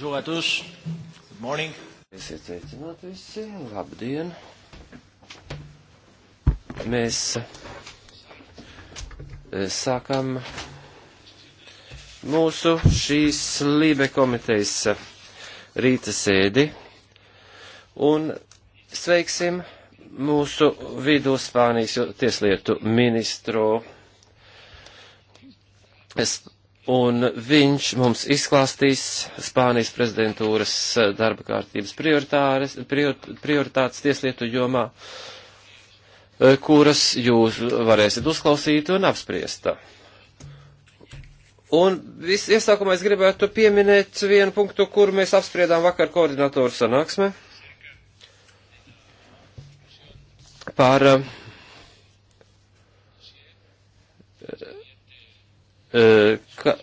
Bonjour à tous. Good morning. Esiet sveicināti visi. Labdien. Mēs eh, sākam mūsu šīs Lībe komitejas eh, rīta sēdi un sveiksim mūsu vidū Spānijas tieslietu ministru. Es un viņš mums izklāstīs Spānijas prezidentūras eh, darba kārtības prior, prioritātes tieslietu jomā, eh, kuras jūs varēsiet uzklausīt un apspriest. Un viss iesākumā es gribētu pieminēt vienu punktu, kur mēs apspriedām vakar koordinatoru sanāksme par eh, Eh, ka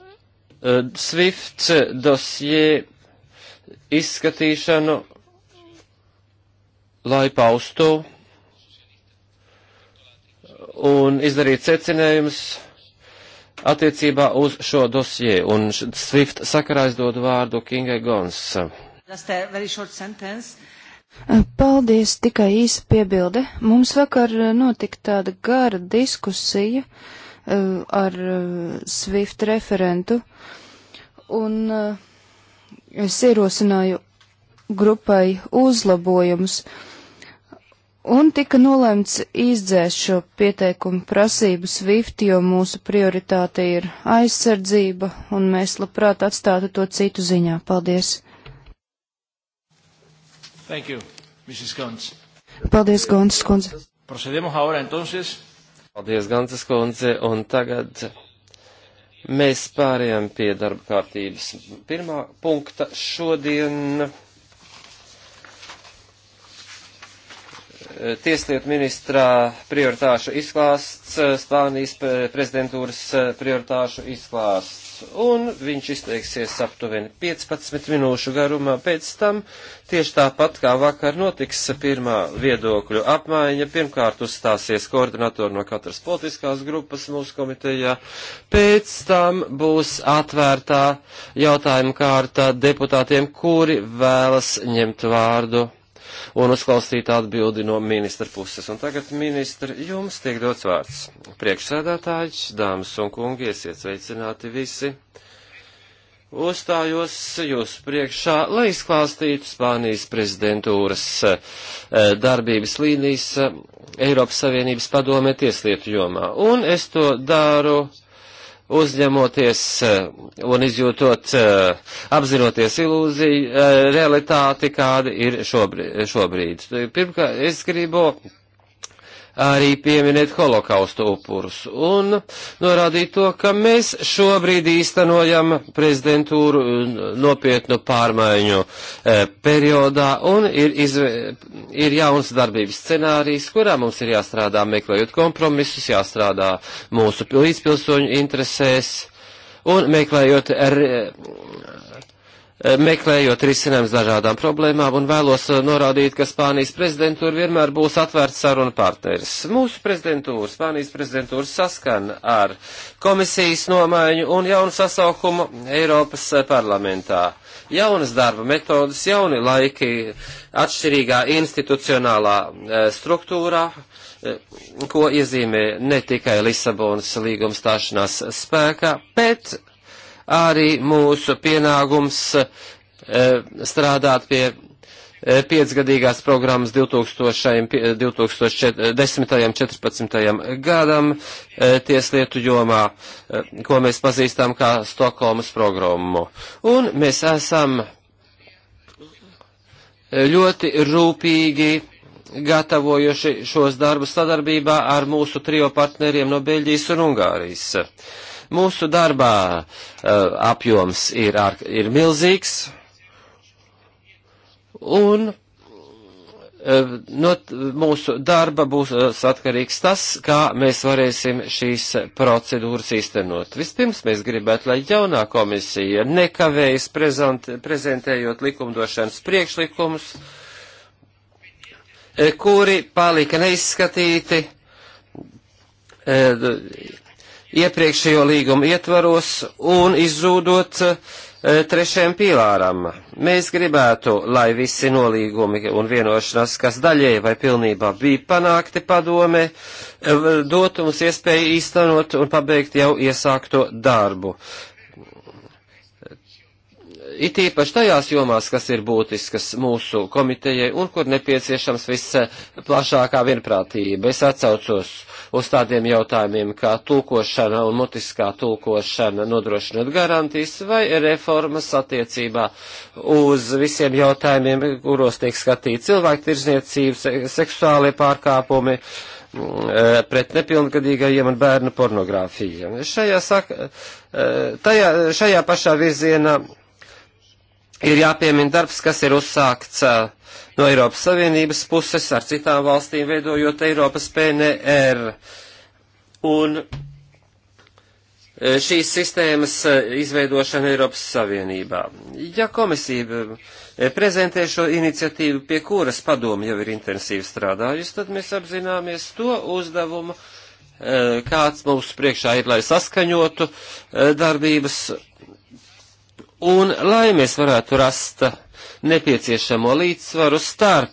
eh, Swift dosie izskatīšanu, lai paustu un izdarītu secinājumus attiecībā uz šo dosie. Un Swift sakarā es dodu vārdu Kingai Gons. Eh, paldies, tikai īsa piebilde. Mums vakar notika tāda gara diskusija. Uh, Eh, ar eh, SWIFT referentu, un eh, es ierosināju grupai uzlabojumus, un tika nolēmts izdzēst šo pieteikumu prasību SWIFT, jo mūsu prioritāte ir aizsardzība, un mēs labprāt atstātu to citu ziņā. Paldies! Thank you, Mrs. Gons. Paldies, Gons, kundze. Procedemos ahora entonces Paldies, Gantas kundze, un tagad mēs pārējām pie darba kārtības pirmā punkta šodien. Eh, tieslietu ministrā prioritāšu izklāsts, eh, Spānijas prezidentūras eh, prioritāšu izklāsts, un viņš izteiksies aptuveni 15 minūšu garumā. Pēc tam tieši tāpat kā vakar notiks pirmā viedokļu apmaiņa. Pirmkārt uzstāsies koordinatori no katras politiskās grupas mūsu komitejā, pēc tam būs atvērtā jautājuma kārta deputātiem, kuri vēlas ņemt vārdu un uzklausīt atbildi no ministra puses. Un tagad, ministra, jums tiek dots vārds. Priekšsēdētājs, dāmas un kungi, iesiet sveicināti visi. Uzstājos jūs priekšā, lai izklāstītu Spānijas prezidentūras eh, darbības līnijas eh, Eiropas Savienības padome tieslietu jomā. Un es to daru uzņemoties eh, un izjūtot, eh, apzinoties ilūziju, eh, realitāti, kāda ir šobrīd. šobrīd. Pirmkārt, es gribu arī pieminēt holokausta upurus un norādīt to, ka mēs šobrīd īstenojam prezidentūru mm, nopietnu pārmaiņu e, periodā un ir, izve, ir jauns darbības scenārijs, kurā mums ir jāstrādā meklējot kompromisus, jāstrādā mūsu līdzpilsoņu interesēs un meklējot ar, Eh, meklējot risinājums dažādām problēmām un vēlos eh, norādīt, ka Spānijas prezidentūra vienmēr būs atvērts saruna partneris. Mūsu prezidentūra, Spānijas prezidentūra saskana ar komisijas nomaiņu un jaunu sasaukumu Eiropas eh, parlamentā. Jaunas darba metodas, jauni laiki atšķirīgā institucionālā struktūrā, ko iezīmē ne tikai Lisabonas līguma stāšanās spēkā, bet arī mūsu pienākums e, strādāt pie e, piecgadīgās programmas 2010. 14. E, gadam tieslietu jomā, ko mēs pazīstam kā Stokholmas programmu. Un mēs esam ļoti rūpīgi gatavojuši šos darbus sadarbībā ar mūsu trio partneriem no Beļģijas un Ungārijas Mūsu darbā eh, apjoms ir, ir milzīgs, un eh, no mūsu darba būs eh, atkarīgs tas, kā mēs varēsim šīs procedūras īstenot. Vispirms mēs gribētu, lai jaunā komisija nekavējas prezent, prezentējot likumdošanas priekšlikumus, kuri palika neizskatīti iepriekšējo līgumu ietvaros un izzūdot eh, trešajam pīlāram. Mēs gribētu, lai visi nolīgumi un vienošanās, kas daļēji vai pilnībā bija panākti padome, eh, dotu mums iespēju īstenot un pabeigt jau iesākto darbu it īpaši tajās jomās, kas ir būtiskas mūsu komitejai un kur nepieciešams visplašākā eh, vienprātība. Es atcaucos uz tādiem jautājumiem kā tulkošana un mutiskā tulkošana nodrošinot garantijas vai reformas attiecībā uz visiem jautājumiem, kuros tiek skatīti cilvēku tirzniecības, seksuālie pārkāpumi mm, eh, pret nepilngadīgajiem un bērnu pornogrāfiju. Šajā, saka, eh, tajā, šajā pašā virzienā ir jāpiemina darbs, kas ir uzsākts no Eiropas Savienības puses ar citām valstīm, veidojot Eiropas PNR. Un šīs sistēmas izveidošana Eiropas Savienībā. Ja komisija prezentē šo iniciatīvu, pie kuras padomu jau ir intensīvi strādājusi, tad mēs apzināmies to uzdevumu, kāds mums priekšā ir, lai saskaņotu darbības un lai mēs varētu rast nepieciešamo līdzsvaru starp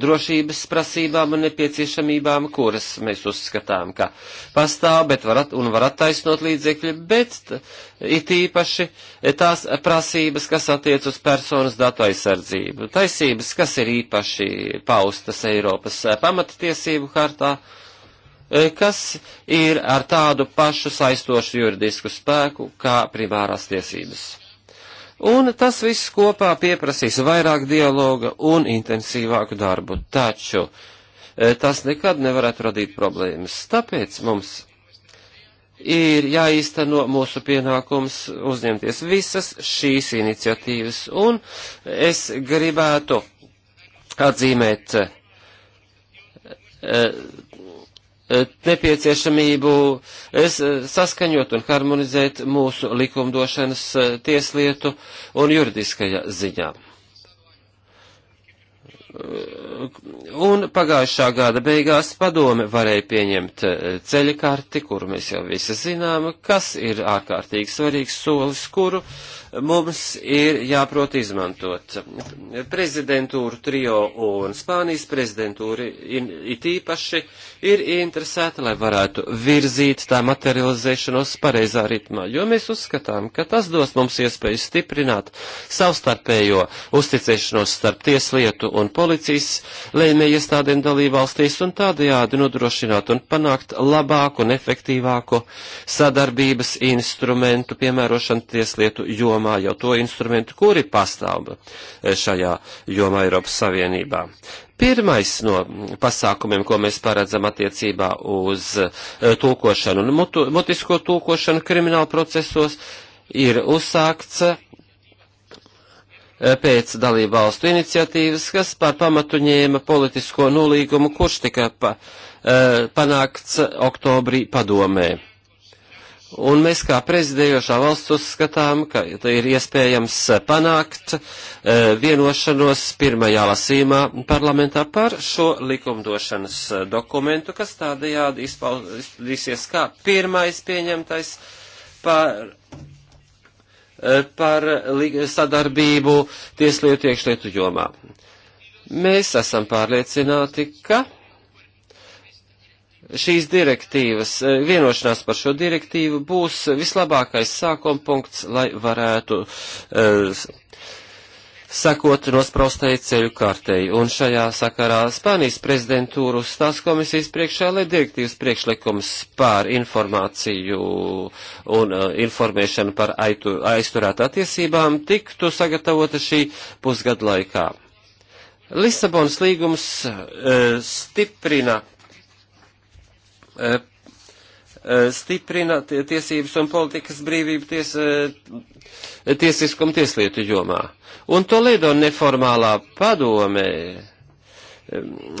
drošības prasībām un nepieciešamībām, kuras mēs uzskatām, ka pastāv bet var at, un var attaisnot līdzekļi, bet it īpaši tās prasības, kas attiec uz personas datu aizsardzību. Taisības, kas ir īpaši paustas Eiropas pamatiesību hartā, kas ir ar tādu pašu saistošu juridisku spēku kā primārās tiesības. Un tas viss kopā pieprasīs vairāk dialoga un intensīvāku darbu. Taču e, tas nekad nevarētu radīt problēmas. Tāpēc mums ir jāīsteno mūsu pienākums uzņemties visas šīs iniciatīvas. Un es gribētu atzīmēt e, E, nepieciešamību e, e, saskaņot un harmonizēt mūsu likumdošanas tieslietu un juridiskajā ziņā. Un pagājušā gada beigās padome varēja pieņemt ceļkarti, kuru mēs jau visi zinām, kas ir ārkārtīgi svarīgs solis, kuru uh, mums ir jāprot izmantot. Prezidentūru trio un Spānijas prezidentūra it īpaši ir interesēta, lai varētu virzīt tā materializēšanos pareizā ritmā, jo mēs uzskatām, ka tas dos mums iespēju stiprināt savstarpējo uzticēšanos starp tieslietu un policijas lēmēju iestādēm dalībvalstīs un tādējādi nodrošināt un panākt labāku un efektīvāku sadarbības instrumentu piemērošanu tieslietu jomā jomā jau to instrumentu, kuri pastāv eh, šajā jomā Eiropas Savienībā. Pirmais no pasākumiem, ko mēs paredzam attiecībā uz eh, tulkošanu un mutu, mutisko tulkošanu krimināla procesos, ir uzsākts eh, pēc dalību valstu iniciatīvas, kas par pamatu ņēma politisko nolīgumu, kurš tika pa, panākts oktobrī padomē. Un mēs kā prezidējošā valsts uzskatām, ka ir iespējams panākt e, vienošanos pirmajā lasīmā parlamentā par šo likumdošanas e, dokumentu, kas tādējādi izpaudīsies kā pirmais pieņemtais par, e, par sadarbību tieslietu iekšlietu jomā. Mēs esam pārliecināti, ka šīs direktīvas, eh, vienošanās par šo direktīvu būs vislabākais sākuma punkts, lai varētu uh, sekot nospraustai ceļu kārtēji. Un šajā sakarā Spānijas prezidentūru uzstās komisijas priekšā, lai direktīvas priekšlikums pār informāciju un uh, informēšanu par aitu, aizturētā tiesībām tiktu sagatavota šī pusgada laikā. Lisabonas līgums uh, stiprina Eh, eh, stiprina tiesības un politikas brīvību ties, eh, tiesiskuma tieslietu jomā. Un to liedo neformālā padome.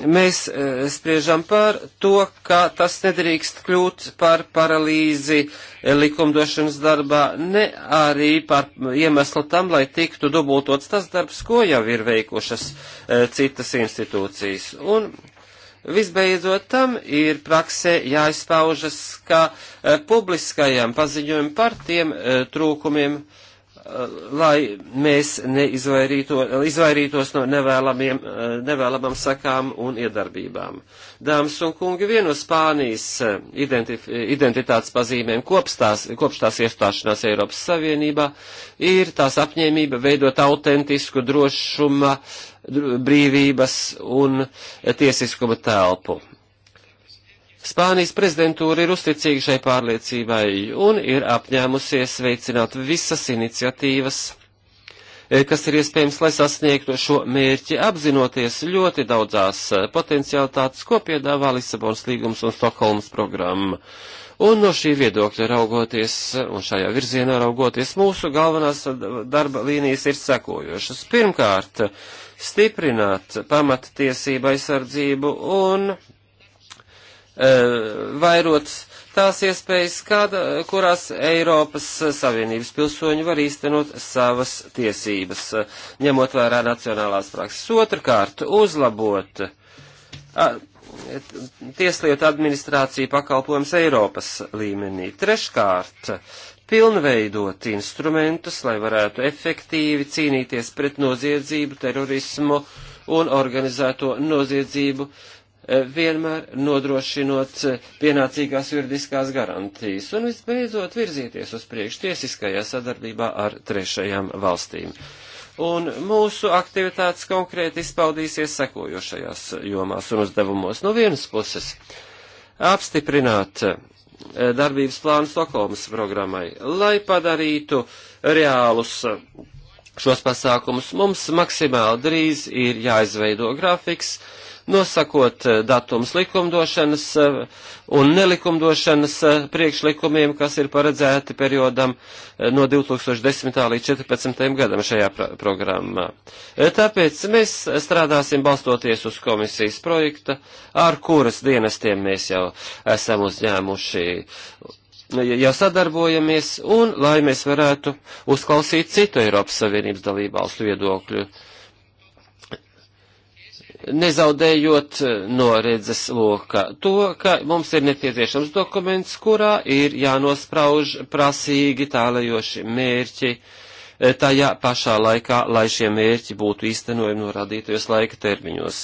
Mēs spriežam par to, ka tas nedrīkst kļūt par paralīzi likumdošanas darbā, ne arī par iemeslu tam, lai tiktu dubultots tas darbs, ko jau ir veikušas citas institūcijas. Un Visbeidzot, tam ir praksē jāizpaužas kā eh, publiskajam paziņojumam par tiem eh, trūkumiem, eh, lai mēs neizvairīto, izvairītos no nevēlamiem, nevēlamam sakām un iedarbībām. Dāmas un kungi, viena no Spānijas identif, identitātes pazīmēm kopstās, kopš tās iestāšanās Eiropas Savienībā ir tās apņēmība veidot autentisku drošuma uh, brīvības un tiesiskuma telpu. Spānijas prezidentūra ir uzticīga šai pārliecībai un ir apņēmusies veicināt visas iniciatīvas, e, kas ir iespējams, lai sasniegtu šo mērķi, apzinoties ļoti daudzās e, potenciālitātes, ko piedāvā Lisabons līgums un Stokholmas programma. Un no šī viedokļa raugoties, un šajā virzienā raugoties, mūsu galvenās darba līnijas ir sekojošas. Pirmkārt, stiprināt pamattiesību aizsardzību un e, vairot tās iespējas, kāda, kurās Eiropas Savienības pilsoņi var īstenot savas tiesības, ņemot vērā nacionālās prakses. Otrkārt, uzlabot a, tieslietu administrāciju pakalpojums Eiropas līmenī. Treškārt, pilnveidot instrumentus, lai varētu efektīvi cīnīties pret noziedzību, terorismu un organizēto noziedzību, e, vienmēr nodrošinot e, pienācīgās juridiskās garantijas un visbeidzot virzīties uz priekšu tiesiskajā sadarbībā ar trešajām valstīm. Un mūsu aktivitātes konkrēti izpaudīsies sekojošajās jomās un uzdevumos. No vienas puses apstiprināt Eh, darbības plānu Stokholmas programmai, lai padarītu reālus eh, šos pasākumus. Mums maksimāli drīz ir jāizveido grafiks, uh, nosakot eh, datums likumdošanas eh, un nelikumdošanas eh, priekšlikumiem, kas ir paredzēti periodam no 2010. līdz 2014. gadam šajā programmā. Tāpēc mēs strādāsim balstoties uz komisijas projekta, ar kuras dienestiem mēs jau esam uzņēmuši jau sadarbojamies, un lai mēs varētu uzklausīt citu Eiropas Savienības dalībvalstu viedokļu nezaudējot eh, no redzes loka to, ka mums ir nepieciešams dokuments, kurā ir jānosprauž prasīgi tālajoši mērķi eh, tajā pašā laikā, lai šie mērķi būtu īstenojami norādītajos laika termiņos.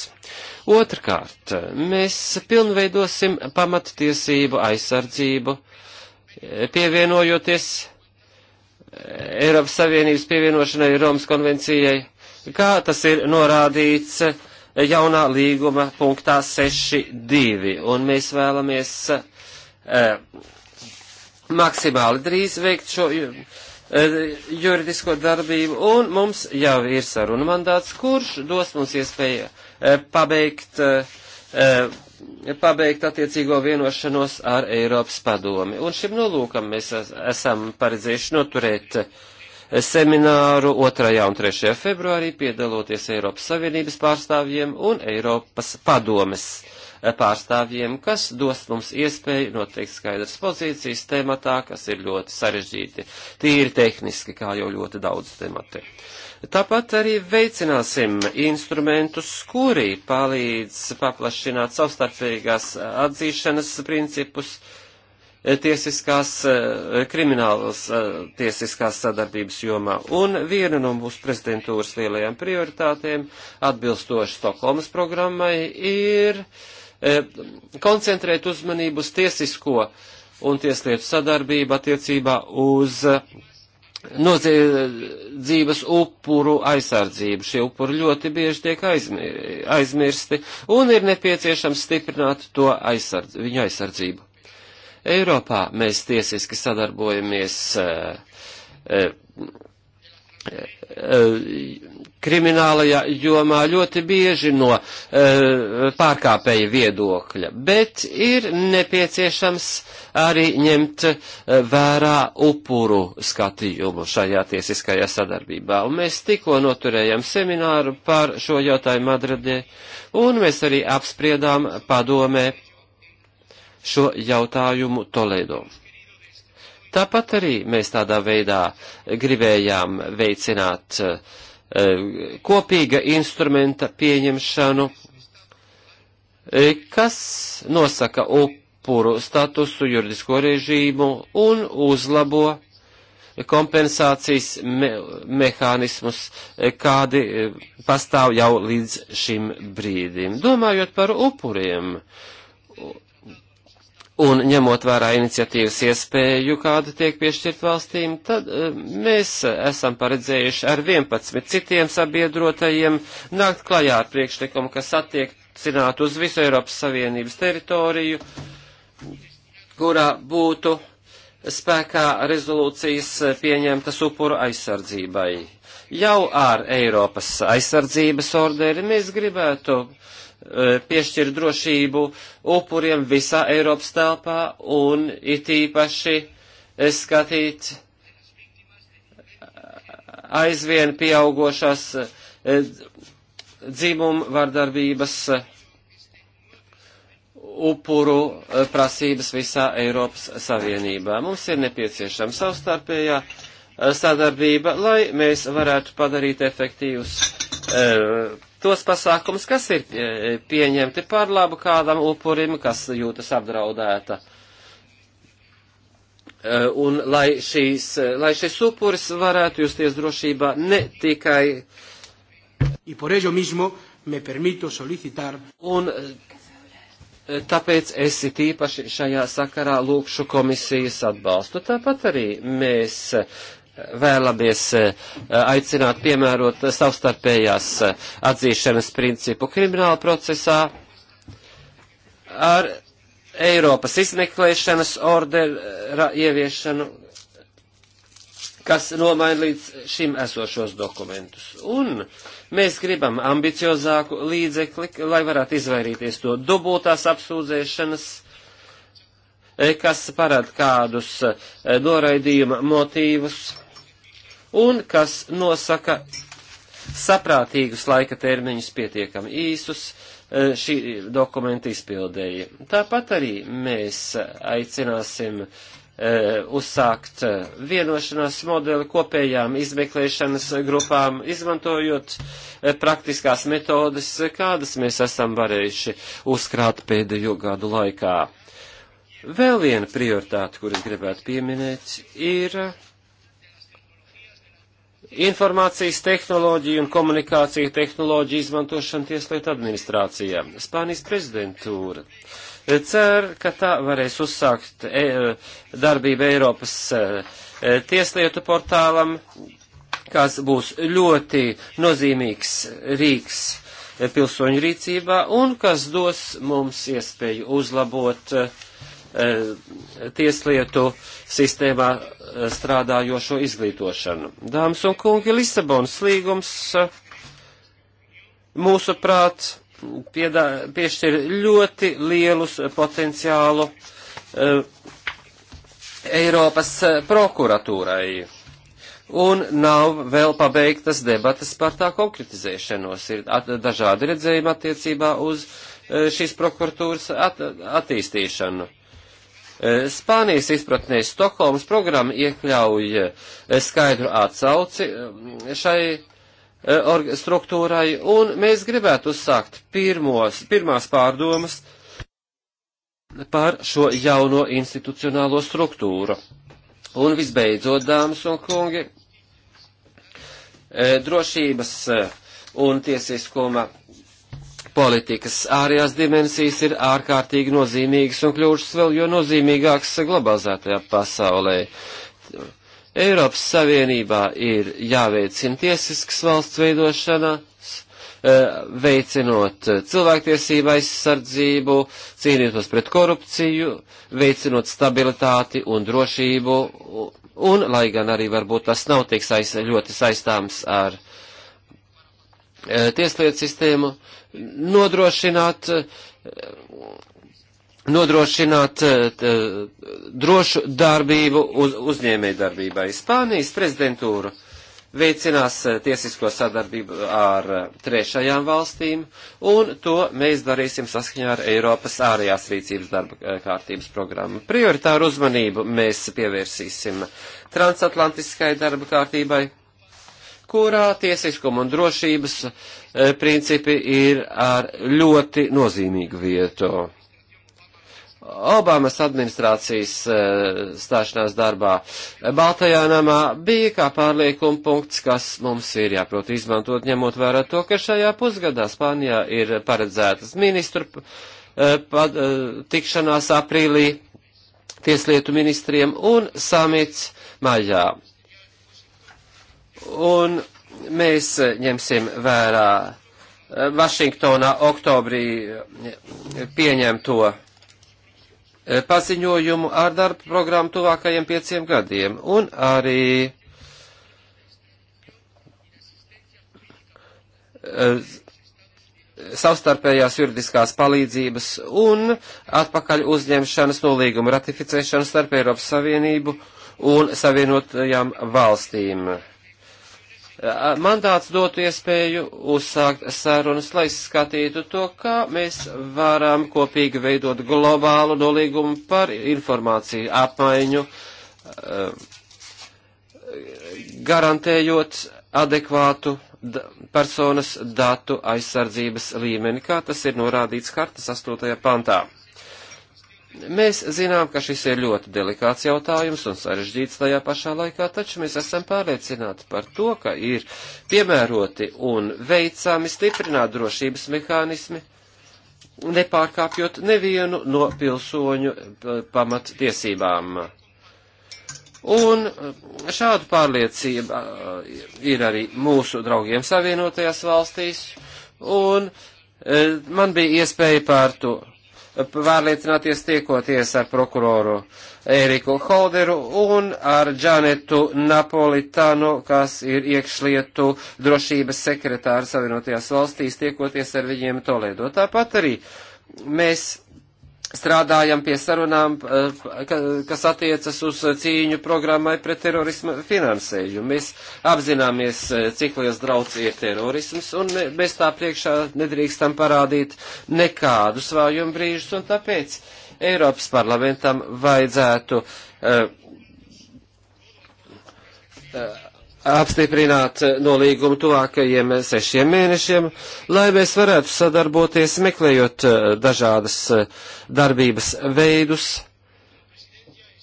Otrkārt, mēs pilnveidosim pamattiesību aizsardzību, eh, pievienojoties Eiropas Savienības pievienošanai Romas konvencijai, kā tas ir norādīts jaunā līguma punktā 6.2. Un mēs vēlamies eh, maksimāli drīz veikt šo eh, juridisko darbību, un mums jau ir saruna mandāts, kurš dos mums iespēju eh, pabeigt, eh, pabeigt attiecīgo vienošanos ar Eiropas padomi. Un šim nolūkam mēs esam paredzējuši noturēt uh, semināru 2. un 3. februārī piedaloties Eiropas Savienības pārstāvjiem un Eiropas padomes pārstāvjiem, kas dos mums iespēju noteikt skaidras pozīcijas tematā, kas ir ļoti sarežģīti, tīri tehniski, kā jau ļoti daudz temati. Tāpat arī veicināsim instrumentus, kuri palīdz paplašināt savstarpējīgās atzīšanas principus, uh, Eh, tiesiskās, eh, kriminālas eh, tiesiskās sadarbības jomā. Un viena no mūsu prezidentūras lielajām prioritātēm, atbilstoši Stokholmas programmai, ir koncentrēt uzmanību uz tiesisko un tieslietu sadarbību attiecībā uz noziedzības upuru aizsardzību. Šie upuri ļoti bieži tiek aizmirsti un ir nepieciešams stiprināt to aizsardz, viņu aizsardzību. Eiropā mēs tiesiski sadarbojamies eh, eh, eh, kriminālajā jomā ļoti bieži no pārkāpēja viedokļa, bet ir nepieciešams arī ņemt vērā upuru skatījumu šajā tiesiskajā sadarbībā. Un mēs tikko noturējām semināru par šo jautājumu Madridē, un mēs arī apspriedām padomē šo jautājumu Toledo. Tāpat arī mēs tādā veidā gribējām veicināt uh, kopīga instrumenta pieņemšanu, e, kas nosaka upuru statusu, juridisko režīmu un uzlabo kompensācijas me mehānismus, e, kādi pastāv jau līdz šim brīdim. Domājot par upuriem un ņemot vērā iniciatīvas iespēju, kāda tiek piešķirt valstīm, tad eh, mēs esam paredzējuši ar 11 citiem sabiedrotajiem nākt klajā ar priekšlikumu, kas attiecinātu uz visu Eiropas Savienības teritoriju, kurā būtu spēkā rezolūcijas pieņemtas upuru aizsardzībai. Jau ar Eiropas aizsardzības orderi mēs gribētu uh, Eh, piešķir drošību upuriem visā Eiropas telpā un it īpaši eh, skatīt eh, aizvien pieaugošās dzimumu vardarbības upuru prasības visā Eiropas Savienībā. Mums ir nepieciešama savstarpējā sadarbība, lai mēs varētu padarīt efektīvus tos pasākums, kas ir e, e, pieņemti par labu kādam upurim, kas jūtas apdraudēta. E, un lai, šīs, lai šis upuris varētu justies drošībā ne tikai. Un tāpēc es it īpaši šajā sakarā lūkšu komisijas atbalstu. Tāpat arī mēs vēlamies eh, aicināt piemērot savstarpējās eh, atzīšanas principu krimināla procesā ar Eiropas izmeklēšanas ordera ieviešanu, kas nomaina līdz šim esošos dokumentus. Un mēs gribam ambiciozāku līdzekli, lai varētu izvairīties to dubultās apsūdzēšanas eh, kas parāda kādus noraidījuma motīvus un kas nosaka saprātīgus laika termiņus pietiekami īsus e, šī dokumenta izpildēji. Tāpat arī mēs aicināsim e, uzsākt vienošanās modeli kopējām izmeklēšanas grupām, izmantojot e, praktiskās metodes, kādas mēs esam varējuši uzkrāt pēdējo gadu laikā. Vēl viena prioritāte, kuras gribētu pieminēt, ir informācijas tehnoloģiju un komunikāciju tehnoloģiju izmantošanu tieslietu administrācijā. Spānijas prezidentūra cer, ka tā varēs uzsākt e, darbību Eiropas e, e tieslietu portālam, kas būs ļoti nozīmīgs rīks e, pilsoņu rīcībā un kas dos mums iespēju uzlabot uh, Eh, tieslietu sistēmā eh, strādājošo izglītošanu. Dāmas un kungi, Lisabonas līgums eh, mūsuprāt piedā, piešķir ļoti lielus potenciālu Eiropas prokuratūrai. Un nav vēl pabeigtas debatas par tā konkretizēšanos. Ir at, dažādi redzējumi attiecībā uz šīs prokuratūras at, attīstīšanu. Eh, Spānijas izpratnē Stokholmas programma iekļauj eh, skaidru atsauci eh, šai struktūrai, un mēs gribētu uzsākt pirmos, pirmās pārdomas par šo jauno institucionālo struktūru. Un visbeidzot, dāmas un kungi, drošības un tiesiskuma politikas ārējās dimensijas ir ārkārtīgi nozīmīgas un kļūšas vēl jo nozīmīgākas globalizētajā pasaulē. Eiropas Savienībā ir jāveicina tiesiskas valsts veidošana, e, veicinot cilvēktiesību aizsardzību, cīnītos pret korupciju, veicinot stabilitāti un drošību, un, lai gan arī varbūt tas nav tik saist, ļoti saistāms ar e, tieslietu sistēmu, uh, nodrošināt, nodrošināt eh, drošu darbību uz, uzņēmē darbībai. Spānijas prezidentūra veicinās eh, tiesisko sadarbību ar eh, trešajām valstīm, un to mēs darīsim saskaņā ar Eiropas ārējās rīcības darba kārtības programmu. Prioritāru uzmanību mēs pievērsīsim transatlantiskai darba kārtībai kurā tiesiskuma un drošības e, principi ir ar ļoti nozīmīgu vietu. Obamas administrācijas e, stāšanās darbā Baltajā namā bija kā pārliekuma punkts, kas mums ir jāprot izmantot, ņemot vērā to, ka šajā pusgadā Spānijā ir paredzētas ministru e, pad, tikšanās aprīlī tieslietu ministriem un samits maļā. Un mēs ņemsim vērā eh, Vašingtonā oktobrī eh, pieņemto eh, paziņojumu ar darba programmu tuvākajiem pieciem gadiem un arī savstarpējās juridiskās palīdzības un atpakaļ uzņemšanas nolīguma ratificēšanu starp Eiropas Savienību un Savienotajām valstīm. Eh, mandāts dotu iespēju uzsākt sarunas, lai skatītu to, kā mēs varam kopīgi veidot globālu nolīgumu par informāciju apmaiņu, eh, garantējot adekvātu personas datu aizsardzības līmeni, kā tas ir norādīts kartas 8. pantā. Mēs zinām, ka šis ir ļoti delikāts jautājums un sarežģīts tajā pašā laikā, taču mēs esam pārliecināti par to, ka ir piemēroti un veicami stiprināt drošības mehānismi, nepārkāpjot nevienu no pilsoņu eh, pamattiesībām. Un eh, šādu pārliecību eh, ir arī mūsu draugiem savienotajās valstīs, un man bija iespēja pār to pārliecināties tiekoties ar prokuroru Eriku Holderu un ar Džanetu Napolitano, kas ir iekšlietu drošības sekretāra Savienotajās valstīs, tiekoties ar viņiem Toledo. Tāpat arī mēs strādājam pie sarunām, eh, kas attiecas uz cīņu programmai pret terorismu finansējumu. Mēs apzināmies, eh, cik liels draudz ir terorisms, un mēs tā priekšā nedrīkstam parādīt nekādu svājumu brīžus, un tāpēc Eiropas parlamentam vajadzētu uh, uh, apstiprināt eh, nolīgumu tuvākajiem sešiem mēnešiem, lai mēs varētu sadarboties, meklējot eh, dažādas eh, darbības veidus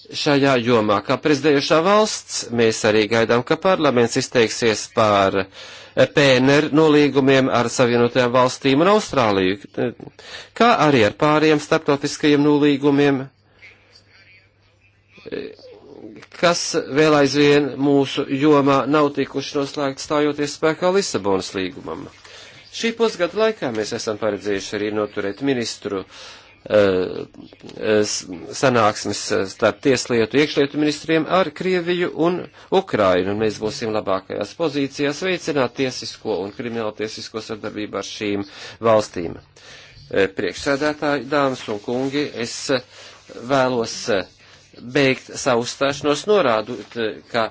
šajā jomā. Kā prezidējušā valsts, mēs arī gaidām, ka parlaments izteiksies par PNR nolīgumiem ar Savienotajām valstīm un Austrāliju, kā arī ar pāriem starptautiskajiem nolīgumiem kas vēl aizvien mūsu jomā nav tikuši noslēgti stājoties spēkā Lisabonas līgumam. Šī pusgada laikā mēs esam paredzējuši arī noturēt ministru uh, sanāksmes eh, starp tieslietu iekšlietu ministriem ar Krieviju un Ukrainu, un mēs būsim labākajās pozīcijās veicināt tiesisko un krimināltiesisko sadarbību ar šīm valstīm. Priekšsēdētāji, dāmas un kungi, es vēlos beigt savu stāšanos, norādot, ka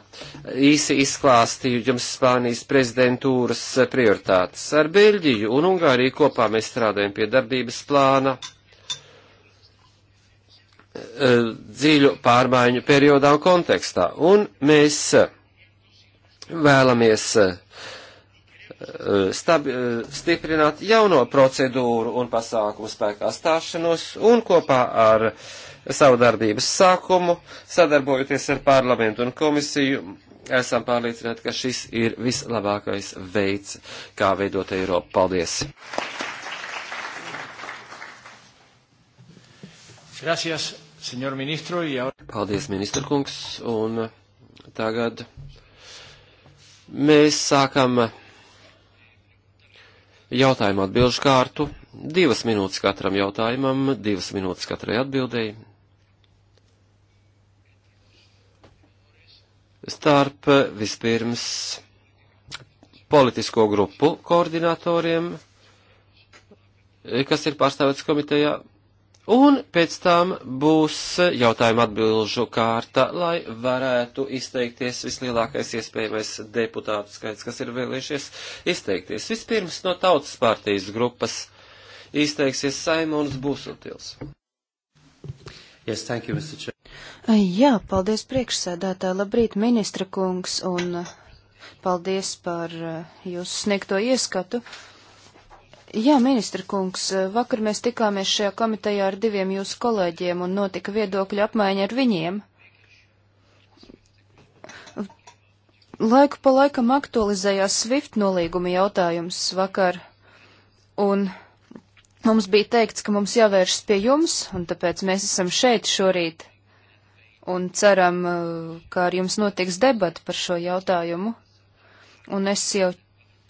īsi izklāstīju jums Spānijas prezidentūras prioritātes. Ar Beļģiju un Ungāriju kopā mēs strādājam pie darbības plāna e, dziļu pārmaiņu periodā un kontekstā. Un mēs vēlamies e, stabi, e, stiprināt jauno procedūru un pasākumu spēkā stāšanos un kopā ar uh, savu darbības sākumu, sadarbojoties ar parlamentu un komisiju, esam pārliecināti, ka šis ir vislabākais veids, kā veidot Eiropu. Paldies! Gracias, senor ministro. Ja... Paldies, ministra kungs. Un tagad mēs sākam jautājumu atbilžu kārtu. Divas minūtes katram jautājumam, divas minūtes katrai atbildēji. starp eh, vispirms politisko grupu koordinatoriem, eh, kas ir pārstāvēts komitejā, un pēc tam būs eh, jautājuma atbilžu kārta, lai varētu izteikties vislielākais iespējamais deputātu skaits, kas ir vēlējušies izteikties. Vispirms no tautas partijas grupas izteiksies Saimons Būsutils. Yes, thank you, Mr. Chair. Jā, paldies priekšsēdētāji. Labrīt, ministra kungs, un paldies par eh, jūsu sniegto ieskatu. Jā, ministra kungs, eh, vakar mēs tikāmies šajā komitejā ar diviem jūsu kolēģiem un notika viedokļu apmaiņa ar viņiem. Laiku pa laikam aktualizējās SWIFT nolīguma jautājums vakar, un mums bija teikts, ka mums jāvēršas pie jums, un tāpēc mēs esam šeit šorīt un ceram, uh, ka ar jums notiks debata par šo jautājumu. Un es jau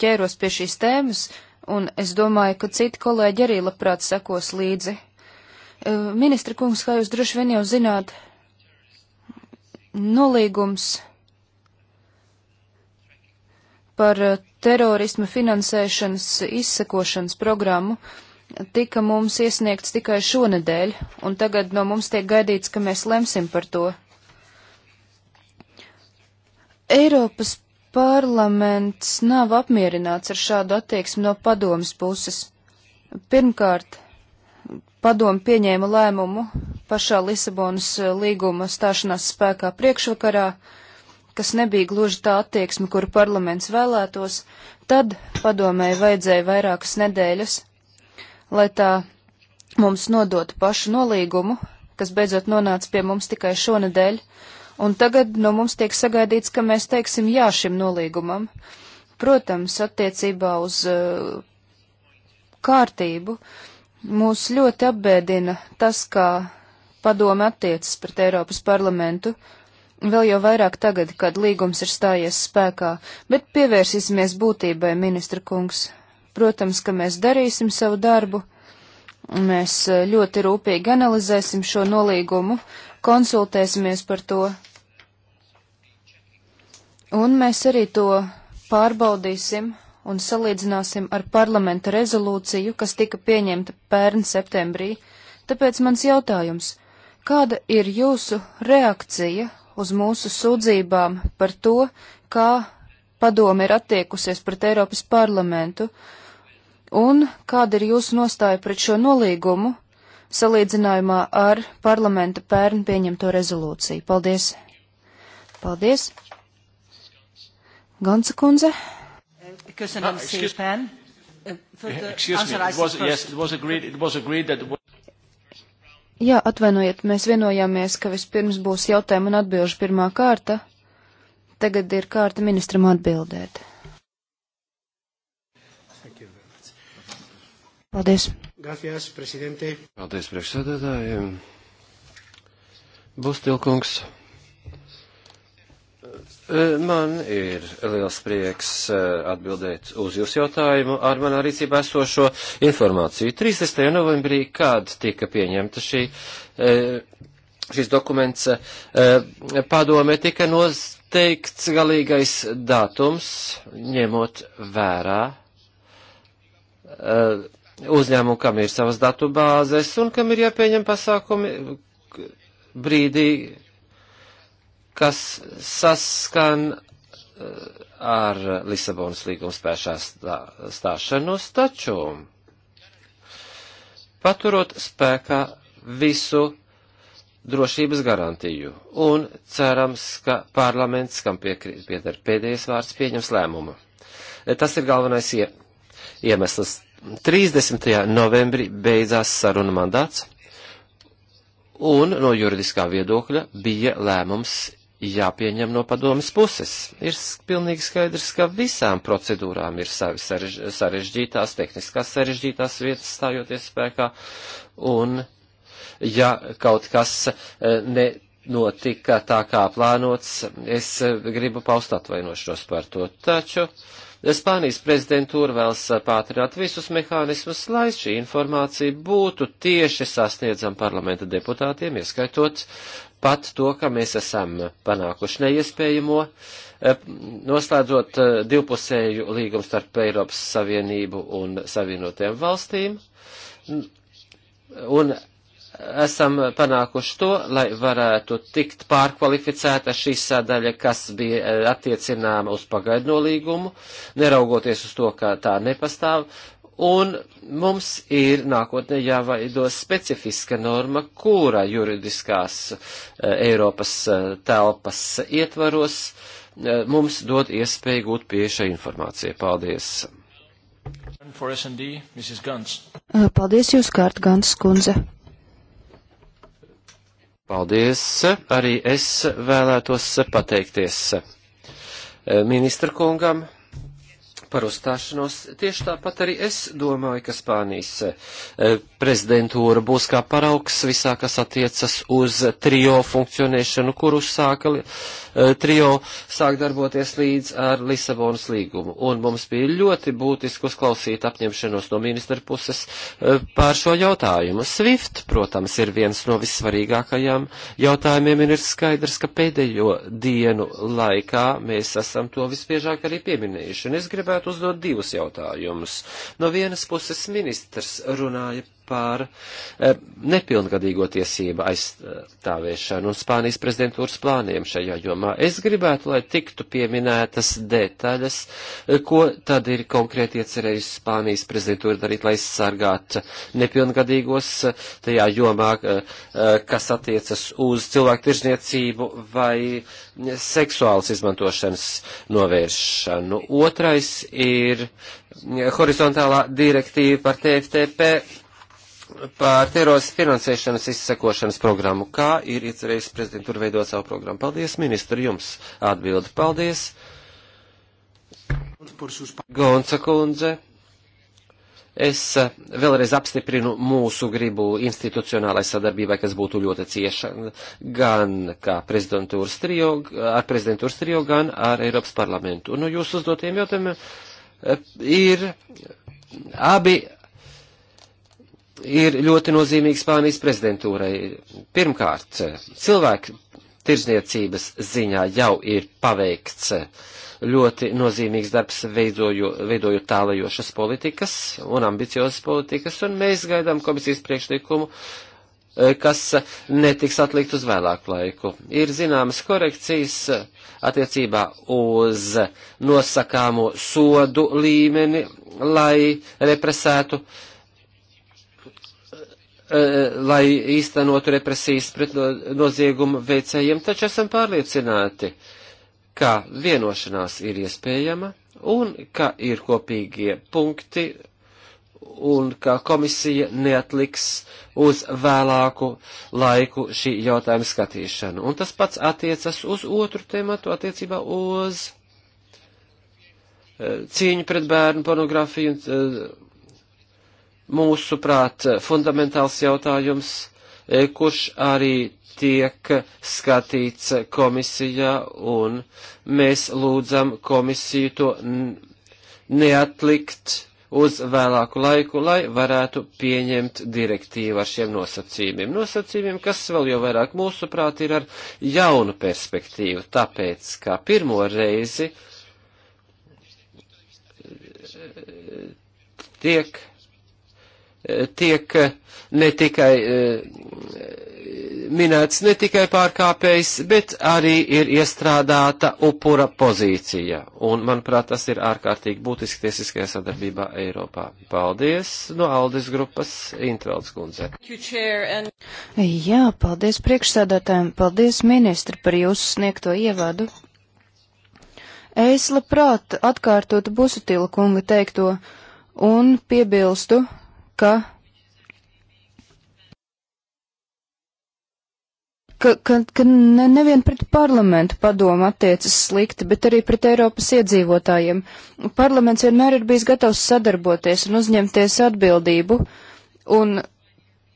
ķēros pie šīs tēmas, un es domāju, ka citi kolēģi arī labprāt sekos līdzi. Uh, ministra kungs, kā jūs droši vien jau zināt, nolīgums par uh, terorisma finansēšanas izsekošanas programmu tika mums iesniegts tikai šonadēļ, un tagad no mums tiek gaidīts, ka mēs lemsim par to. Eiropas parlaments nav apmierināts ar šādu attieksmi no padomas puses. Pirmkārt, padoma pieņēma lēmumu pašā Lisabonas eh, līguma stāšanās spēkā priekšvakarā, kas nebija gluži tā attieksme, kuru parlaments vēlētos, tad padomēji vajadzēja vairākas nedēļas, lai tā mums nodotu pašu nolīgumu, kas beidzot nonāca pie mums tikai šonadēļ, un tagad no mums tiek sagaidīts, ka mēs teiksim jā šim nolīgumam. Protams, attiecībā uz uh, kārtību mūs ļoti apbēdina tas, kā padome attiecas pret Eiropas parlamentu, vēl jau vairāk tagad, kad līgums ir stājies spēkā, bet pievērsīsimies būtībai, ministra kungs. Protams, ka mēs darīsim savu darbu. Mēs eh, ļoti rūpīgi analizēsim šo nolīgumu, konsultēsimies par to. Un mēs arī to pārbaudīsim un salīdzināsim ar parlamenta rezolūciju, kas tika pieņemta pērn septembrī. Tāpēc mans jautājums - kāda ir jūsu reakcija uz mūsu sūdzībām par to, kā padome ir attiekusies pret Eiropas parlamentu? Uh, Un kāda ir jūsu nostāja pret šo nolīgumu salīdzinājumā ar parlamenta pērn pieņemto rezolūciju? Paldies! Paldies! Ganca kundze! Köszönöm ah, szépen! Eh, uh, eh, Jā, atvainojiet, mēs vienojāmies, ka vispirms būs jautājumu un atbilžu pirmā kārta. Tagad ir kārta ministram atbildēt. Paldies. Gracias, prezidente. Paldies priekšsēdētājiem. Bustilkungs. E, man ir liels prieks e, atbildēt uz jūsu jautājumu ar manā rīcībā esošo informāciju. 30. novembrī, kad tika pieņemta šī, e, šis dokuments, padome tika noteikts galīgais datums, ņemot vērā uzņēmumu, kam ir savas datubāzes un kam ir jāpieņem pasākumi brīdī, kas saskan eh, ar Lisabonas līguma spēšā stā, stāšanos, taču paturot spēkā visu drošības garantiju un cerams, ka parlaments, kam pieder pēdējais vārds, pieņems lēmumu. Eh, tas ir galvenais ie, iemesls 30. novembrī beidzās saruna mandāts, un no juridiskā viedokļa bija lēmums jāpieņem no padomas puses. Ir pilnīgi skaidrs, ka visām procedūrām ir savi sarežģītās, tehniskās sarežģītās vietas stājoties spēkā, un ja kaut kas e, ne notika tā kā plānots, es e, gribu paust atvainošanos par to. Taču uh, Spānijas prezidentūra vēlas uh, pātrināt visus mehānismus, lai šī informācija būtu tieši sasniedzama parlamenta deputātiem, ieskaitot pat to, ka mēs esam panākuši neiespējamo, eh, noslēdzot eh, divpusēju līgumu starp Eiropas Savienību un Savienotajām valstīm. Un esam panākuši to, lai varētu tikt pārkvalificēta šī sadaļa, kas bija eh, attiecināma uz pagaidnolīgumu, neraugoties uz to, ka tā nepastāv. Un mums ir nākotnē jāveido specifiska norma, kura juridiskās eh, Eiropas eh, telpas ietvaros mums dod iespēju gūt pie šai informācijai. Paldies! Paldies jūs kārt, Gans kundze! Paldies! Arī es vēlētos pateikties eh, ministra kungam par uzstāšanos. Tieši tāpat arī es domāju, ka Spānijas eh, prezidentūra būs kā paraugs visā, kas attiecas uz trio funkcionēšanu, kuru sāka Eh, trio sāk darboties līdz ar Lisabonas līgumu. Un mums bija ļoti būtiski uzklausīt apņemšanos no ministra puses eh, pār šo jautājumu. SWIFT, protams, ir viens no vissvarīgākajām jautājumiem un ir skaidrs, ka pēdējo dienu laikā mēs esam to visbiežāk arī pieminējuši. Un es gribētu uzdot divus jautājumus. No vienas puses ministrs runāja par eh, nepilngadīgo tiesību aizstāvēšanu un Spānijas prezidentūras plāniem šajā jomā. Es gribētu, lai tiktu pieminētas detaļas, eh, ko tad ir konkrēti iecerējusi Spānijas prezidentūra darīt, lai sargātu nepilngadīgos eh, tajā jomā, kas attiecas uz cilvēku tirzniecību vai seksuālas izmantošanas novēršanu. Otrais ir horizontālā direktīva par TFTP pār terorismu finansēšanas izsekošanas programmu. Kā ir iecerējis prezidentūra veidot savu programmu? Paldies, ministri, jums atbildi. Paldies. Gonca kundze. Es eh, vēlreiz apstiprinu mūsu gribu institucionālai sadarbībai, kas būtu ļoti cieša gan kā prezidentūras trio, ar prezidentūras trio, gan ar Eiropas parlamentu. Un no nu, jūsu uzdotiem jautājumiem eh, ir abi ir ļoti nozīmīgs Spānijas prezidentūrai. Pirmkārt, cilvēku tirzniecības ziņā jau ir paveikts ļoti nozīmīgs darbs veidoju, veidojot tālajošas politikas un ambiciozas politikas, un mēs gaidām komisijas priekšlikumu, eh, kas netiks atlikt uz vēlāku laiku. Ir zināmas korekcijas eh, attiecībā uz nosakāmo sodu līmeni, lai represētu uh, Eh, lai īstenotu represijas pret noziegumu veicējiem, taču esam pārliecināti, ka vienošanās ir iespējama un ka ir kopīgie punkti un ka komisija neatliks uz vēlāku laiku šī jautājuma skatīšanu. Un tas pats attiecas uz otru tematu attiecībā uz eh, cīņu pret bērnu pornogrāfiju un eh, mūsuprāt, fundamentāls jautājums, e, kurš arī tiek skatīts komisijā, un mēs lūdzam komisiju to neatlikt uz vēlāku laiku, lai varētu pieņemt direktīvu ar šiem nosacījumiem. Nosacījumiem, kas vēl jau vairāk mūsuprāt ir ar jaunu perspektīvu, tāpēc, kā pirmo reizi e, tiek tiek eh, ne tikai eh, minēts ne tikai pārkāpējs, bet arī ir iestrādāta upura pozīcija. Un, manuprāt, tas ir ārkārtīgi būtiski tiesiskajā sadarbībā Eiropā. Paldies no Aldis grupas Intvelds kundze. Jā, paldies priekšsēdētājiem, paldies ministri par jūsu sniegto ievadu. Es labprāt atkārtotu Busutila kunga teikto un piebilstu, ka ka, ka, ka ne, nevien pret parlamentu padomu attiecas slikti, bet arī pret Eiropas iedzīvotājiem. Parlaments vienmēr ir bijis gatavs sadarboties un uzņemties atbildību, un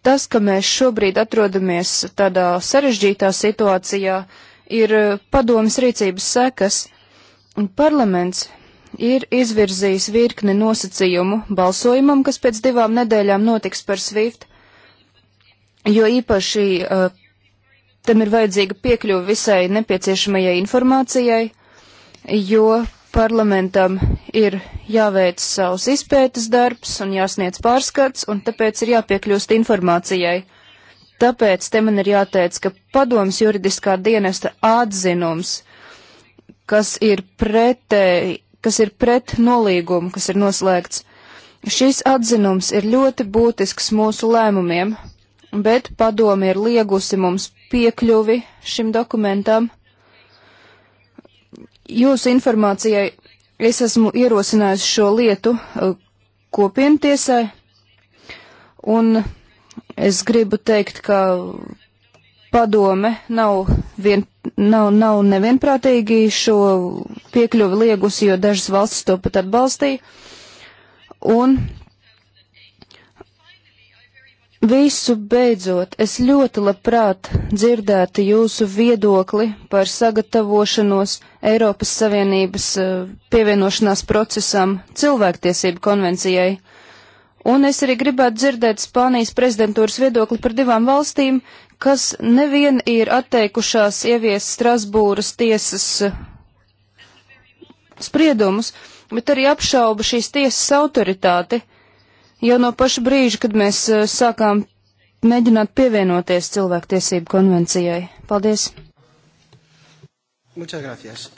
tas, ka mēs šobrīd atrodamies tādā sarežģītā situācijā, ir padomas rīcības sekas. Un parlaments ir izvirzījis virkni nosacījumu balsojumam, kas pēc divām nedēļām notiks par SWIFT, jo īpaši uh, tam ir vajadzīga piekļuva visai nepieciešamajai informācijai, jo parlamentam ir jāveic savs izpētes darbs un jāsniedz pārskats, un tāpēc ir jāpiekļūst informācijai. Tāpēc te man ir jāteic, ka padoms juridiskā dienesta atzinums, kas ir pretēji kas ir pret nolīgumu, kas ir noslēgts. Šis atzinums ir ļoti būtisks mūsu lēmumiem, bet padomi ir liegusi mums piekļuvi šim dokumentam. Jūsu informācijai es esmu ierosinājusi šo lietu uh, kopientiesai, un es gribu teikt, ka padome nav, vien, nav, nav nevienprātīgi šo piekļuvi liegusi, jo dažas valstis to pat atbalstīja. Un Visu beidzot, es ļoti labprāt dzirdētu jūsu viedokli par sagatavošanos Eiropas Savienības eh, pievienošanās procesam cilvēktiesību konvencijai. Un es arī gribētu dzirdēt Spānijas prezidentūras viedokli par divām valstīm, kas nevien ir atteikušās ievies Strasbūras tiesas eh, spriedumus, bet arī apšauba šīs tiesas autoritāti jau no paša brīža, kad mēs eh, sākām mēģināt pievienoties cilvēktiesību konvencijai. Paldies!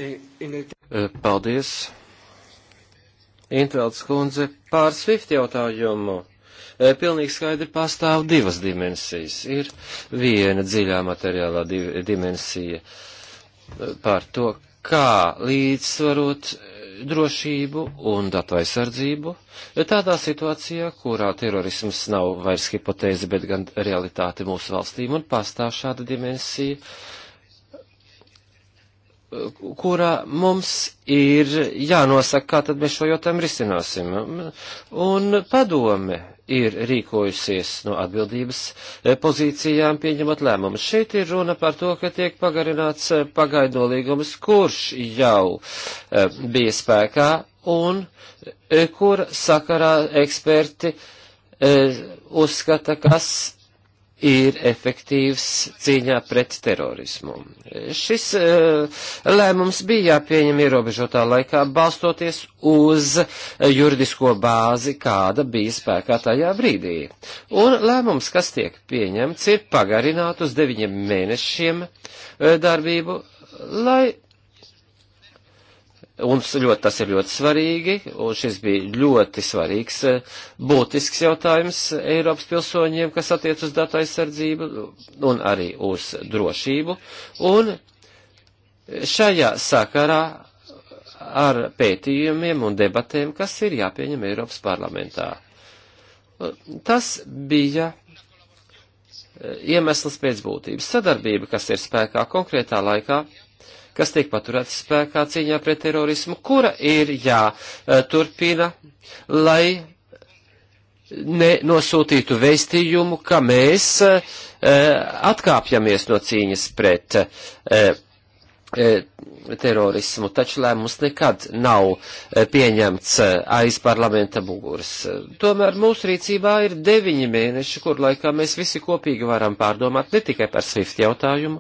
E, e, paldies! Intvelds kundze pār Swift jautājumu pilnīgi skaidri pastāv divas dimensijas. Ir viena dziļā materiālā div, dimensija par to, kā līdzsvarot drošību un datu aizsardzību. Tādā situācijā, kurā terorisms nav vairs hipotēze, bet gan realitāte mūsu valstīm, un pastāv šāda dimensija, kurā mums ir jānosaka, kā tad mēs šo jautājumu risināsim. Un padome ir rīkojusies no atbildības eh, pozīcijām, pieņemot lēmumus. Šeit ir runa par to, ka tiek pagarināts eh, pagaidolīgums, kurš jau eh, bija spēkā un kur sakarā eksperti uzskata, kas ir efektīvs cīņā pret terorismu. Šis uh, lēmums bija jāpieņem ierobežotā laikā, balstoties uz juridisko bāzi, kāda bija spēkā tajā brīdī. Un lēmums, kas tiek pieņemts, ir pagarināt uz deviņiem mēnešiem eh, darbību, lai Un ļoti, tas ir ļoti svarīgi, un šis bija ļoti svarīgs, eh, būtisks jautājums Eiropas pilsoņiem, kas attiec uz datu aizsardzību un arī uz drošību. Un šajā sakarā ar pētījumiem un debatēm, kas ir jāpieņem Eiropas parlamentā. Tas bija eh, iemesls pēc būtības sadarbība, kas ir spēkā konkrētā laikā kas tiek paturētas spēkā cīņā pret terorismu, kura ir jāturpina, lai nosūtītu vēstījumu, ka mēs e, atkāpjamies no cīņas pret e, e, terorismu, taču lēmums nekad nav pieņemts aiz parlamenta muguras. Tomēr mūsu rīcībā ir deviņi mēneši, kur laikā mēs visi kopīgi varam pārdomāt ne tikai par SWIFT jautājumu,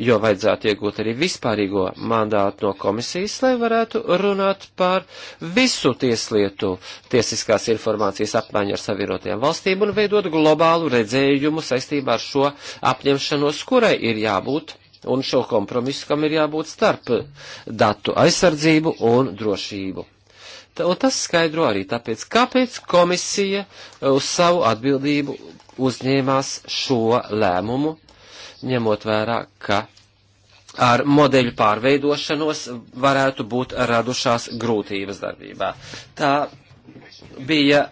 jo vajadzētu iegūt arī vispārīgo mandātu no komisijas, lai varētu runāt par visu tieslietu tiesiskās informācijas apmaiņu ar savienotajām valstīm un veidot globālu redzējumu saistībā ar šo apņemšanos, kurai ir jābūt un šo kompromisu, kam ir jābūt starp datu aizsardzību un drošību. T un tas skaidro arī tāpēc, kāpēc komisija uh, uz savu atbildību uzņēmās šo lēmumu ņemot vērā, ka ar modeļu pārveidošanos varētu būt radušās grūtības darbībā. Tā bija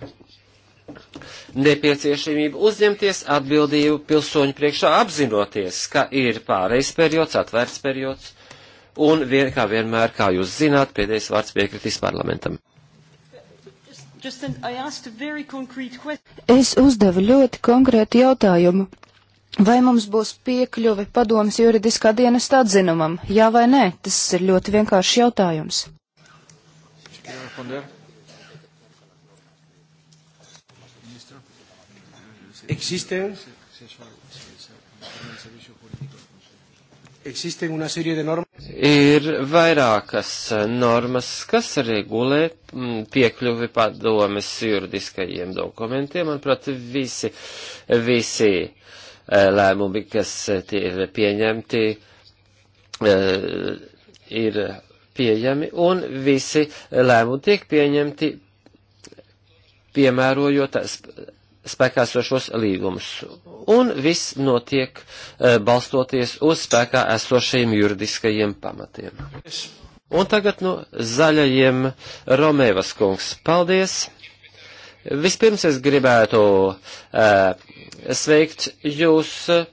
nepieciešamība uzņemties atbildību pilsoņu priekšā apzinoties, ka ir pārejas periods, atvērts periods, un vien, kā vienmēr, kā jūs zināt, pēdējais vārds piekritīs parlamentam. Es uzdevu ļoti konkrētu jautājumu Vai mums būs piekļuve padomas juridiskā dienesta atzinumam? Jā vai nē? Tas ir ļoti vienkāršs jautājums. Existen, existen una serie de normas ir vairākas normas, kas regulē mm, piekļuvi padomes juridiskajiem dokumentiem. Manuprāt, visi, visi lēmumi, kas ir pieņemti, e, ir pieejami, un visi lēmumi tiek pieņemti piemērojot spēkā esošos līgumus. Un viss notiek e, balstoties uz spēkā esošajiem juridiskajiem pamatiem. Un tagad no zaļajiem Romēvas kungs. Paldies! Vispirms es gribētu uh, sveikt jūs eh,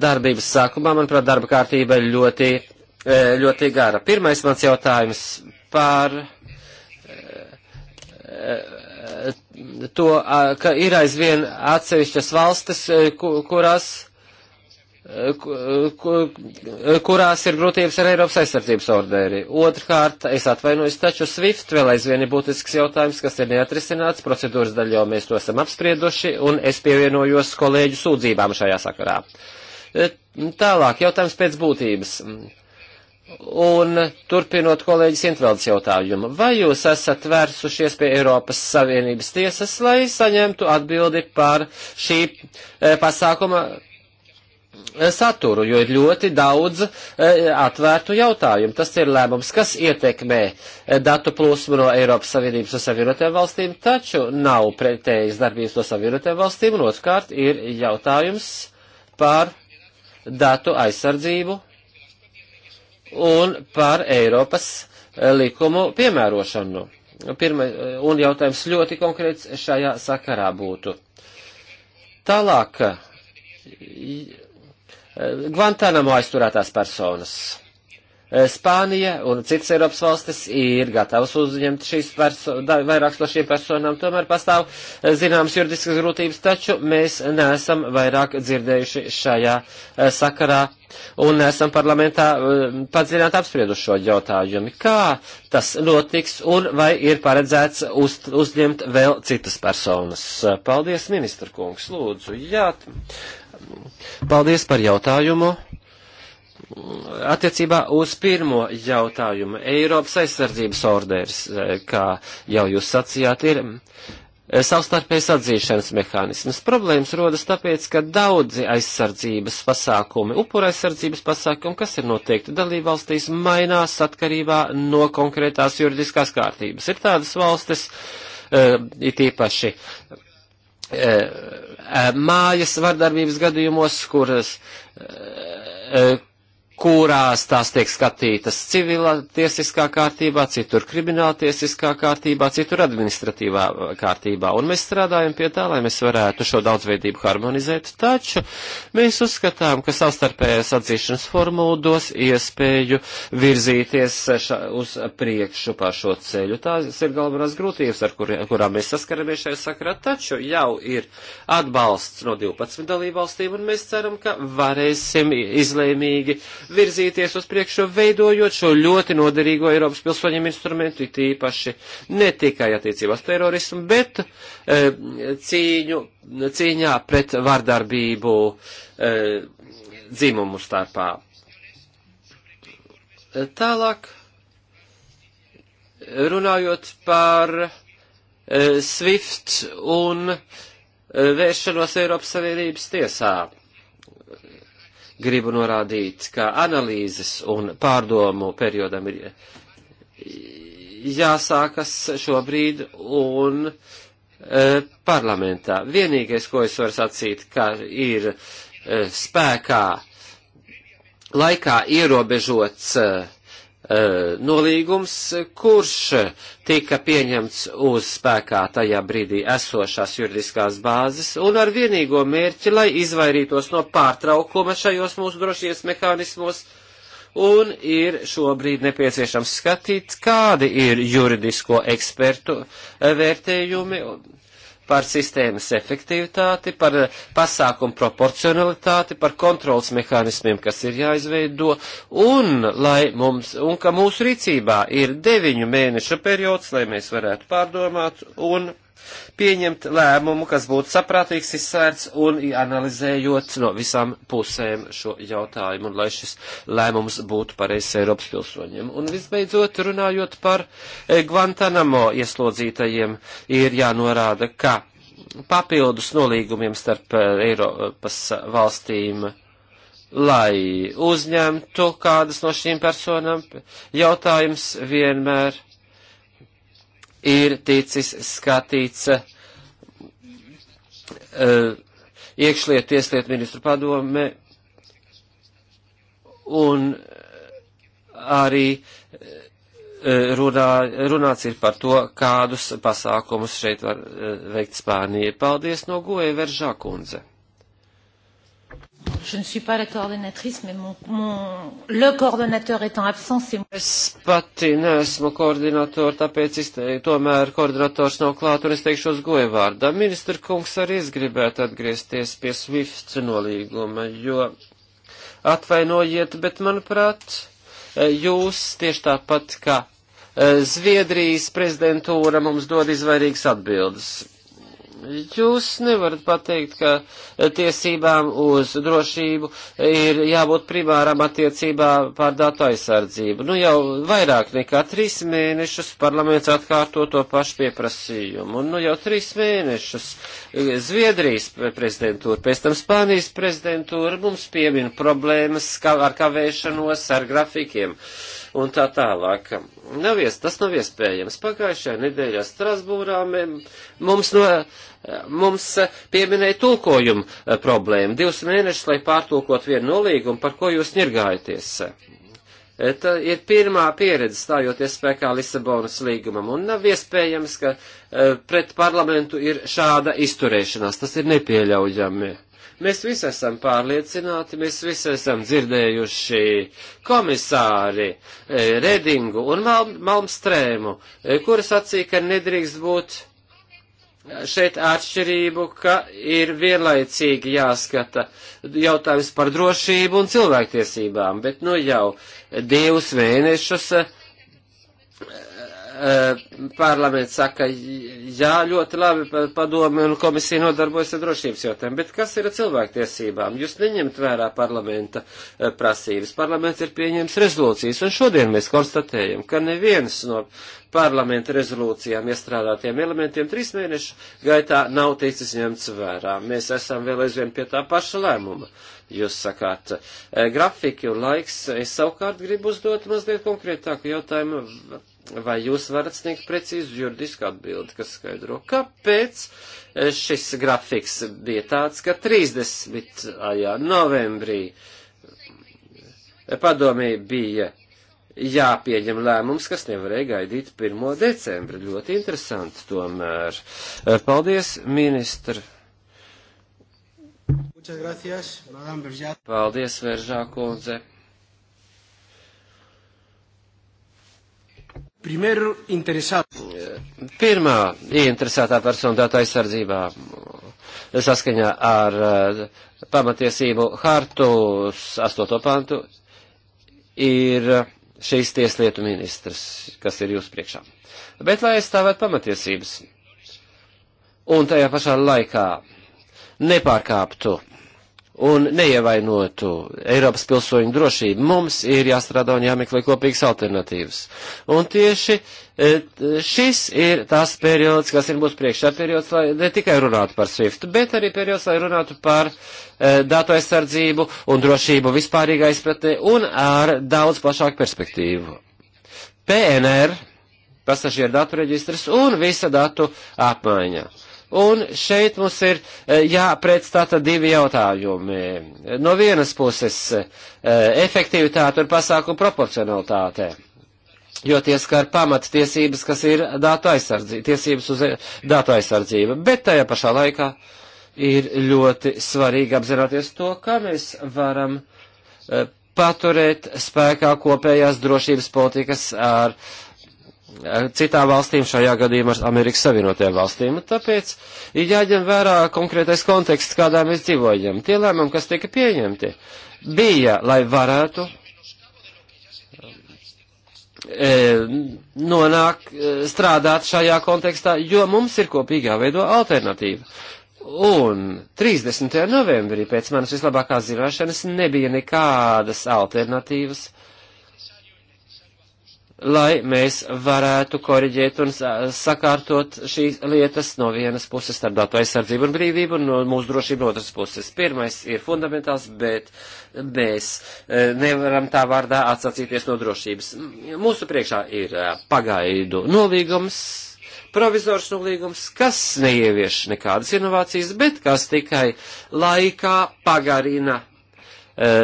darbības sākumā. Manuprāt, darba kārtība ir ļoti, eh, ļoti gara. Pirmais mans jautājums par eh, to, ka ir aizvien atsevišķas valstis, kurās kurās ir grūtības ar Eiropas aizsardzības orderi. Otrkārt, es atvainojos, taču SWIFT vēl aizvien ir būtisks jautājums, kas ir neatrisināts, procedūras daļā mēs to esam apsprieduši, un es pievienojos kolēģu sūdzībām šajā sakarā. E, tālāk, jautājums pēc būtības. Un turpinot kolēģis Intveldes jautājumu, vai jūs esat vērsušies pie Eiropas Savienības tiesas, lai saņemtu atbildi par šī e, pasākuma Eh, saturu, jo ir ļoti daudz eh, atvērtu jautājumu. Tas ir lēmums, kas ietekmē eh, datu plūsmu no Eiropas Savienības uz Savienotajām valstīm, taču nav pretējas darbības no Savienotajām valstīm, un otrkārt ir jautājums par datu aizsardzību un par Eiropas likumu piemērošanu. Pirma, un jautājums ļoti konkrēts šajā sakarā būtu. Tālāk, Eh, Guantanamo aizturētās personas. Eh, Spānija un citas Eiropas valstis ir gatavas uzņemt šīs vairākas no šīm personām, tomēr pastāv eh, zināmas juridiskas grūtības, taču mēs neesam vairāk dzirdējuši šajā sakarā un esam parlamentā padziļināti apsprieduši šo jautājumu. Kā tas notiks un vai ir paredzēts uz, uzņemt vēl citas personas? Paldies, ministra kungs, lūdzu. Jā, Paldies par jautājumu. Attiecībā uz pirmo jautājumu Eiropas aizsardzības orders, eh, kā jau jūs sacījāt, ir eh, savstarpējas atzīšanas mehānisms. Problēmas rodas tāpēc, ka daudzi aizsardzības pasākumi, upura aizsardzības pasākumi, kas ir noteikti dalībvalstīs, mainās atkarībā no konkrētās juridiskās kārtības. Ir tādas valstis, eh, it īpaši Eh, eh, mājas vardarbības gadījumos, kuras, eh, kurās tās tiek skatītas civilā tiesiskā kārtībā, citur krimināla tiesiskā kārtībā, citur administratīvā kārtībā. Un mēs strādājam pie tā, lai mēs varētu šo daudzveidību harmonizēt, taču mēs uzskatām, ka savstarpējās atzīšanas formula dos iespēju virzīties ša, uz priekšu pa šo ceļu. Tās ir galvenās grūtības, ar kur, kurām mēs saskaramies šajā sakarā, taču jau ir atbalsts no 12 dalībvalstīm, un mēs ceram, ka varēsim izlēmīgi virzīties uz priekšu, veidojot šo ļoti noderīgo Eiropas pilsoņiem instrumentu, it īpaši ne tikai attiecībās terorismu, bet e, cīņu, cīņā pret vardarbību e, dzimumu starpā. Tālāk, runājot par e, SWIFT un e, vēršanos Eiropas Savienības tiesā gribu norādīt, ka analīzes un pārdomu periodam ir jāsākas šobrīd un e, parlamentā. Vienīgais, ko es varu sacīt, ka ir e, spēkā laikā ierobežots e, Eh, nolīgums, kurš tika pieņemts uz spēkā tajā brīdī esošās juridiskās bāzes un ar vienīgo mērķi, lai izvairītos no pārtraukuma šajos mūsu drošības mehānismos, un ir šobrīd nepieciešams skatīt, kādi ir juridisko ekspertu vērtējumi par sistēmas efektivitāti, par pasākumu proporcionalitāti, par kontrols mehānismiem, kas ir jāizveido, un, lai mums, un ka mūsu rīcībā ir deviņu mēnešu periods, lai mēs varētu pārdomāt un pieņemt lēmumu, kas būtu saprātīgs, izsvērts un analizējot no visām pusēm šo jautājumu, un lai šis lēmums būtu pareizs Eiropas pilsoņiem. Un visbeidzot, runājot par eh, Guantanamo ieslodzītajiem, ir jānorāda, ka papildus nolīgumiem starp eh, Eiropas valstīm lai uzņemtu kādas no šīm personām, jautājums vienmēr ir ticis skatīts uh, eh, iekšliet tieslietu ministru padome un arī eh, runā, runāts ir par to, kādus pasākumus šeit var eh, veikt Spānija. Paldies no Goja Veržā kundze. Je ne suis pas la coordinatrice, mais mon, mon, le coordinateur étant absent, c'est moi. Es pati neesmu koordinatori, tāpēc es te, tomēr koordinators nav klāt un es teikšos goja vārdā. Ministra kungs arī es gribētu atgriezties pie SWIFT nolīguma, jo atvainojiet, bet manuprāt, jūs tieši tāpat kā eh, Zviedrijas prezidentūra mums dod izvairīgas atbildes Jūs nevarat pateikt, ka tiesībām uz drošību ir jābūt primāram attiecībā pār datu aizsardzību. Nu jau vairāk nekā trīs mēnešus parlaments atkārto to pašu pieprasījumu. Un nu jau trīs mēnešus Zviedrijas prezidentūra, pēc tam Spānijas prezidentūra mums piemina problēmas ar kavēšanos, ar grafikiem. Uh, un tā tālāk. Nav ies, tas nav iespējams. Pagājušajā nedēļā Strasbūrā mums, no, mums pieminēja tulkojumu eh, problēmu. Divus mēnešus, lai pārtulkot vienu nolīgumu, par ko jūs ņirgājaties. Eh, tā ir pirmā pieredze stājoties spēkā Lisabonas līgumam, un nav iespējams, ka eh, pret parlamentu ir šāda izturēšanās. Tas ir nepieļaujami. Mēs visi esam pārliecināti, mēs visi esam dzirdējuši komisāri e, Redingu un Mal Malmstrēmu, e, kuri sacīja, ka nedrīkst būt e, šeit atšķirību, ka ir vienlaicīgi jāskata jautājums par drošību un cilvēktiesībām, bet nu jau divus mēnešus Eh, parlaments saka, jā, ļoti labi padomi un komisija nodarbojas ar drošības jautājumu, bet kas ir ar cilvēktiesībām? Jūs neņemt vērā parlamenta eh, prasības. Parlaments ir pieņēmis rezolūcijas, un šodien mēs konstatējam, ka neviens no parlamenta rezolūcijām iestrādātiem elementiem trīs mēnešu gaitā nav ticis ņemts vērā. Mēs esam vēl aizvien pie tā paša lēmuma. Jūs sakāt, e, grafiki un laiks, es savukārt gribu uzdot mazliet konkrētāku jautājumu, vai jūs varat sniegt precīzu juridisku atbildi, kas skaidro, kāpēc e, šis grafiks bija tāds, ka 30. novembrī e, padomē bija jāpieņem lēmums, kas nevarēja gaidīt 1. decembra. Ļoti interesanti tomēr. Eh, paldies, ministra. Paldies, Veržā kundze. Eh, pirmā interesētā persona datu aizsardzībā eh, saskaņā ar pamatiesību hartus 8. pantu ir šīs tieslietu ministrs, kas ir jūs priekšā. Bet lai aizstāvētu pamatiesības un tajā pašā laikā nepārkāptu un neievainotu Eiropas pilsoņu drošību. Mums ir jāstrādā un jāmeklē kopīgas alternatīvas. Un tieši e, šis ir tas periods, kas ir mūsu priekšā periods, lai ne tikai runātu par SWIFT, bet arī periods, lai runātu par e, datu aizsardzību un drošību vispārīgā izpratē un ar daudz plašāku perspektīvu. PNR, pasažieru datu reģistrs un visa datu apmaiņa Un šeit mums ir eh, jāpredstata divi jautājumi. No vienas puses eh, efektivitāte un pasākumu proporcionalitāte jo tie skar pamatstiesības, kas ir datu aizsardzība, tiesības uz eh, datu aizsardzību. Bet tajā pašā laikā ir ļoti svarīgi apzināties to, kā mēs varam paturēt spēkā kopējās drošības politikas ar uh, citām valstīm, šajā gadījumā ar Amerikas Savienotajām valstīm. Tāpēc ir jāņem vērā konkrētais konteksts, kādā mēs dzīvojam. Tie lēmumi, kas tika pieņemti, bija, lai varētu e, nonāk e, strādāt šajā kontekstā, jo mums ir kopīgi jāveido alternatīva. Un 30. novembrī pēc manas vislabākās zināšanas nebija nekādas alternatīvas lai mēs varētu koriģēt un sakārtot šīs lietas no vienas puses starp datu aizsardzību un brīvību un no mūsu drošību no otras puses. Pirmais ir fundamentāls, bet mēs e, nevaram tā vārdā atsacīties no drošības. Mūsu priekšā ir e, pagaidu nolīgums, provizors nolīgums, kas neievieš nekādas inovācijas, bet kas tikai laikā pagarina e,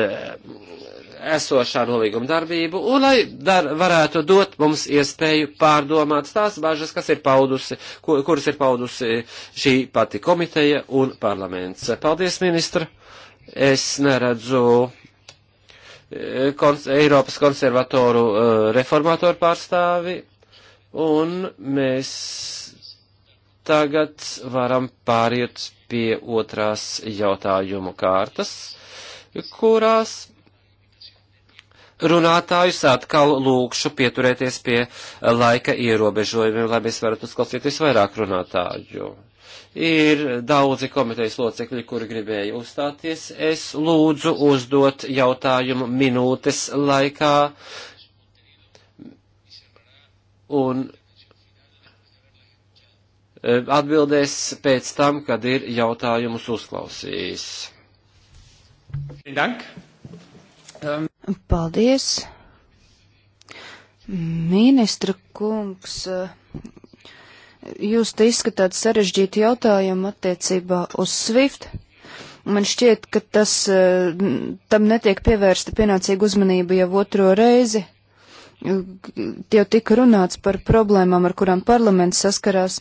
esošā nolīguma darbību un lai dar, varētu dot mums iespēju pārdomāt tās bažas, kas ir paudusi, kur, kuras ir paudusi šī pati komiteja un parlaments. Paldies, ministra! Es neredzu eh, kons Eiropas konservatoru eh, reformatoru pārstāvi un mēs tagad varam pāriet pie otrās jautājumu kārtas, kurās runātājus atkal lūkšu pieturēties pie eh, laika ierobežojumiem, lai mēs varētu uzklausīt visvairāk runātāju. Ir daudzi komitejas locekļi, kuri gribēja uzstāties. Es lūdzu uzdot jautājumu minūtes laikā. Un eh, atbildēs pēc tam, kad ir jautājumus uzklausījis. Dank. Paldies! Ministra kungs, jūs te izskatāt sarežģītu jautājumu attiecībā uz SWIFT. Man šķiet, ka tas, tam netiek pievērsta pienācīga uzmanība jau otro reizi. Jau tika runāts par problēmām, ar kurām parlaments saskarās.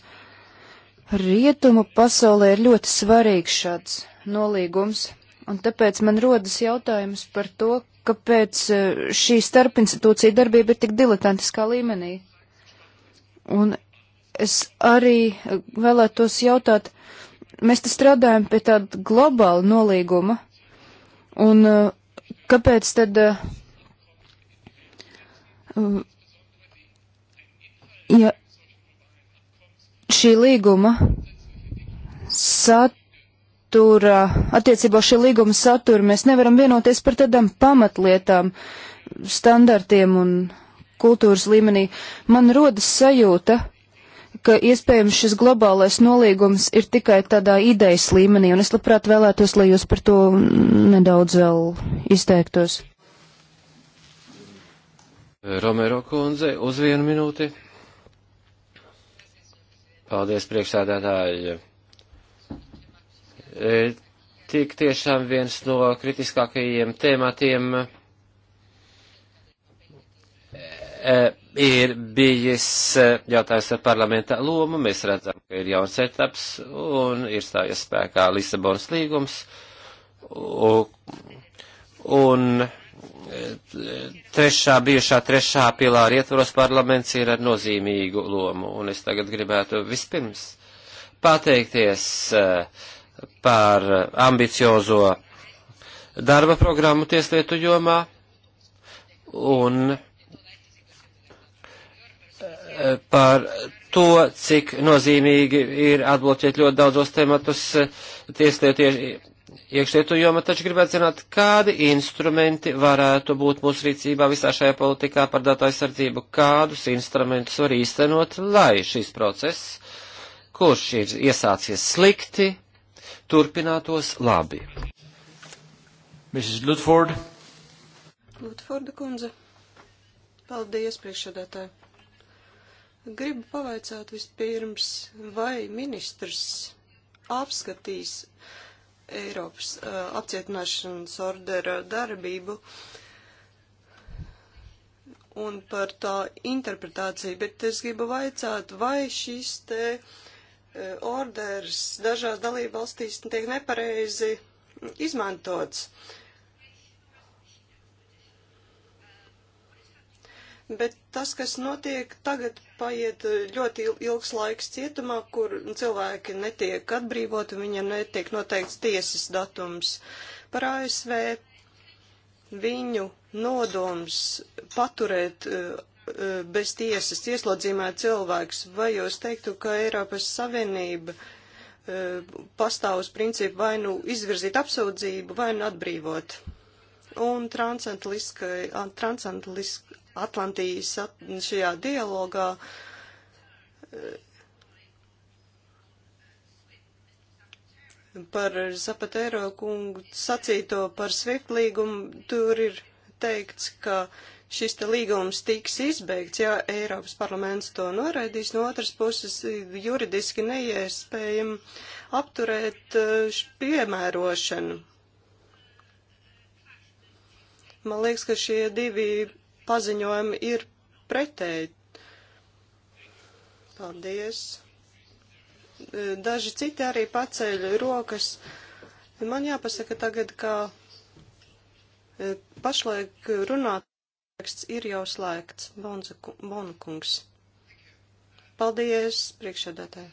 Rietumu pasaulē ir ļoti svarīgs šāds nolīgums, un tāpēc man rodas jautājums par to, kāpēc e, šī starpinstitūcija darbība ir tik diletantiskā līmenī. Un es arī e, vēlētos jautāt, mēs te strādājam pie tāda globāla nolīguma, un e, kāpēc tad ja šī līguma sat, satura, attiecībā šī līguma satura, mēs nevaram vienoties par tādām pamatlietām, standartiem un kultūras līmenī. Man rodas sajūta, ka iespējams šis globālais nolīgums ir tikai tādā idejas līmenī, un es labprāt vēlētos, lai jūs par to nedaudz vēl izteiktos. Romero kundze, uz vienu minūti. Paldies, priekšsēdētāji. E, tik tiešām viens no kritiskākajiem tematiem e, ir bijis e, jautājums par parlamenta lomu. Mēs redzam, ka ir jauns etaps un ir stājies spēkā Lisabonas līgums. Un, un trešā, bijušā trešā pilāra ietvaros parlaments ir ar nozīmīgu lomu, un es tagad gribētu vispirms pateikties uh, par ambiciozo darba programmu tieslietu jomā un eh, par to, cik nozīmīgi ir atbloķēt ļoti daudzos tematus eh, tieslietu iekšlietu jomā, taču gribētu zināt, kādi instrumenti varētu būt mūsu rīcībā visā šajā politikā par datu aizsardzību, kādus instrumentus var īstenot, lai šis process, kurš ir iesācies slikti, turpinātos labi. Mrs. Lutford. Lutforda kundze. Paldies, priekšsēdētāji. Gribu pavaicāt vispirms, vai ministrs apskatīs Eiropas uh, apcietināšanas ordera darbību un par tā interpretāciju, bet es gribu vaicāt, vai šis te uh, E, orders dažās dalību valstīs tiek nepareizi izmantots. Bet tas, kas notiek tagad, paiet ļoti ilgs laiks cietumā, kur cilvēki netiek atbrīvoti, viņiem netiek noteikts tiesas datums. Par ASV viņu nodoms paturēt e, E, bez tiesas ieslodzījumā cilvēks, vai jūs teiktu, ka Eiropas Savienība e, pastāv uz principu vai nu izvirzīt apsūdzību, vai nu atbrīvot? Un transatlantijas šajā dialogā e, par Zapatero kungu sacīto par SWIFT līgumu, tur ir teikts, ka uh, šis te līgums tiks izbeigts, ja Eiropas parlaments to noraidīs. No otras puses, juridiski neiespējami apturēt eh, piemērošanu. Man liekas, ka šie divi paziņojumi ir pretēji. Paldies. Eh, daži citi arī paceļ rokas. Man jāpasaka tagad, ka eh, pašlaik runāt Teksts ir jau slēgts, Bonkungs. Paldies, priekšsēdētāji.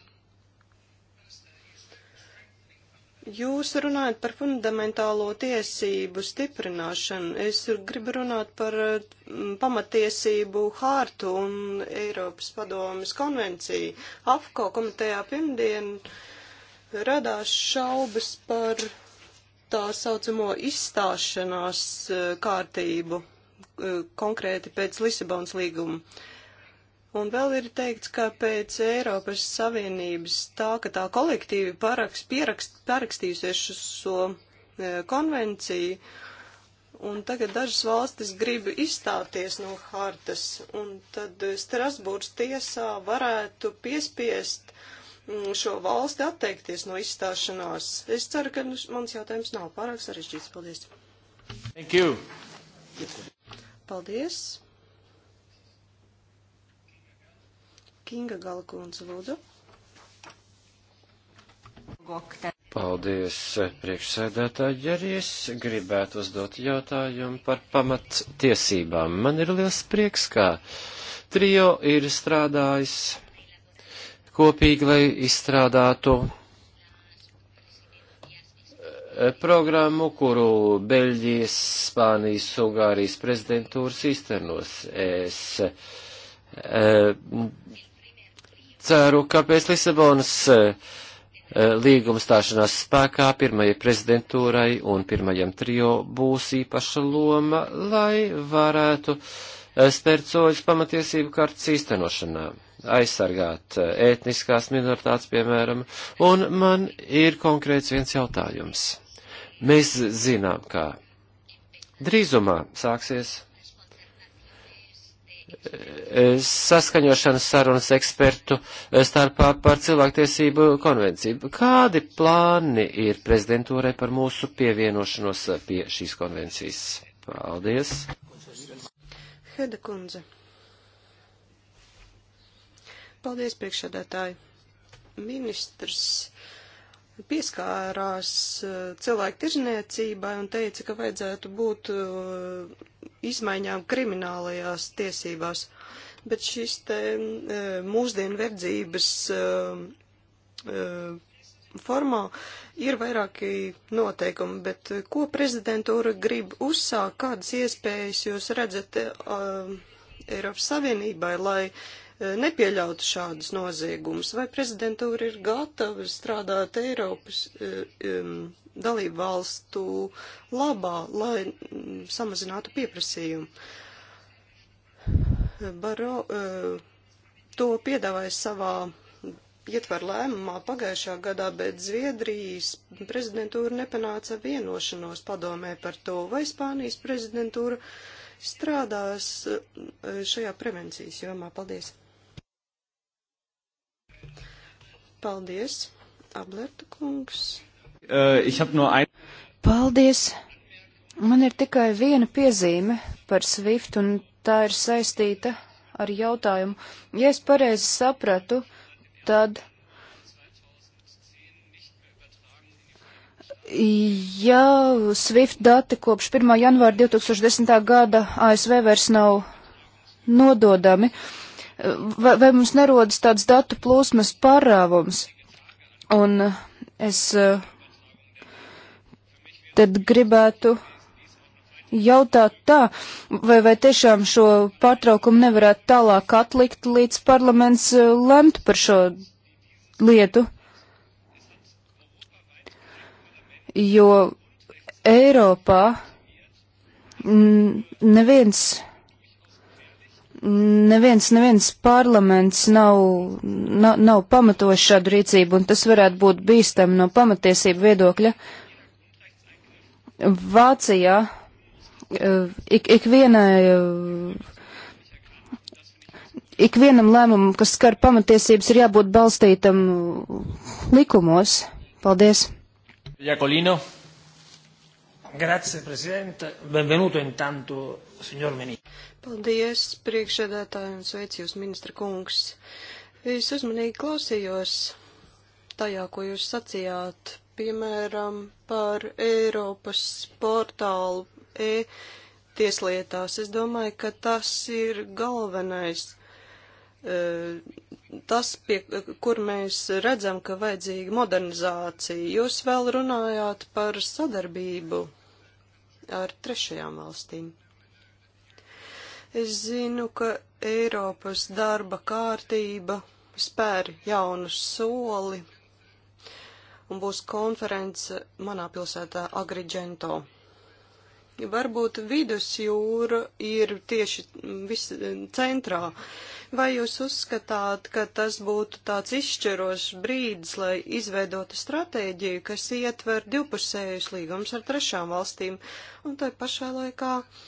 Jūs runājat par fundamentālo tiesību stiprināšanu. Es gribu runāt par mm, pamatiesību hārtu un Eiropas padomas konvenciju. AFKO komitejā pirmdien radās šaubas par tā saucamo izstāšanās eh, kārtību Eh, konkrēti pēc Lisabonas līguma. Un vēl ir teikts, ka pēc Eiropas Savienības tā, ka tā kolektīvi paraks, pierakst, parakstījusies šo so, eh, e, konvenciju, un tagad dažas valstis grib izstāties no hartas, un tad Strasbūrs tiesā varētu piespiest mm, šo valsti atteikties no izstāšanās. Es ceru, ka nu, mans jautājums nav pārāk sarežģīts. Paldies! Thank you. Paldies! Kinga Galkundze, lūdzu. Paldies, priekšsēdētāji. Arī es gribētu uzdot jautājumu par pamattiesībām. Man ir liels prieks, ka trio ir strādājis kopīgi, lai izstrādātu programmu, kuru Beļģijas, Spānijas, Ungārijas prezidentūras īstenos. Es e, ceru, ka pēc Lisabonas e, e, līguma stāšanās spēkā pirmajai prezidentūrai un pirmajam trio būs īpaša loma, lai varētu e, spērt soļus pamatiesību kartas īstenošanā aizsargāt ētniskās e, minoritātes, piemēram, un man ir konkrēts viens jautājums. Mēs zinām, ka drīzumā sāksies e, saskaņošanas sarunas ekspertu starpā par cilvēktiesību konvenciju. Kādi plāni ir prezidentūrai par mūsu pievienošanos pie šīs konvencijas? Paldies! Heda kundze. Paldies, priekšsēdētāji. Ministrs pieskārās eh, cilvēku tirzniecībai un teica, ka vajadzētu būt eh, izmaiņām kriminālajās tiesībās. Bet šis te eh, mūsdienu verdzības formā ir vairāki noteikumi, bet ko prezidentūra grib uzsākt, kādas iespējas jūs redzat Eiropas Savienībai, lai uh, nepieļautu šādus noziegumus, vai prezidentūra ir gatava strādāt Eiropas e, e, dalību valstu labā, lai samazinātu pieprasījumu. Baro e, to piedāvāja savā ietver lēmumā pagājušā gadā, bet Zviedrijas prezidentūra nepanāca vienošanos padomē par to, vai Spānijas prezidentūra strādās šajā prevencijas jomā. Paldies! Paldies, Ablerta kungs. Uh, ein... Paldies. Man ir tikai viena piezīme par Swift, un tā ir saistīta ar jautājumu. Ja es pareizi sapratu, tad. Ja Swift dati kopš 1. janvāra 2010. gada ASV vairs nav nododami, uh, vai, vai mums nerodas tāds datu plūsmas pārāvums. Un es e, tad gribētu jautāt tā, vai, vai tiešām šo pārtraukumu nevarētu tālāk atlikt, līdz parlaments e, lemt par šo lietu. Jo Eiropā neviens neviens, neviens parlaments nav, nav, nav pamatojis šādu rīcību, un tas varētu būt bīstami no pamatiesību viedokļa. Vācijā eh, ik, ikvienai. Eh, Ikvienam lēmumam, kas skar pamatiesības, ir jābūt balstītam likumos. Paldies! Jakolino. Grazie, Presidente. Benvenuto intanto, signor Ministro. Paldies, priekšsēdētāji, un sveic jūs, ministra kungs. Es uzmanīgi klausījos tajā, ko jūs sacījāt, piemēram, par Eiropas portālu e-tieslietās. Es domāju, ka tas ir galvenais, e, tas, pie, kur mēs redzam, ka vajadzīga modernizācija. Jūs vēl runājāt par sadarbību ar trešajām valstīm. Es zinu, ka Eiropas darba kārtība spēr jaunu soli un būs konference manā pilsētā Agriģento. Varbūt vidusjūra ir tieši vis, centrā. Vai jūs uzskatāt, ka tas būtu tāds izšķirošs brīdis, lai izveidotu stratēģiju, kas ietver divpusējus līgumus ar trešām valstīm un tai pašā laikā uh,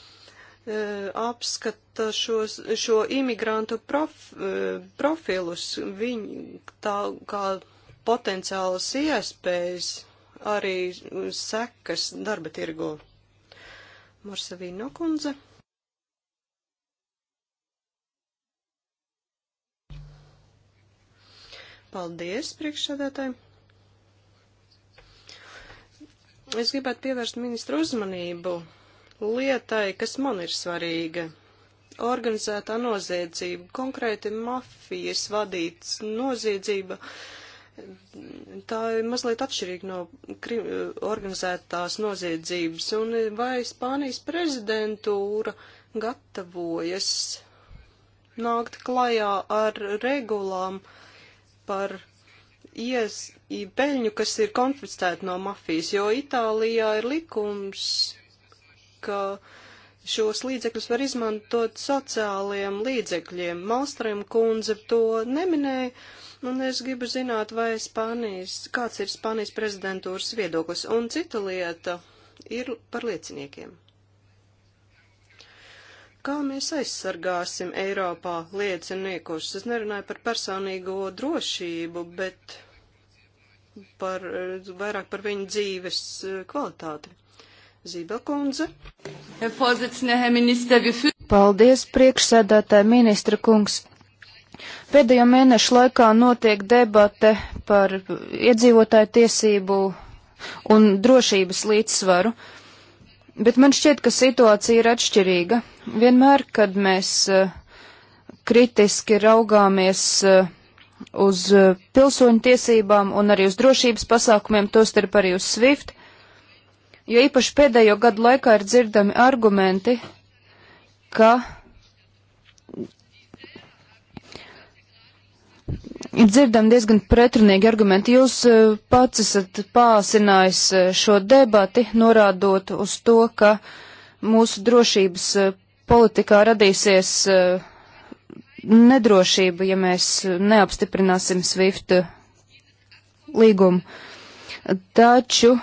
E, apskata šos, šo imigrantu prof, e, profilus, viņu tā kā potenciālas iespējas, arī sekas darba tirgu. Marsavīna kundze. Paldies, priekšsēdētāji. Es gribētu pievērst ministru uzmanību lietai, kas man ir svarīga. Organizētā noziedzība, konkrēti mafijas vadīts noziedzība, tā ir mazliet atšķirīga no organizētās noziedzības, un vai Spānijas prezidentūra gatavojas nākt klajā ar regulām par ies, peļņu, kas ir konfiscēta no mafijas, jo Itālijā ir likums, ka šos līdzekļus var izmantot sociāliem līdzekļiem. Malstrēm kundze to neminēja, un es gribu zināt, vai Spānijas, kāds ir Spānijas prezidentūras viedoklis. Un cita lieta ir par lieciniekiem. Kā mēs aizsargāsim Eiropā lieciniekus? Es nerunāju par personīgo drošību, bet par, vairāk par viņu dzīves kvalitāti. Zibelkundze. Paldies, priekšsēdētāja ministra kungs. Pēdējo mēnešu laikā notiek debate par iedzīvotāju tiesību un drošības līdzsvaru, bet man šķiet, ka situācija ir atšķirīga. Vienmēr, kad mēs eh, kritiski raugāmies eh, uz eh, pilsoņu tiesībām un arī uz drošības pasākumiem, tostarp arī uz SWIFT, jo īpaši pēdējo gadu laikā ir dzirdami argumenti, ka ir dzirdami diezgan pretrunīgi argumenti. Jūs e, pats esat pāsinājis e, šo debati, norādot uz to, ka mūsu drošības e, politikā radīsies nedrošība, ja mēs neapstiprināsim SWIFT līgumu. Taču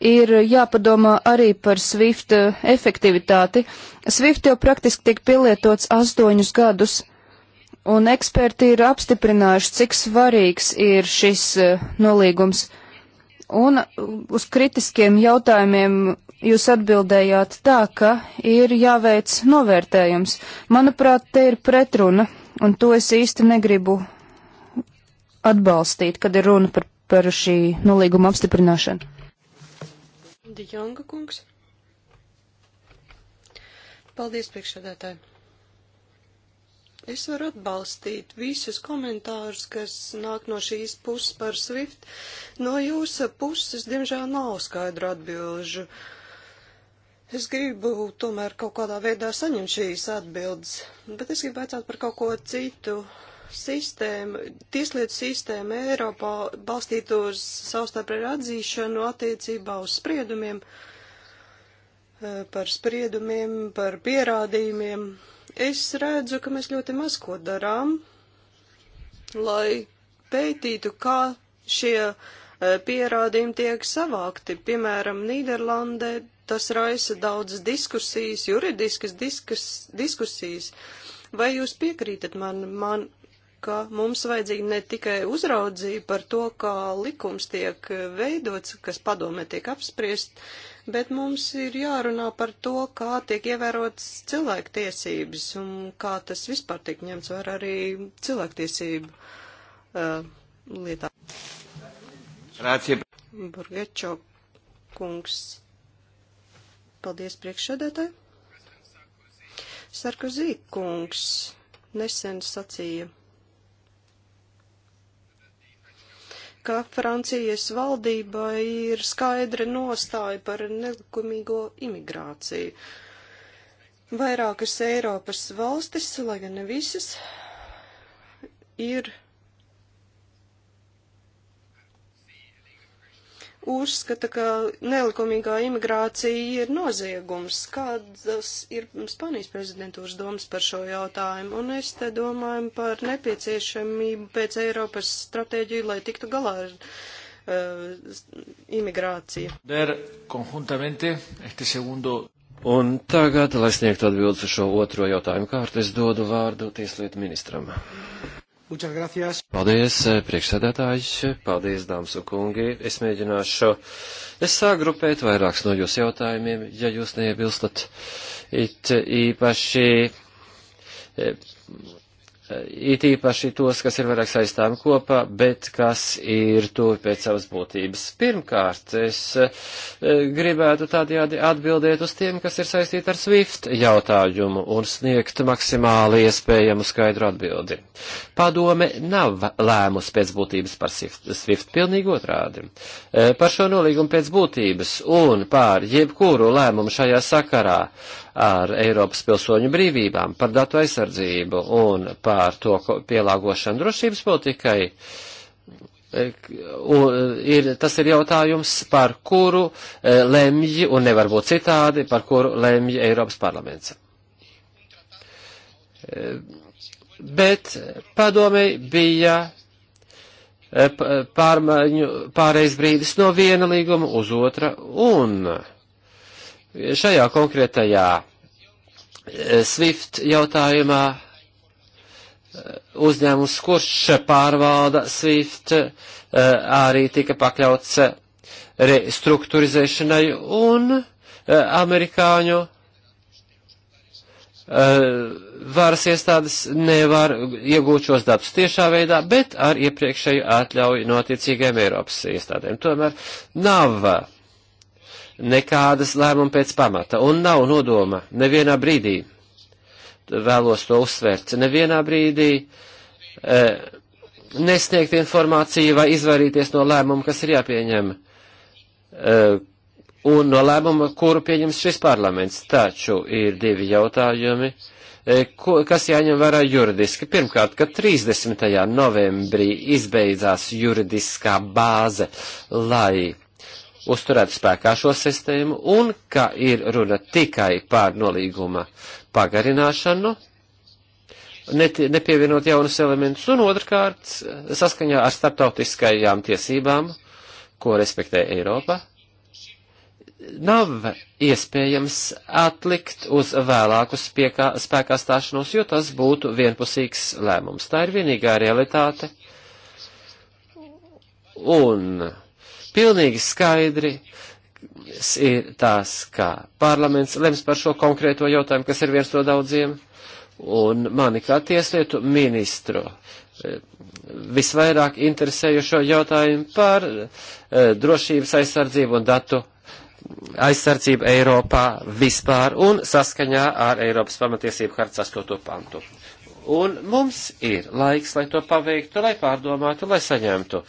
ir jāpadomā arī par SWIFT eh, efektivitāti. SWIFT jau praktiski tiek pielietots astoņus gadus, un eksperti ir apstiprinājuši, cik svarīgs ir šis eh, nolīgums. Un eh, uz kritiskiem jautājumiem jūs atbildējāt tā, ka ir jāveic novērtējums. Manuprāt, te ir pretruna, un to es īsti negribu atbalstīt, kad ir runa par, par šī nolīguma apstiprināšanu. Dijonga kungs. Paldies, priekšsēdētāji. Es varu atbalstīt visus komentārus, kas nāk no šīs puses par Swift. No jūsa puses, diemžēl, nav skaidru atbilžu. Es gribu tomēr kaut kādā veidā saņemt šīs atbildes, bet es gribu aicāt par kaut ko citu. Uh, sistēma, tieslietu sistēma Eiropā balstītu uz savstarpēju atzīšanu attiecībā uz spriedumiem, eh, par spriedumiem, par pierādījumiem. Es redzu, ka mēs ļoti maz ko darām, lai pētītu, kā šie eh, pierādījumi tiek savākti. Piemēram, Nīderlandē tas raisa daudzas diskusijas, juridiskas diskus, diskusijas. Vai jūs piekrītat man, man ka mums vajadzīga ne tikai uzraudzība par to, kā likums tiek veidots, kas padomē tiek apspriest, bet mums ir jārunā par to, kā tiek ievērotas cilvēktiesības un kā tas vispār tiek ņemts vērā arī cilvēktiesību uh, lietā. Rācija. Burgečo kungs. Paldies priekšsēdētāji. Sarkozī kungs nesen sacīja ka Francijas valdība ir skaidra nostāja par nelikumīgo imigrāciju. Vairākas Eiropas valstis, lai gan ne visas, ir uzskata, ka nelikumīgā imigrācija ir noziegums. Kādas ir Spānijas prezidentūras domas par šo jautājumu? Un es te domāju par nepieciešamību pēc Eiropas stratēģiju, lai tiktu galā ar uh, imigrāciju. Der, Un tagad, lai sniegtu atbildes uz šo otro jautājumu kārtu, es dodu vārdu tieslietu ministram. Muchas gracias. Paldies, eh, priekšsēdētājs. Paldies, dāmas un kungi. Es mēģināšu es sāgrupēt vairākus no jūsu jautājumiem, ja jūs neiebilstat. It īpaši eh, Eh, it īpaši tos, kas ir vairāk saistām kopā, bet kas ir tuvi pēc savas būtības. Pirmkārt, es eh, gribētu tādajādi atbildēt uz tiem, kas ir saistīti ar SWIFT jautājumu un sniegt maksimāli iespējamu skaidru atbildi. Padome nav lēmus pēc būtības par SWIFT, pilnīgi otrādi. Eh, par šo nolīgumu pēc būtības un pār jebkuru lēmumu šajā sakarā ar Eiropas pilsoņu brīvībām, par datu aizsardzību un par to pielāgošanu drošības politikai, un eh, ir, tas ir jautājums, par kuru eh, lemj, un nevar būt citādi, par kuru lemj Eiropas parlaments. Eh, bet padomei bija pārmaiņu pāreiz brīdis no viena līguma uz otra, un Šajā konkrētajā eh, SWIFT jautājumā eh, uzņēmums, kurš pārvalda SWIFT, eh, arī tika pakļauts restruktūrizēšanai un amerikāņu varas iestādes nevar iegūt šos darbus tiešā veidā, bet ar iepriekšēju atļauju notiecīgajiem Eiropas iestādēm. Tomēr nav nekādas lēmuma pēc pamata un nav nodoma nevienā brīdī. Vēlos to uzsvērt. Nevienā brīdī e, nesniegt informāciju vai izvairīties no lēmuma, kas ir jāpieņem, e, un no lēmuma, kuru pieņems šis parlaments. Taču ir divi jautājumi, e, ko, kas jāņem vērā juridiski. Pirmkārt, ka 30. novembrī izbeidzās juridiskā bāze, lai uzturēt spēkā šo sistēmu un ka ir runa tikai par nolīguma pagarināšanu, net, nepievienot jaunus elementus, un otrkārt saskaņā ar starptautiskajām tiesībām, ko respektē Eiropa, nav iespējams atlikt uz vēlāku spiekā, spēkā stāšanos, jo tas būtu vienpusīgs lēmums. Tā ir vienīgā realitāte. Un Pilnīgi skaidri ir tās, kā parlaments lems par šo konkrēto jautājumu, kas ir viens no daudziem, un mani kā tieslietu ministru e, visvairāk interesējušo jautājumu par e, drošības aizsardzību un datu aizsardzību Eiropā vispār un saskaņā ar Eiropas pamatiesību hartas 8. pantu. Un mums ir laiks, lai to paveiktu, lai pārdomātu, lai saņemtu uh,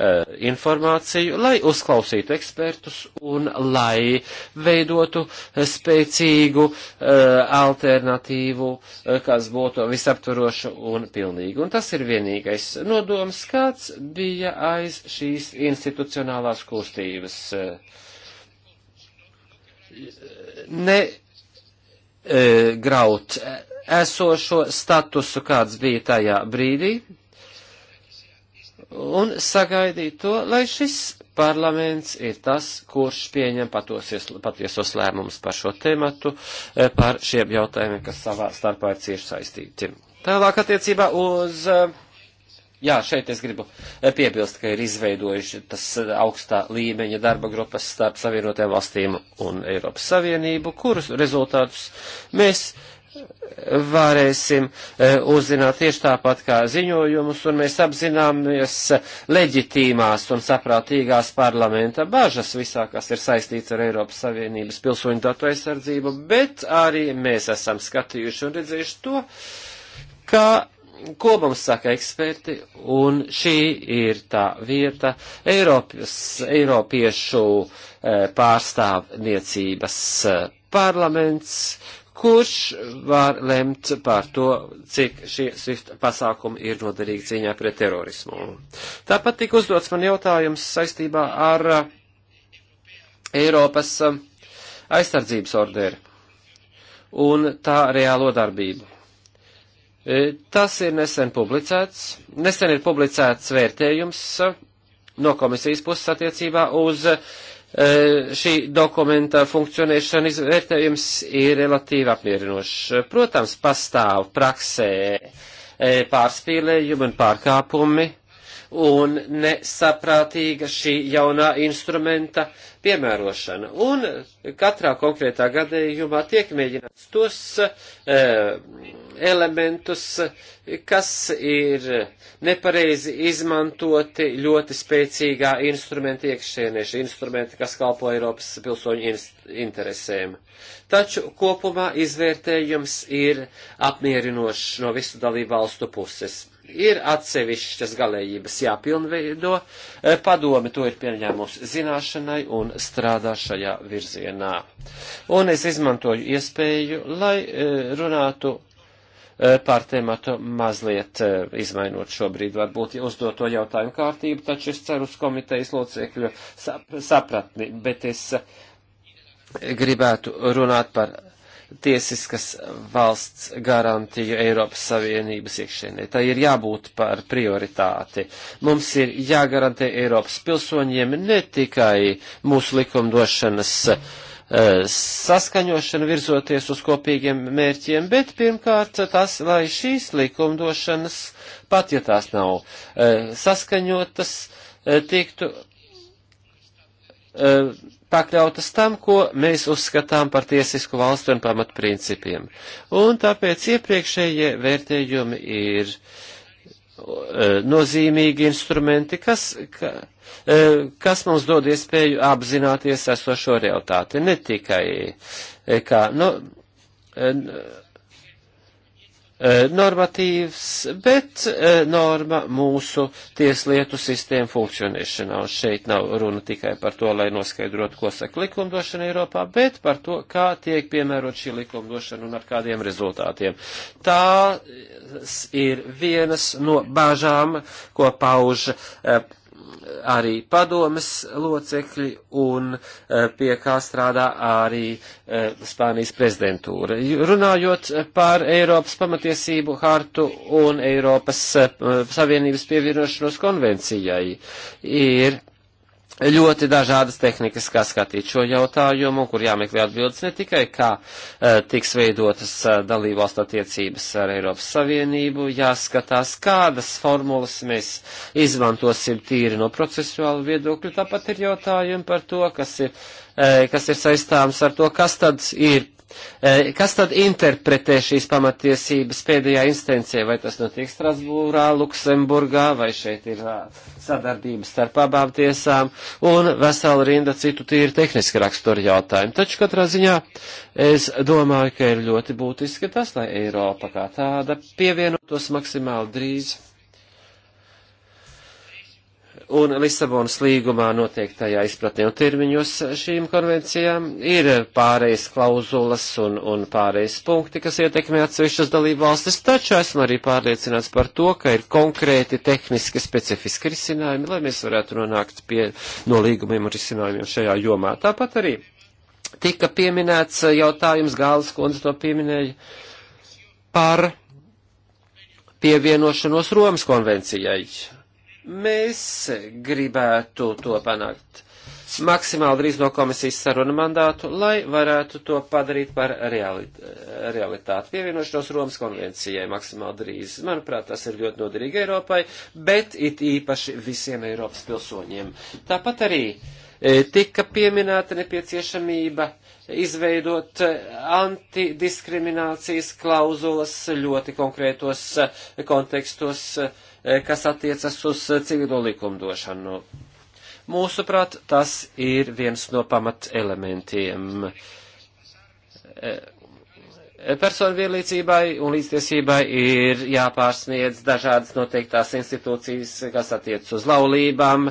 Eh, informāciju, lai uzklausītu ekspertus un lai veidotu spēcīgu eh, alternatīvu, eh, kas būtu visaptvaroša un pilnīga. Un tas ir vienīgais nodoms, kāds bija aiz šīs institucionālās kustības. Ne graut esošo statusu, kāds bija tajā brīdī, un sagaidīt to, lai šis parlaments ir tas, kurš pieņem patosies, patiesos lēmumus par šo tēmatu, eh, par šiem jautājumiem, kas savā starpā ir cieši saistīti. Tālāk attiecībā uz. Eh, jā, šeit es gribu eh, piebilst, ka ir izveidojuši tas augstā līmeņa darba grupas starp Savienotajām valstīm un Eiropas Savienību, kurus rezultātus mēs varēsim e, uzzināt tieši tāpat kā ziņojumus, un mēs apzināmies leģitīmās un saprātīgās parlamenta bažas visā, kas ir saistīts ar Eiropas Savienības pilsoņu datu aizsardzību, bet arī mēs esam skatījuši un redzējuši to, ka ko mums saka eksperti, un šī ir tā vieta Eiropas, Eiropiešu e, pārstāvniecības e, parlaments, kurš var lemt par to, cik šie SWIFT pasākumi ir noderīgi cīņā pret terorismu. Tāpat tika uzdots man jautājums saistībā ar uh, Eiropas um, aizsardzības orderi un tā reālo darbību. E, tas ir nesen publicēts, nesen ir publicēts vērtējums uh, no komisijas puses attiecībā uz šī dokumenta funkcionēšana izvērtējums ir relatīvi apmierinošs. Protams, pastāv praksē pārspīlējumi un pārkāpumi un nesaprātīga šī jaunā instrumenta piemērošana. Un katrā konkrētā gadījumā tiek mēģināts tos e, elementus, kas ir nepareizi izmantoti ļoti spēcīgā instrumenta iekšēnē, šie instrumenti, kas kalpo Eiropas pilsoņu interesēm. Taču kopumā izvērtējums ir apmierinošs no visu dalību valstu puses. Ir atsevišķas galējības jāpilnveido, eh, padome to ir pieņēmusi zināšanai un strādā šajā virzienā. Un es izmantoju iespēju, lai eh, runātu Eh, pār tēmatu mazliet eh, izmainot šobrīd varbūt uzdot to jautājumu kārtību, taču es ceru uz komitejas locekļu sap sapratni, bet es eh, gribētu runāt par tiesiskas valsts garantiju Eiropas Savienības iekšēnē. Tā ir jābūt par prioritāti. Mums ir jāgarantē Eiropas pilsoņiem ne tikai mūsu likumdošanas uh, Eh, saskaņošana virzoties uz kopīgiem mērķiem, bet pirmkārt tas, lai šīs likumdošanas, pat ja tās nav eh, saskaņotas, eh, tiktu pakļautas tam, ko mēs uzskatām par tiesisku valstu un pamatprincipiem. Un tāpēc iepriekšējie vērtējumi ir uh, E, nozīmīgi instrumenti, kas, ka, e, kas mums dod iespēju apzināties esošo realitāti. Ne tikai e, kā, nu, Eh, normatīvs, bet eh, norma mūsu tieslietu sistēmu funkcionēšanā. Un šeit nav runa tikai par to, lai noskaidrotu, ko saka likumdošana Eiropā, bet par to, kā tiek piemērot šī likumdošana un ar kādiem rezultātiem. Tās ir vienas no bāžām, ko pauž eh, arī padomes locekļi un e, pie kā strādā arī e, Spānijas prezidentūra. Runājot par Eiropas pamatiesību hartu un Eiropas e, Savienības pievienošanos konvencijai, ir ļoti dažādas tehnikas, kā skatīt šo jautājumu, kur jāmeklē atbildes ne tikai, kā e, tiks veidotas e, dalībvalstu attiecības ar Eiropas Savienību, jāskatās, kādas formulas mēs izmantosim tīri no procesuāla viedokļa, tāpat ir jautājumi par to, kas ir, e, kas ir saistāms ar to, kas tad ir Eh, kas tad interpretē šīs pamatiesības pēdējā instancē, vai tas notiek Strasbūrā, Luksemburgā, vai šeit ir eh, sadarbība starp abām tiesām, un vesela rinda citu tīri tehniski raksturu jautājumu. Taču katrā ziņā es domāju, ka ir ļoti būtiski tas, lai Eiropa kā tāda pievienotos maksimāli drīz un Lisabonas līgumā noteiktajā izpratnē un termiņos šīm konvencijām ir pārējais klauzulas un, un pārējais punkti, kas ietekmē atsevišķas dalību valstis, taču esmu arī pārliecināts par to, ka ir konkrēti tehniski specifiski risinājumi, lai mēs varētu nonākt pie no līgumiem un risinājumiem šajā jomā. Tāpat arī tika pieminēts jautājums, Gāles kundze to pieminēja, par pievienošanos Romas konvencijai Mēs gribētu to panākt maksimāli drīz no komisijas saruna mandātu, lai varētu to padarīt par realit realitāti. Pievienošanos Romas konvencijai maksimāli drīz. Manuprāt, tas ir ļoti noderīgi Eiropai, bet it īpaši visiem Eiropas pilsoņiem. Tāpat arī e, tika pieminēta nepieciešamība izveidot e, antidiskriminācijas klauzulas ļoti konkrētos e, kontekstos Eh, kas attiecas uz eh, civilo likumdošanu. Mūsuprāt, tas ir viens no pamat elementiem eh, personu vienlīdzībai un līdztiesībai ir jāpārsniedz dažādas noteiktās institūcijas, kas attiec uz laulībām,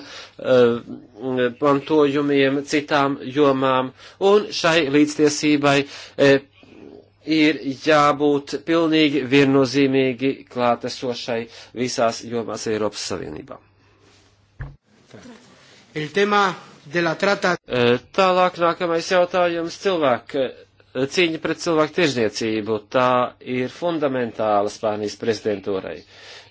mantojumiem, citām jomām, un šai līdztiesībai ir jābūt pilnīgi viennozīmīgi klātesošai visās jomās Eiropas Savienībā. E, tālāk nākamais jautājums - cilvēku e, cīņa pret cilvēku tirzniecību. Tā ir fundamentāla Spānijas prezidentūrai.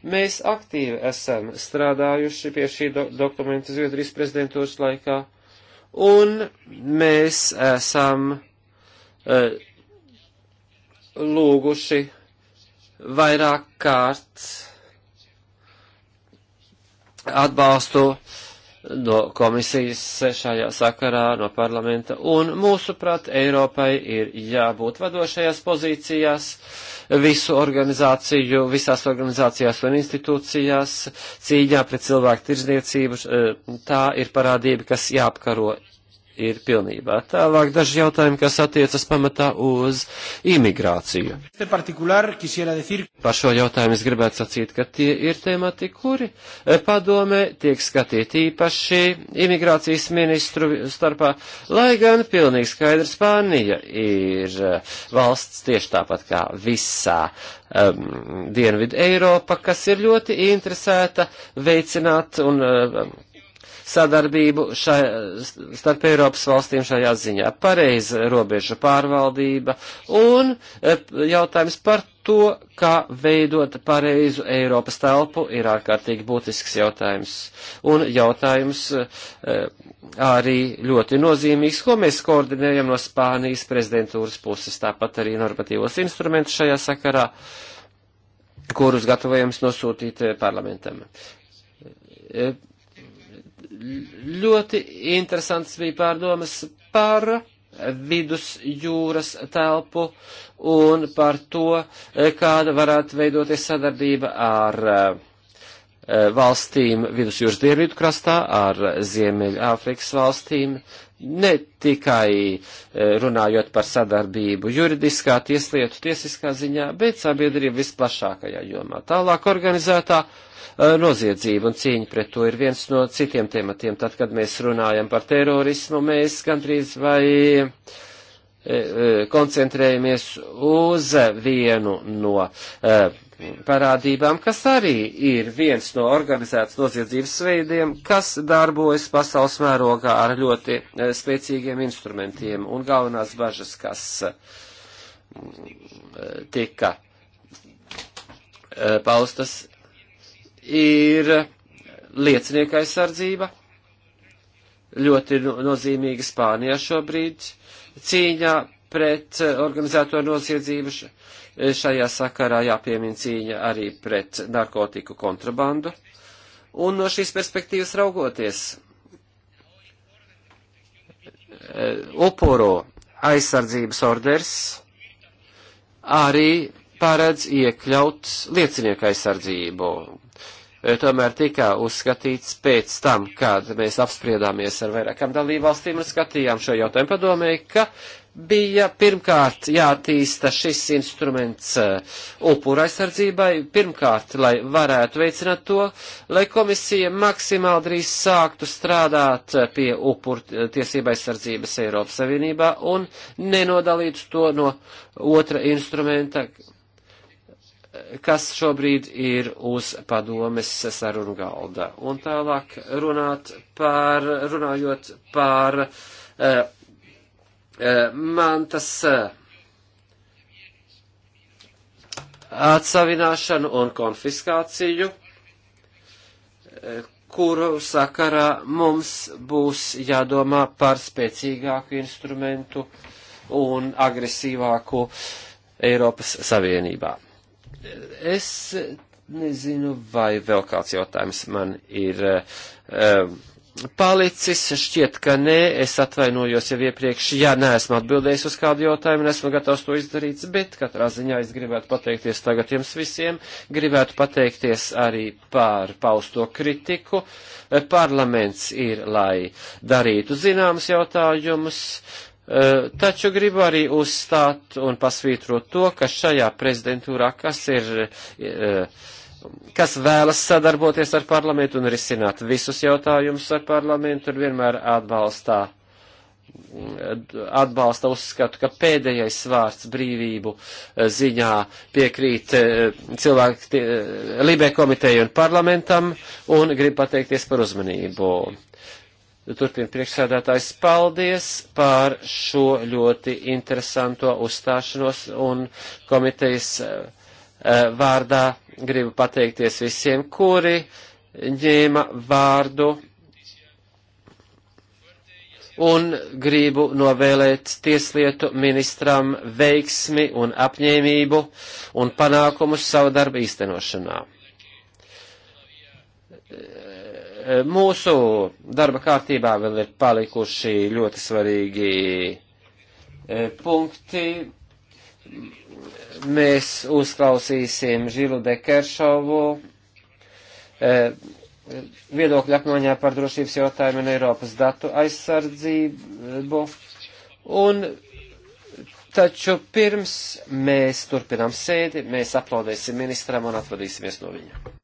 Mēs aktīvi esam strādājuši pie šī do dokumenta Zviedrijas prezidentūras laikā, un mēs esam uh, lūguši vairāk kārt atbalstu no komisijas šajā sakarā, no parlamenta, un mūsuprāt, Eiropai ir jābūt vadošajās pozīcijās, visu organizāciju, visās organizācijās un institūcijās, cīņā pret cilvēku tirzniecību, eh, tā ir parādība, kas jāapkaro ir pilnībā. Tālāk daži jautājumi, kas attiecas pamatā uz imigrāciju. Par šo jautājumu es gribētu sacīt, ka tie ir temati, kuri e, padome tiek skatīti īpaši imigrācijas ministru starpā, lai gan pilnīgi skaidrs Spānija ir e, valsts tieši tāpat kā visā um, Dienvidu Eiropa, kas ir ļoti interesēta veicināt un um, sadarbību šai, starp Eiropas valstīm šajā ziņā. Pareiza robeža pārvaldība un e, jautājums par to, kā veidot pareizu Eiropas telpu, ir ārkārtīgi būtisks jautājums. Un jautājums e, arī ļoti nozīmīgs, ko mēs koordinējam no Spānijas prezidentūras puses, tāpat arī normatīvos instrumentus šajā sakarā kurus gatavojams nosūtīt e, parlamentam ļoti interesants bija pārdomas par vidus jūras telpu un par to, e, kāda varētu veidoties sadarbība ar e, e, valstīm vidus jūras dienvidu krastā, ar Ziemeļa Āfrikas valstīm, ne tikai e, runājot par sadarbību juridiskā, tieslietu, tiesiskā ziņā, bet sabiedrība visplašākajā jomā. Tālāk organizētā e, noziedzība un cīņa pret to ir viens no citiem tematiem. Tad, kad mēs runājam par terorismu, mēs gandrīz vai e, koncentrējamies uz vienu no uh, parādībām, kas arī ir viens no organizētas noziedzības veidiem, kas darbojas pasaules mērogā ar ļoti eh, spēcīgiem instrumentiem un galvenās bažas, kas mm, eh, tika eh, paustas, ir liecinieka aizsardzība, ļoti nozīmīga Spānijā šobrīd, cīņā pret organizēto noziedzību Šajā sakarā jāpiemina cīņa arī pret narkotiku kontrabandu. Un no šīs perspektīvas raugoties, eh, upuru aizsardzības orders arī paredz iekļaut liecinieku aizsardzību. Eh, tomēr tika uzskatīts pēc tam, kad mēs apspriedāmies ar vairākām dalībvalstīm un skatījām šo jautājumu padomē, ka bija pirmkārt jātīsta šis instruments uh, upura aizsardzībai, pirmkārt, lai varētu veicināt to, lai komisija maksimāli drīz sāktu strādāt uh, pie upura uh, tiesība aizsardzības Eiropas Savienībā un nenodalītu to no otra instrumenta, kas šobrīd ir uz padomes sarunu galda. Un tālāk runāt par, runājot par uh, Eh, man tas eh, atsavināšanu un konfiskāciju, eh, kuru sakarā mums būs jādomā par spēcīgāku instrumentu un agresīvāku Eiropas Savienībā. Es nezinu, vai vēl kāds jautājums man ir um, palicis, šķiet, ka nē, es atvainojos jau iepriekš, ja neesmu atbildējis uz kādu jautājumu, nesmu gatavs to izdarīt, bet katrā ziņā es gribētu pateikties tagad jums visiem, gribētu pateikties arī par pausto kritiku. Parlaments ir, lai darītu zināmas jautājumus, eh, Taču gribu arī uzstāt un pasvītrot to, ka šajā prezidentūrā, kas ir eh, kas vēlas sadarboties ar parlamentu un risināt visus jautājumus ar parlamentu, ir vienmēr atbalstā, atbalsta uzskatu, ka pēdējais vārds brīvību eh, ziņā piekrīt eh, cilvēku eh, Libē komiteju un parlamentam un grib pateikties par uzmanību. Turpin priekšsēdētājs, paldies par šo ļoti interesanto uzstāšanos un komitejas vārdā gribu pateikties visiem, kuri ņēma vārdu un gribu novēlēt tieslietu ministram veiksmi un apņēmību un panākumus savu darbu īstenošanā. Mūsu darba kārtībā vēl ir palikuši ļoti svarīgi eh, punkti mēs uzklausīsim Žilu Dekeršovu eh, viedokļu apmaiņā par drošības jautājumu un Eiropas datu aizsardzību. Un taču pirms mēs turpinām sēdi, mēs aplaudēsim ministram un atvadīsimies no viņa.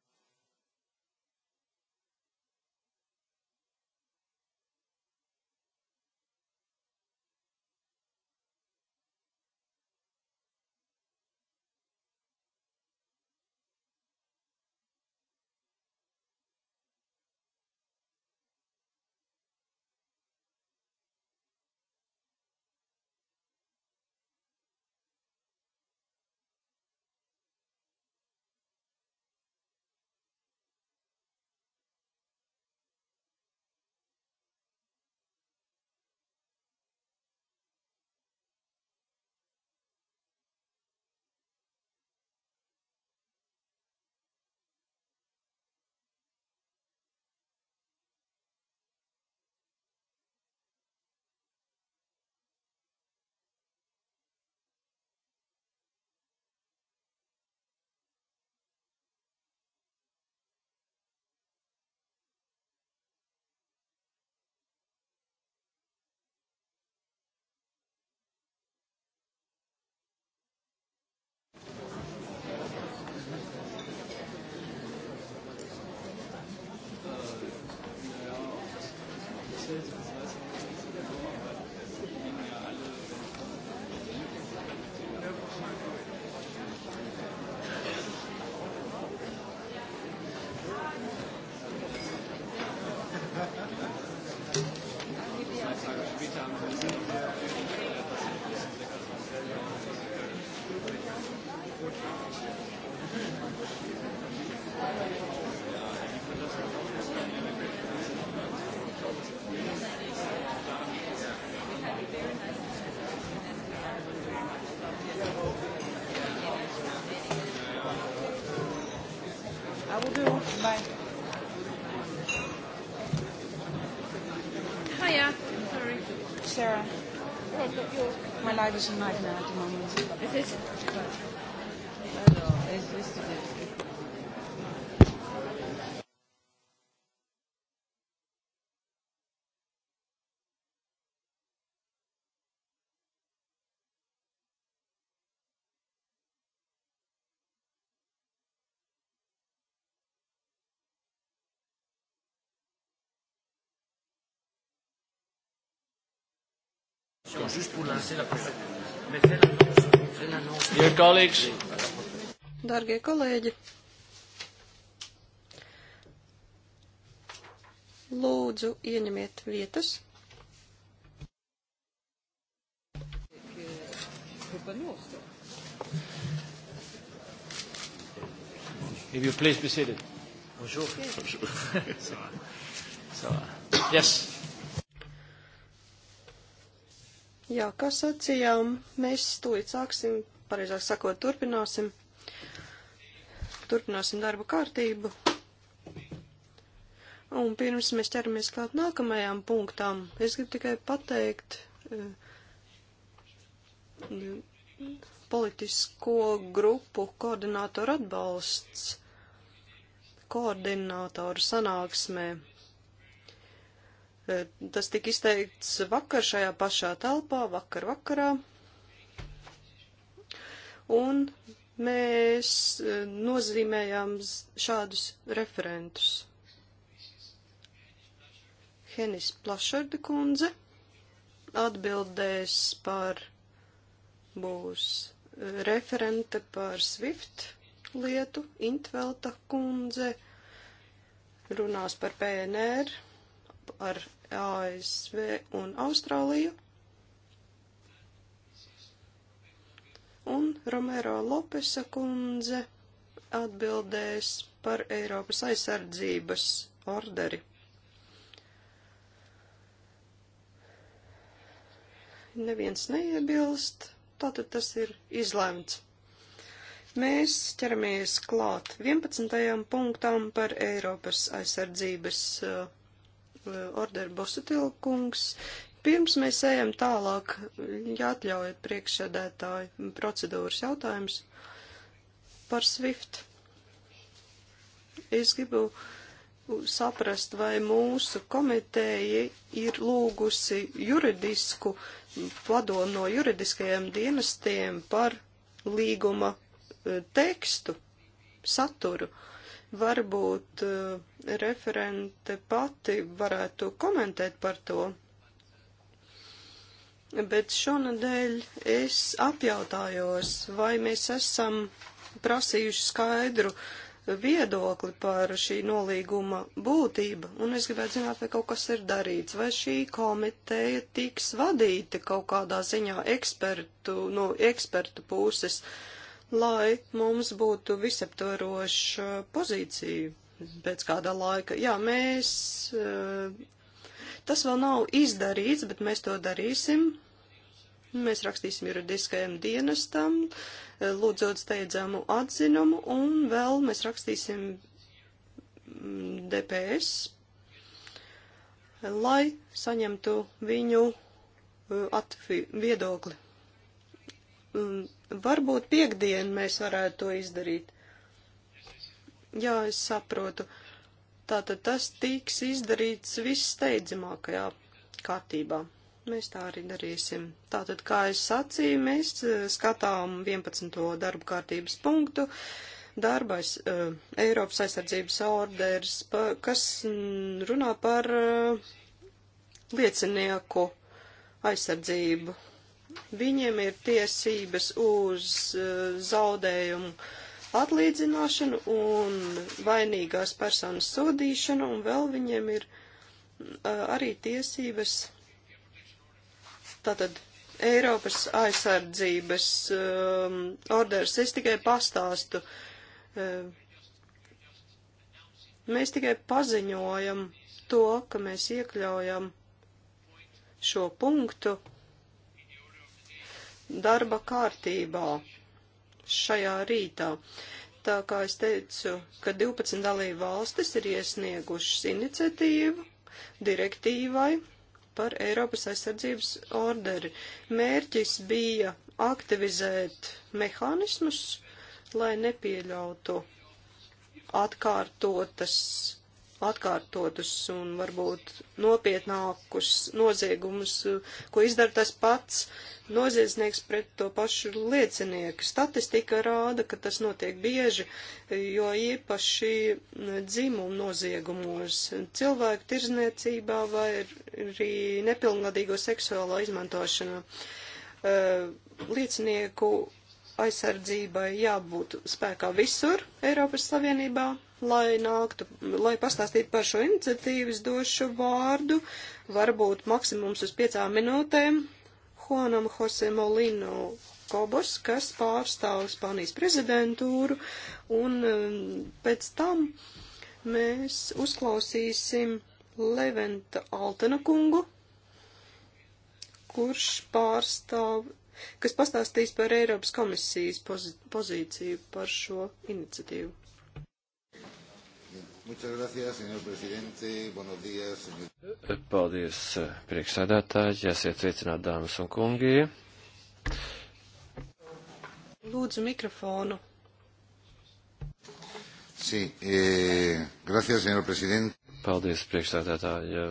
television night. question juste pour lancer la présentation. Dear colleagues. Dargie kolēģi. Lūdzu, ieņemiet vietas. If you please be seated. Bonjour. Bonjour. Ça va. Ça va. Yes. Jā, kā sacījām, mēs tūlīt sāksim, pareizāk sakot, turpināsim. Turpināsim darba kārtību. Un pirms mēs ķeramies klāt nākamajām punktām, es gribu tikai pateikt eh, politisko grupu koordinātoru atbalsts koordinātoru sanāksmē Eh, tas tika izteikts vakar šajā pašā telpā, vakar vakarā. Un mēs eh, nozīmējām šādus referentus. Henis Plašarda kundze atbildēs par būs eh, referente par Swift lietu, Intvelta kundze runās par PNR, par ASV un Austrāliju. Un Romero Lopesa kundze atbildēs par Eiropas aizsardzības orderi. Neviens neiebilst, tātad tas ir izlemts. Mēs ķeramies klāt 11. punktām par Eiropas aizsardzības uh, orderu Bosutilkungs. Pirms mēs ejam tālāk, jāatļauj priekšsēdētāju procedūras jautājums par SWIFT. Es gribu saprast, vai mūsu komiteja ir lūgusi juridisku padomu no juridiskajiem dienestiem par līguma eh, tekstu, saturu. Uh, Varbūt eh, referente pati varētu komentēt par to. Bet šonadēļ es apjautājos, vai mēs esam prasījuši skaidru viedokli par šī nolīguma būtību, un es gribētu zināt, vai kaut kas ir darīts, vai šī komiteja tiks vadīta kaut kādā ziņā ekspertu, no ekspertu puses. Uh, lai mums būtu visaptvaroša pozīcija pēc kāda laika. Jā, mēs, eh, tas vēl nav izdarīts, bet mēs to darīsim. Mēs rakstīsim juridiskajam dienestam, eh, lūdzot steidzamu atzinumu, un vēl mēs rakstīsim mm, DPS, lai saņemtu viņu eh, atvi, viedokli Mm, varbūt piekdien mēs varētu to izdarīt. Jā, es saprotu. Tātad tas tiks izdarīts vissteidzamākajā kārtībā. Mēs tā arī darīsim. Tātad, kā es sacīju, mēs e, skatām 11. darba kārtības punktu. Darbais uh, Eiropas aizsardzības orders, pa, kas runā par uh, liecinieku aizsardzību Viņiem ir tiesības uz eh, zaudējumu atlīdzināšanu un vainīgās personas sodīšanu, un vēl viņiem ir eh, arī tiesības tātad Eiropas aizsardzības um, orders. Es tikai pastāstu. Um, mēs tikai paziņojam to, ka mēs iekļaujam šo punktu darba kārtībā šajā rītā. Tā kā es teicu, ka 12 dalību valstis ir iesniegušas iniciatīvu direktīvai par Eiropas aizsardzības orderi. Mērķis bija aktivizēt mehānismus, lai nepieļautu atkārtotas atkārtotus un varbūt nopietnākus noziegumus, ko izdara tas pats noziedznieks pret to pašu liecinieku. Statistika rāda, ka tas notiek bieži, jo īpaši dzimumu noziegumos, cilvēku tirzniecībā vai arī nepilngadīgo seksuālā izmantošanā eh, liecinieku aizsardzībai jābūt spēkā visur Eiropas Savienībā, lai nāktu, lai pastāstītu par šo iniciatīvu, es došu vārdu, varbūt maksimums uz piecām minūtēm, Juanam Jose Molino Kobos, kas pārstāv Spānijas prezidentūru, un um, pēc tam mēs uzklausīsim Leventa Altena kungu, kurš pārstāv kas pastāstīs par Eiropas komisijas pozīciju par šo iniciatīvu. Paldies, priekšsēdētāji, esiet sveicināti, dāmas un kungi. Lūdzu mikrofonu. Sí, eh, gracias, señor presidente. Paldies, priekšsēdētāji,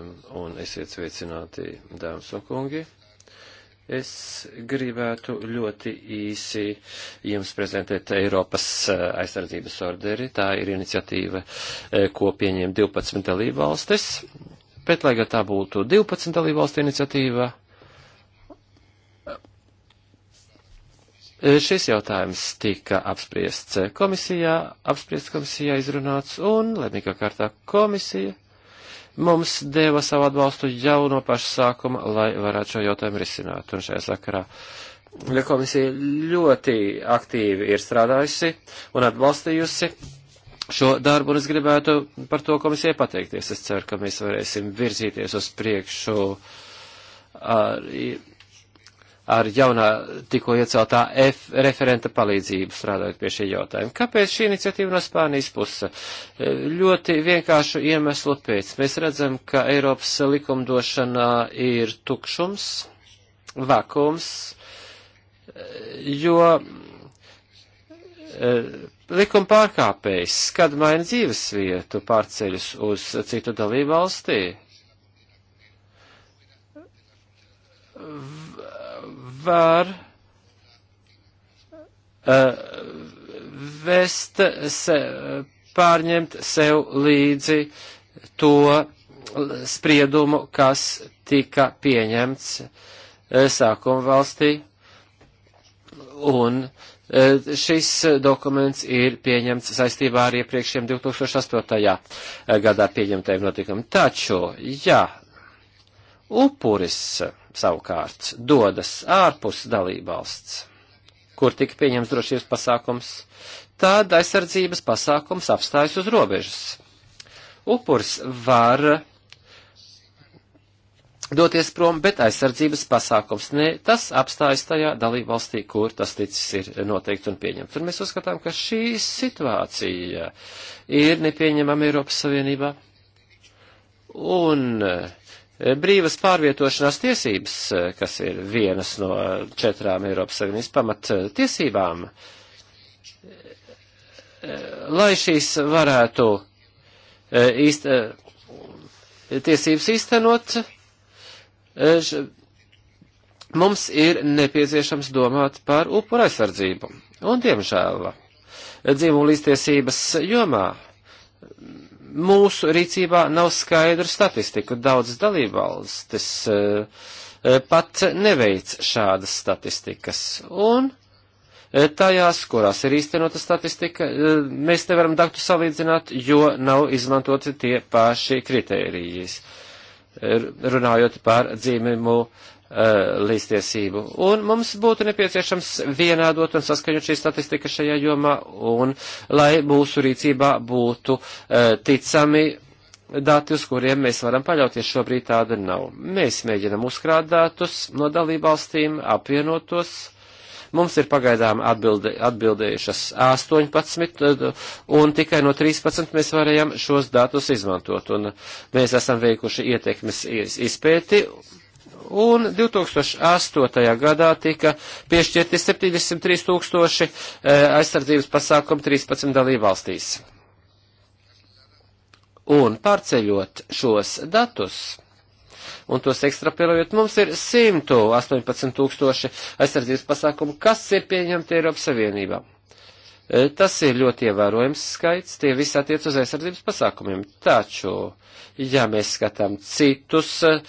un esiet sveicināti, dāmas un kungi. Es gribētu ļoti īsi jums prezentēt Eiropas eh, aizsardzības orderi. Tā ir iniciatīva, eh, ko pieņem 12 dalībvalstis. Bet, lai gan tā būtu 12 dalībvalstu iniciatīva, eh, šis jautājums tika apspriests komisijā, apspriests komisijā izrunāts un, lemīgā kārtā, komisija mums deva savu atbalstu jau no paša sākuma, lai varētu šo jautājumu risināt. Un šajā sakarā komisija ļoti aktīvi ir strādājusi un atbalstījusi šo darbu, un es gribētu par to komisijai pateikties. Es ceru, ka mēs varēsim virzīties uz priekšu ar ar jaunā tikko ieceltā F referenta palīdzību strādājot pie šī jautājuma. Kāpēc šī iniciatīva no Spānijas puse? E, ļoti vienkāršu iemeslu pēc. Mēs redzam, ka Eiropas likumdošanā ir tukšums, vakums, e, jo e, likuma pārkāpējs, kad maina dzīvesvietu, pārceļas uz citu dalību valstī, var uh, vest, se, pārņemt sev līdzi to spriedumu, kas tika pieņemts eh, sākuma valstī. Un eh, šis dokuments ir pieņemts saistībā ar iepriekšējiem 2008. gadā pieņemtajiem notikumiem. Taču, ja Upuris savukārt dodas ārpus dalībvalsts, kur tika pieņems drošības pasākums, tad aizsardzības pasākums apstājas uz robežas. Upurs var doties prom, bet aizsardzības pasākums ne, tas apstājas tajā dalībvalstī, kur tas ticis ir noteikts un pieņemts. Un mēs uzskatām, ka šī situācija ir nepieņemama Eiropas Savienībā. Un uh, Brīvas pārvietošanās tiesības, kas ir vienas no četrām Eiropas Savienības pamattiesībām, lai šīs varētu e, īst, e, tiesības īstenot, e, mums ir nepieciešams domāt par upura aizsardzību. Un, diemžēl, dzīvumu līdztiesības jomā mūsu rīcībā nav skaidru statistiku. Daudz dalībvalstis eh, eh, pat neveic šādas statistikas. Un eh, tajās, kurās ir īstenota statistika, mēs nevaram daktu salīdzināt, jo nav izmantoti tie paši kritērijas runājot par dzīmumu Uh, līdztiesību. Un mums būtu nepieciešams vienādot un saskaņot šī statistika šajā jomā, un lai mūsu rīcībā būtu uh, ticami dati, uz kuriem mēs varam paļauties, šobrīd tāda nav. Mēs mēģinam uzkrāt datus no dalībvalstīm, apvienotos. Mums ir pagaidām atbilde, atbildējušas 18, uh, un tikai no 13 mēs varējām šos datus izmantot. Un mēs esam veikuši ietekmes izpēti, un 2008. gadā tika piešķirti 73 tūkstoši eh, aizsardzības pasākumu 13 dalībvalstīs. Un pārceļot šos datus, un tos ekstrapolējot, mums ir 118 tūkstoši aizsardzības pasākumu, kas ir pieņemti Eiropas Savienībā. Eh, tas ir ļoti ievērojams skaits, tie visi attiec uz aizsardzības pasākumiem. Taču, ja mēs skatām citus eh,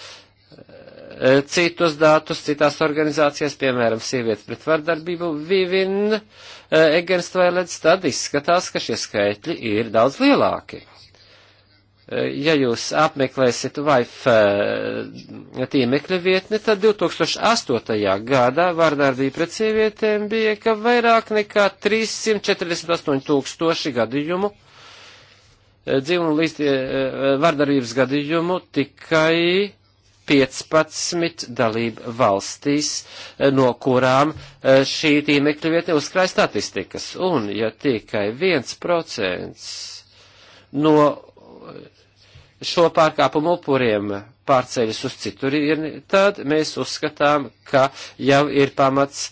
Eh, citus datus citās organizācijās, piemēram, sievietes pret vardarbību, Vivin, eh, Egenstvēlēts, tad izskatās, ka šie skaitļi ir daudz lielāki. Eh, ja jūs apmeklēsiet Vaif tīmekļa vietni, tad 2008. gadā vardarbība pret sievietēm bija, ka vairāk nekā 348 tūkstoši gadījumu dzimumu līdz vardarbības gadījumu tikai 15 dalību valstīs, eh, no kurām eh, šī tīmekļa vietne uzkrāja statistikas. Un, ja tikai 1% no eh, šo pārkāpumu upuriem pārceļas uz citurieni, tad mēs uzskatām, ka jau ir pamats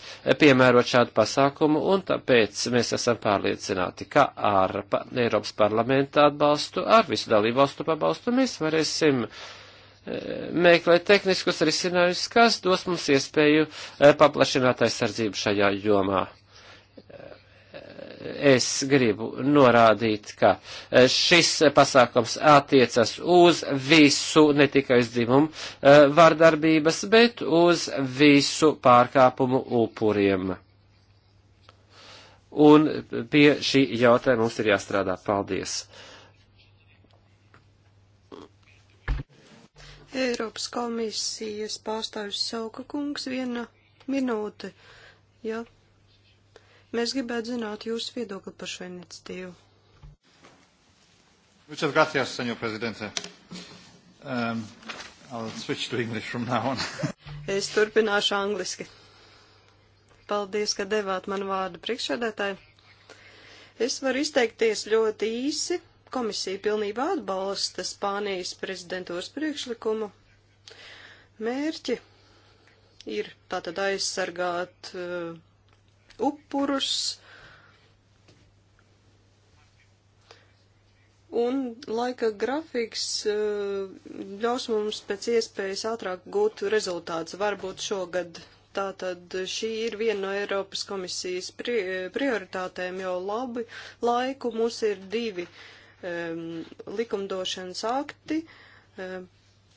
piemērot šādu pasākumu, un tāpēc mēs esam pārliecināti, ka ar Eiropas parlamenta atbalstu, ar visu dalību valstu pabalstu mēs varēsim uh, meklēt tehniskus risinājumus, kas dos mums iespēju eh, paplašināt aizsardzību šajā jomā. Es gribu norādīt, ka eh, šis pasākums attiecas uz visu, ne tikai uz dzimumu eh, vardarbības, bet uz visu pārkāpumu upuriem. Un pie šī jautājuma mums ir jāstrādā. Paldies! Eiropas komisijas pārstāvis Sauka kungs, viena minūte. Ja? Mēs gribētu zināt jūsu viedokli par šo iniciatīvu. Muchas gracias, señor presidente. Um, I'll switch to English from now on. es turpināšu angliski. Paldies, ka devāt man vārdu priekšsēdētāji. Es varu izteikties ļoti īsi Komisija pilnībā atbalsta Spānijas prezidentūras priekšlikumu. Mērķi ir tātad aizsargāt uh, upurus un laika grafiks uh, ļaus mums pēc iespējas ātrāk gūt rezultāts varbūt šogad. Tātad šī ir viena no Eiropas komisijas pri prioritātēm, jo labi laiku mums ir divi uh, um, likumdošanas akti um,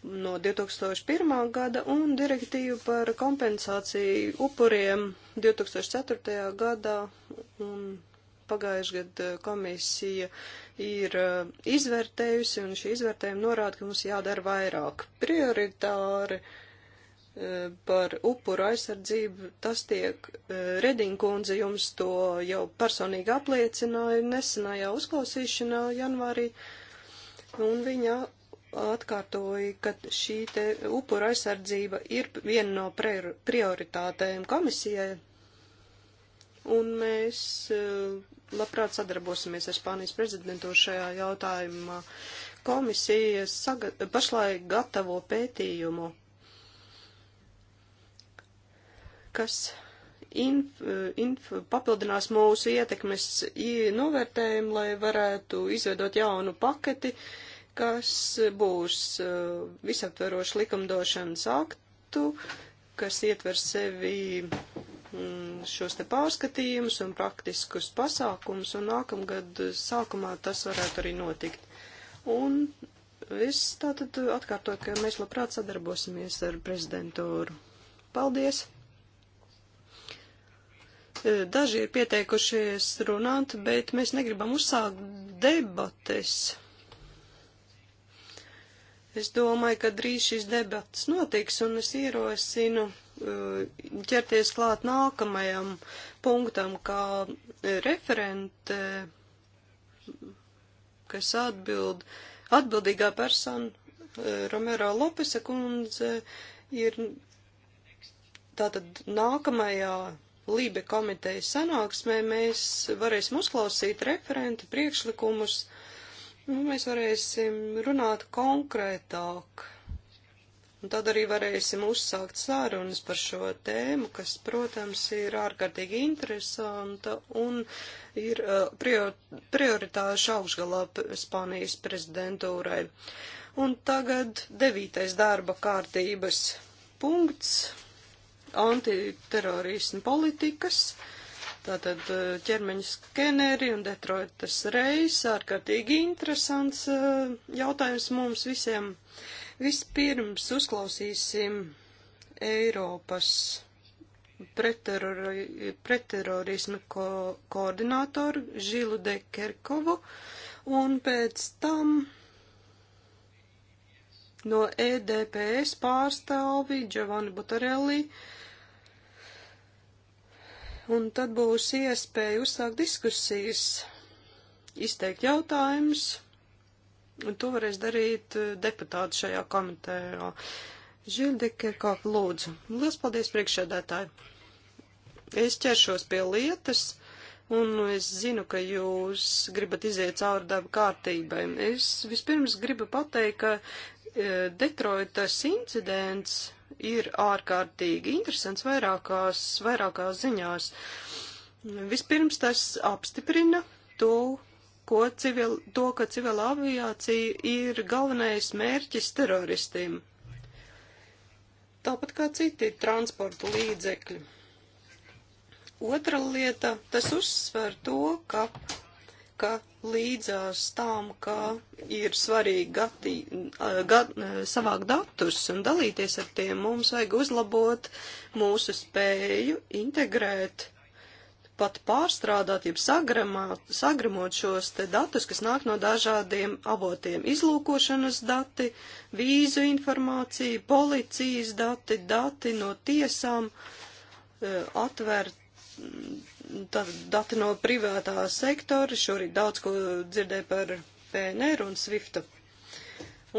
no 2001. gada un direktīvu par kompensāciju upuriem 2004. gadā un pagājuši gadu uh, komisija ir uh, izvērtējusi un šī izvērtējuma norāda, ka mums jādara vairāk prioritāri. Uh, par upuru aizsardzību, tas tiek, e, Redinkundze jums to jau personīgi apliecināja nesenajā uzklausīšanā janvārī, un viņa atkārtoja, ka šī te upura aizsardzība ir viena no prioritātēm komisijai, un mēs e, labprāt sadarbosimies ar Spānijas prezidentu šajā jautājumā. Komisija pašlaik gatavo pētījumu kas inf, inf, papildinās mūsu ietekmes novērtējumu, lai varētu izveidot jaunu paketi, kas būs uh, visaptveroši likumdošanas aktu, kas ietver sevi mm, šos te pārskatījumus un praktiskus pasākumus, un nākamgad sākumā tas varētu arī notikt. Un es tātad atkārtoju, ka mēs labprāt sadarbosimies ar prezidentūru. Paldies! E, daži ir pieteikušies runāt, bet mēs negribam uzsākt debates. Es domāju, ka drīz šis debats notiks, un es ierosinu e, ķerties klāt nākamajam punktam, kā referente, kas atbild, atbildīgā persona e, Romero Lopesa kundze ir tātad nākamajā Lībe komiteja sanāksmē mēs varēsim uzklausīt referenta priekšlikumus, nu, mēs varēsim runāt konkrētāk. Un tad arī varēsim uzsākt sārunas par šo tēmu, kas, protams, ir ārkārtīgi interesanta un ir uh, prior prioritāšu augšgalā Spānijas prezidentūrai. Un tagad devītais darba kārtības punkts antiterorismu politikas, tātad e, ķermeņa skeneri un Detroitas reis, ārkārtīgi interesants e, jautājums mums visiem. Vispirms uzklausīsim Eiropas pretterori, pretterorisma ko, koordinātoru Žilu Dekerkovu un pēc tam no EDPS pārstāvi Giovanni Butarelli, uh, un tad būs iespēja uzsākt diskusijas, izteikt jautājumus, un to varēs darīt eh, deputāti šajā komitejā. Žildike, kā lūdzu. Lielas paldies priekšēdētāji. Es ķeršos pie lietas, un es zinu, ka jūs gribat iziet cauri darba kārtībai. Es vispirms gribu pateikt, ka eh, Detroitas incidents ir ārkārtīgi interesants vairākās, vairākās ziņās. Vispirms tas apstiprina to, ko civil, to, ka civila aviācija ir galvenais mērķis teroristiem. Tāpat kā citi transporta līdzekļi. Otra lieta, tas uzsver to, ka, ka līdzās tām, ka ir svarīgi gati, gat, savākt datus un dalīties ar tiem, mums vajag uzlabot mūsu spēju integrēt, pat pārstrādāt, jeb sagramāt, sagramot šos te datus, kas nāk no dažādiem avotiem - izlūkošanas dati, vīzu informācija, policijas dati, dati no tiesām, e, atvērt tad dati no privātā sektora, šorīt daudz ko dzirdēju par PNR un Swiftu.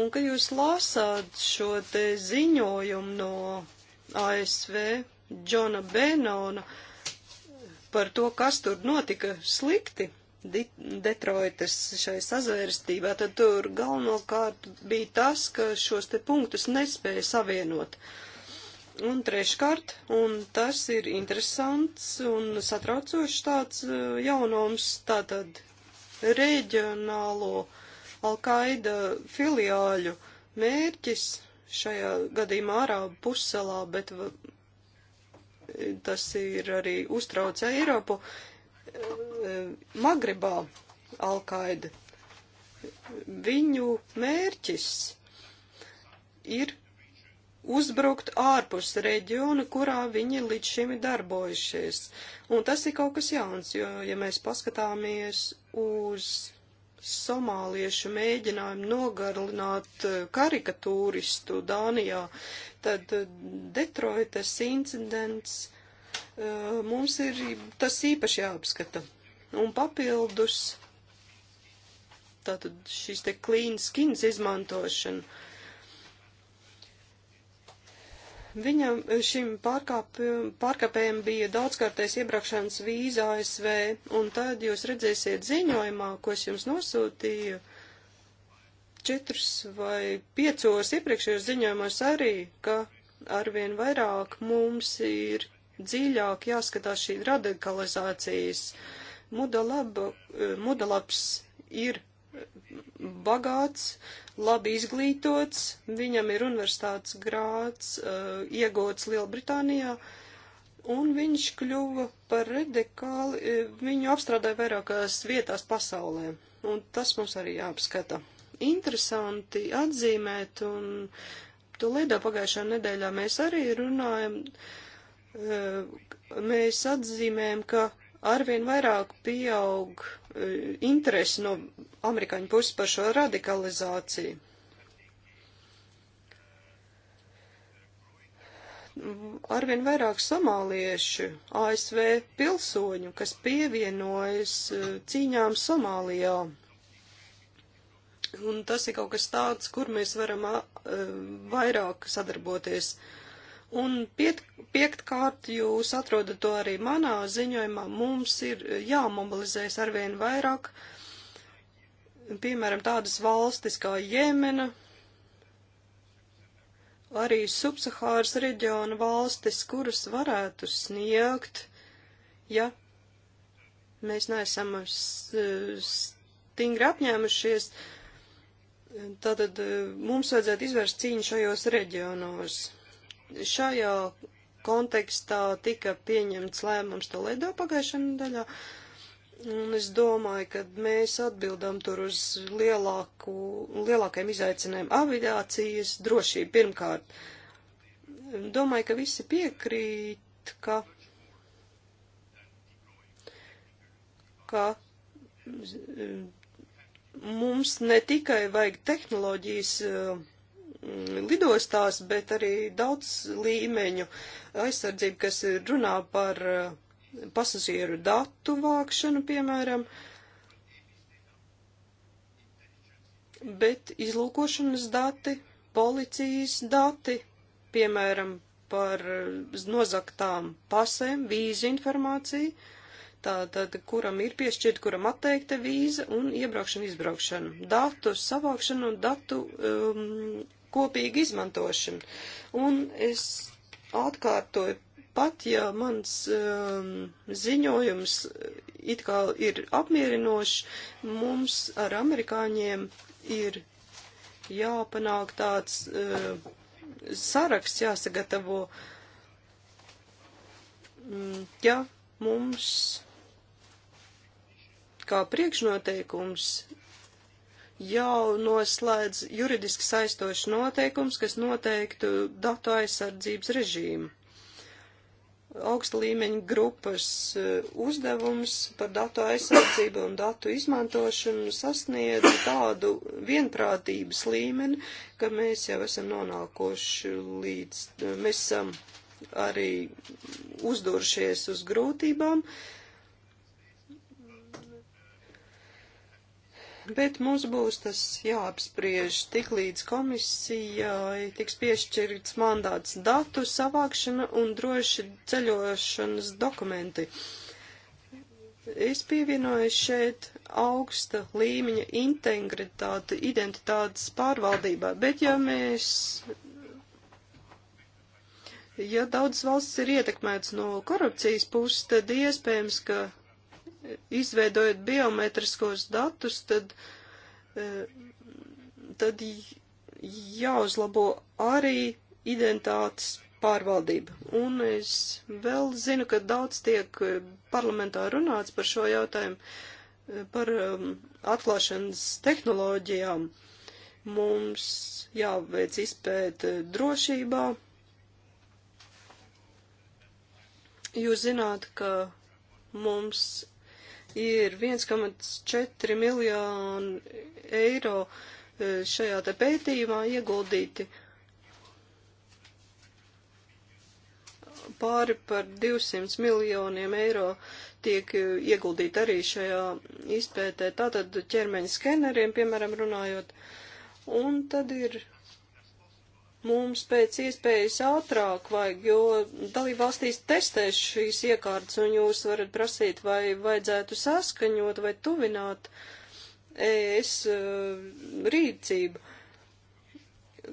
Un, kad jūs lasāt šo te ziņojumu no ASV Džona Benona par to, kas tur notika slikti Detroitas šai sazvērstībā, tad tur galvenokārt bija tas, ka šos te punktus nespēja savienot. Uh, Un treškārt, un tas ir interesants un satraucošs tāds e, jaunums, tātad reģionālo Alkaida filiāļu mērķis šajā gadījumā Arābu pusselā, bet tas ir arī uztrauc Eiropu, e, Magribā Alkaida. Viņu mērķis ir uzbrukt ārpus reģiona, kurā viņi līdz šim ir darbojušies. Un tas ir kaut kas jauns, jo, ja mēs paskatāmies uz somāliešu mēģinājumu nogalināt eh, karikatūristu Dānijā, tad eh, Detroitas incidents eh, mums ir tas īpaši jāapskata. Un papildus tātad šīs te clean skins izmantošana Viņam eh, šim pārkāp, pārkāpējiem bija daudzkārtais iebraukšanas vīza ASV, un tad jūs redzēsiet ziņojumā, ko es jums nosūtīju, četrus vai piecos iepriekšējos ziņojumos arī, ka arvien vairāk mums ir dziļāk jāskatās šī radikalizācijas. Mudalab, eh, mudalabs ir eh, bagāts labi izglītots, viņam ir universitātes grāts uh, eh, iegūts Lielbritānijā, un viņš kļuva par radikāli, eh, viņu apstrādāja vairākās vietās pasaulē, un tas mums arī jāapskata. Interesanti atzīmēt, un to leidā pagājušā nedēļā mēs arī runājam, uh, mēs atzīmējam, ka arvien vairāk pieaug eh, interesi no amerikāņu puses par šo radikalizāciju. Arvien vairāk somāliešu, ASV pilsoņu, kas pievienojas eh, cīņām Somālijā. Un tas ir kaut kas tāds, kur mēs varam eh, vairāk sadarboties. Uh, Un piet, piektkārt jūs atrodat to arī manā ziņojumā, mums ir jāmobilizējas arvien vairāk, piemēram, tādas valstis kā Jemena, arī subsahāras reģiona valstis, kuras varētu sniegt, ja mēs neesam stingri apņēmušies, tātad eh, mums vajadzētu izvērst cīņu šajos reģionos šajā kontekstā tika pieņemts lēmums Toledo pagājušajā nedēļā. Un es domāju, ka mēs atbildam tur uz lielāku, lielākiem izaicinājumiem aviācijas drošību pirmkārt. Domāju, ka visi piekrīt, ka, ka mums ne tikai vajag tehnoloģijas uh, lidostās, bet arī daudz līmeņu aizsardzību, kas runā par eh, pasažieru datu vākšanu, piemēram, bet izlūkošanas dati, policijas dati, piemēram, par eh, nozaktām pasēm, vīzu informāciju, tātad kuram ir piešķirta, kuram atteikta vīza un iebraukšana, izbraukšana, datu savākšana un datu um, kopīgu izmantošanu. Un es atkārtoju, pat ja mans um, ziņojums uh, it kā ir apmierinošs, mums ar amerikāņiem ir jāpanāk tāds uh, saraksts jāsagatavo, mm, ja mums kā priekšnoteikums jau noslēdz juridiski saistošs noteikums, kas noteiktu datu aizsardzības režīmu. Augsta līmeņa grupas eh, uzdevums par datu aizsardzību un datu izmantošanu sasniedz tādu vienprātības līmeni, ka mēs jau esam nonākoši līdz, mēs esam arī uzdurušies uz grūtībām, uh, bet mums būs tas jāapspriež tik līdz komisijai tiks piešķirts mandāts datu savākšana un droši ceļošanas dokumenti. Es pievienoju šeit augsta līmeņa integritāte identitātes pārvaldībā, bet ja mēs ja daudzas valstis ir ietekmētas no korupcijas puses, tad iespējams, ka izveidojot biometriskos datus, tad, e, tad jāuzlabo arī identitātes pārvaldība. Un es vēl zinu, ka daudz tiek e, parlamentā runāts par šo jautājumu, e, par um, atklāšanas tehnoloģijām. Mums jāveic izpēta drošībā. Jūs zināt, ka mums ir 1,4 miljonu eiro e, šajā te pētījumā ieguldīti pāri par 200 miljoniem eiro tiek ieguldīti arī šajā izpētē, tātad ķermeņa skeneriem, piemēram, runājot. Un tad ir mums pēc iespējas ātrāk vajag, jo dalībvalstīs testēs šīs iekārtas, un jūs varat prasīt, vai vajadzētu saskaņot vai tuvināt ES uh, rīcību.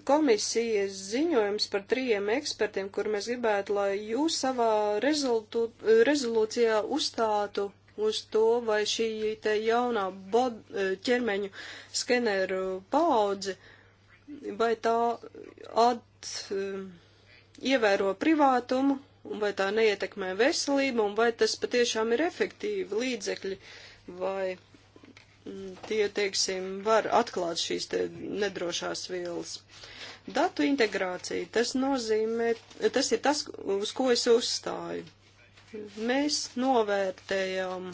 Komisijas ziņojums par trījiem ekspertiem, kur mēs gribētu, lai jūs savā rezolū, rezolūcijā uzstātu uz to, vai šī te jaunā bod, uh, ķermeņu skeneru paudze uh, vai tā at, e, ievēro privātumu, un vai tā neietekmē veselību, un vai tas patiešām ir efektīvi līdzekļi, vai mm, tie, teiksim, var atklāt šīs te nedrošās vielas. Datu integrācija, tas nozīmē, tas ir tas, uz ko es uzstāju. Mēs novērtējām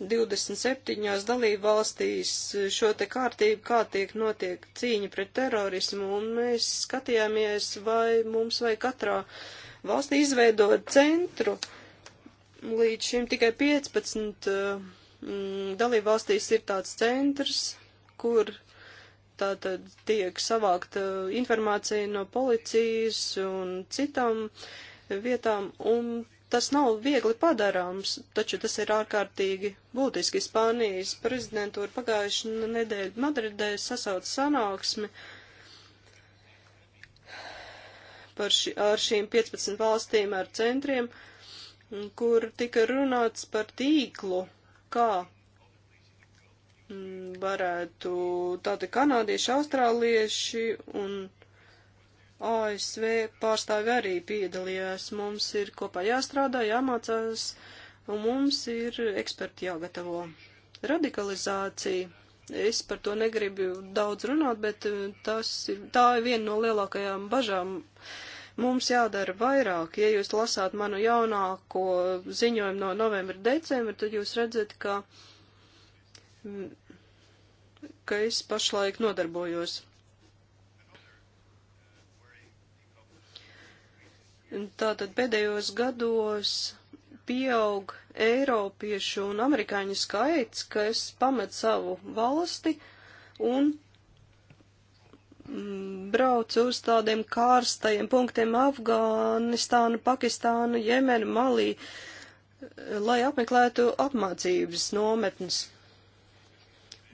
27. dalību valstīs šo te kārtību, kā tiek notiek cīņa pret terorismu, un mēs skatījāmies, vai mums vai katrā valstī izveidot centru. Līdz šim tikai 15 mm, dalību valstīs ir tāds centrs, kur tātad tiek savākta eh, informācija no policijas un citām vietām, un Tas nav viegli padarāms, taču tas ir ārkārtīgi būtiski. Spānijas prezidentūra pagājuši nedēļu Madridē sasauc sanāksmi par ši, ar šīm 15 valstīm ar centriem, kur tika runāts par tīklu, kā mm, varētu tādi kanādieši, austrālieši un ASV pārstāvi arī piedalījās. Mums ir kopā jāstrādā, jāmācās, un mums ir eksperti jāgatavo. Radikalizācija. Es par to negribu daudz runāt, bet eh, tas ir, tā ir viena no lielākajām bažām. Mums jādara vairāk. Ja jūs lasāt manu jaunāko ziņojumu no novembra, decembra, tad jūs redzat, ka, mm, ka es pašlaik nodarbojos Tātad pēdējos gados pieaug Eiropiešu un Amerikāņu skaits, kas pamet savu valsti un mm, brauc uz tādiem kārstajiem punktiem Afganistānu, Pakistānu, Jemenu, Malī, lai apmeklētu apmācības nometnes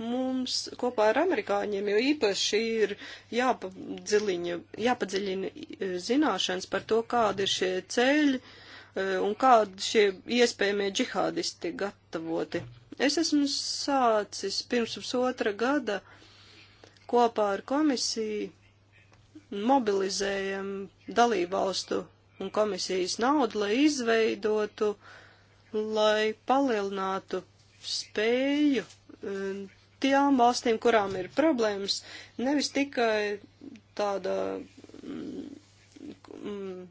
mums kopā ar amerikāņiem jau īpaši ir jāpadziļina, jāpadziļina e, zināšanas par to, kādi ir šie ceļi e, un kādi šie iespējamie džihādisti tiek gatavoti. Es esmu sācis pirms pusotra gada kopā ar komisiju mobilizējam dalībvalstu un komisijas naudu, lai izveidotu, lai palielinātu spēju e, tām valstīm, kurām ir problēmas, nevis tikai tāda mm, mm,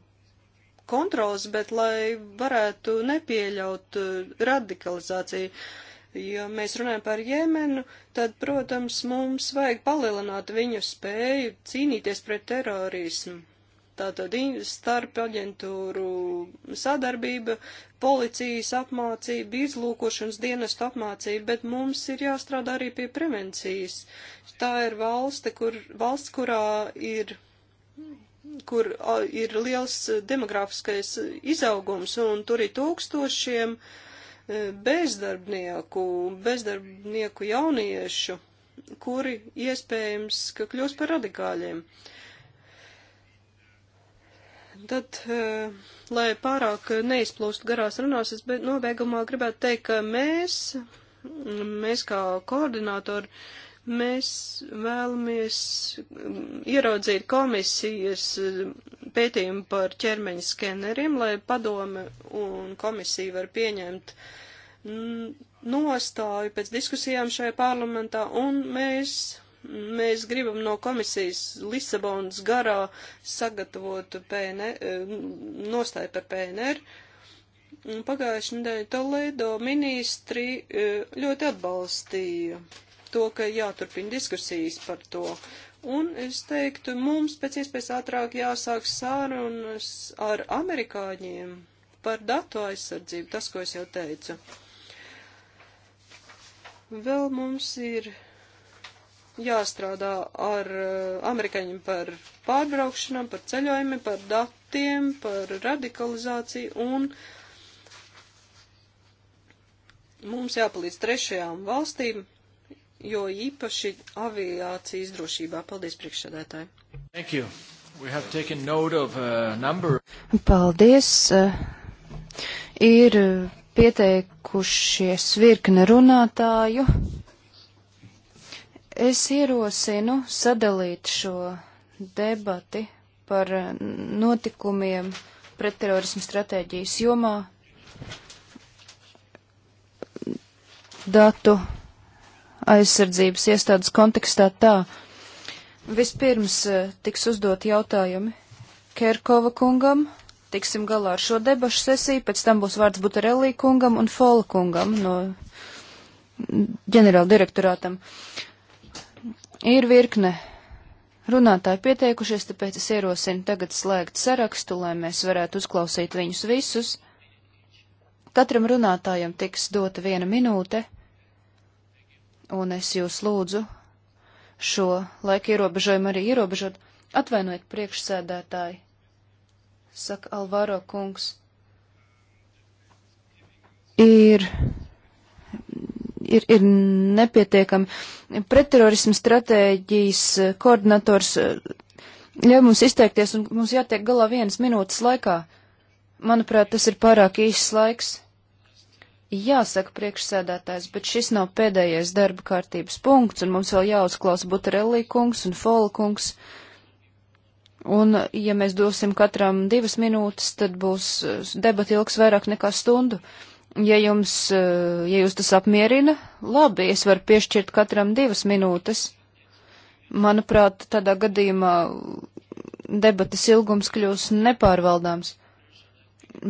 kontrols, bet lai varētu nepieļaut eh, radikalizāciju. Ja mēs runājam par Jemenu, tad, protams, mums vajag palielināt viņu spēju cīnīties pret terorismu. Tātad starp aģentūru sadarbība, policijas apmācība, izlūkošanas dienestu apmācība, bet mums ir jāstrādā arī pie prevencijas. Tā ir valsti, kur, valsts, kurā ir, kur ir liels demografiskais izaugums un tur ir tūkstošiem e, bezdarbnieku, bezdarbnieku jauniešu, kuri iespējams, ka kļūs par radikāļiem. Uh, tad, eh, lai pārāk neizplūst garās runās, es nobeigumā gribētu teikt, ka mēs, mēs kā koordinātori, mēs vēlamies mm, ieraudzīt komisijas pētījumu par ķermeņa skeneriem, lai padome un komisija var pieņemt mm, nostāju pēc diskusijām šajā parlamentā, un mēs Mēs gribam no komisijas Lisabonas garā sagatavot PNR, eh, nostāju par PNR. Pagājušajā nedēļā Toledo ministri eh, ļoti atbalstīja to, ka jāturpina diskusijas par to. Un es teiktu, mums pēc iespējas ātrāk jāsāk sārunas ar amerikāņiem par datu aizsardzību, tas, ko es jau teicu. Vēl mums ir jāstrādā ar eh, amerikāņiem par pārbraukšanām, par ceļojumiem, par datiem, par radikalizāciju un mums jāpalīdz trešajām valstīm, jo īpaši aviācijas drošībā. Paldies priekšsēdētāji. Thank you. We have taken note of a uh, number. Paldies. Uh, ir pieteikušies virkne runātāju. Es ierosinu sadalīt šo debati par notikumiem pretterorismu stratēģijas jomā datu aizsardzības iestādes kontekstā tā. Vispirms eh, tiks uzdot jautājumi Kerkova kungam, tiksim galā ar šo debašu sesiju, pēc tam būs vārds Butarelī kungam un Fola kungam no ģenerāla direktorātam. Ir virkne runātāji pieteikušies, tāpēc es ierosinu tagad slēgt sarakstu, lai mēs varētu uzklausīt viņus visus. Katram runātājam tiks dota viena minūte, un es jūs lūdzu šo laika ierobežojumu arī ierobežot. Atvainojiet priekšsēdētāji, saka Alvaro kungs. Ir ir, ir nepietiekami. Pretterorismu stratēģijas koordinators eh, ļauj mums izteikties, un mums jātiek galā vienas minūtes laikā. Manuprāt, tas ir pārāk īsts laiks. Jāsaka priekšsēdētājs, bet šis nav pēdējais darba kārtības punkts, un mums vēl jāuzklausa Butarelli kungs un Fola kungs. Un, ja mēs dosim katram divas minūtes, tad būs eh, debata ilgs vairāk nekā stundu. Uh, Ja jums, eh, ja jūs tas apmierina, labi, es varu piešķirt katram divas minūtes. Manuprāt, tādā gadījumā debatas ilgums kļūs nepārvaldāms,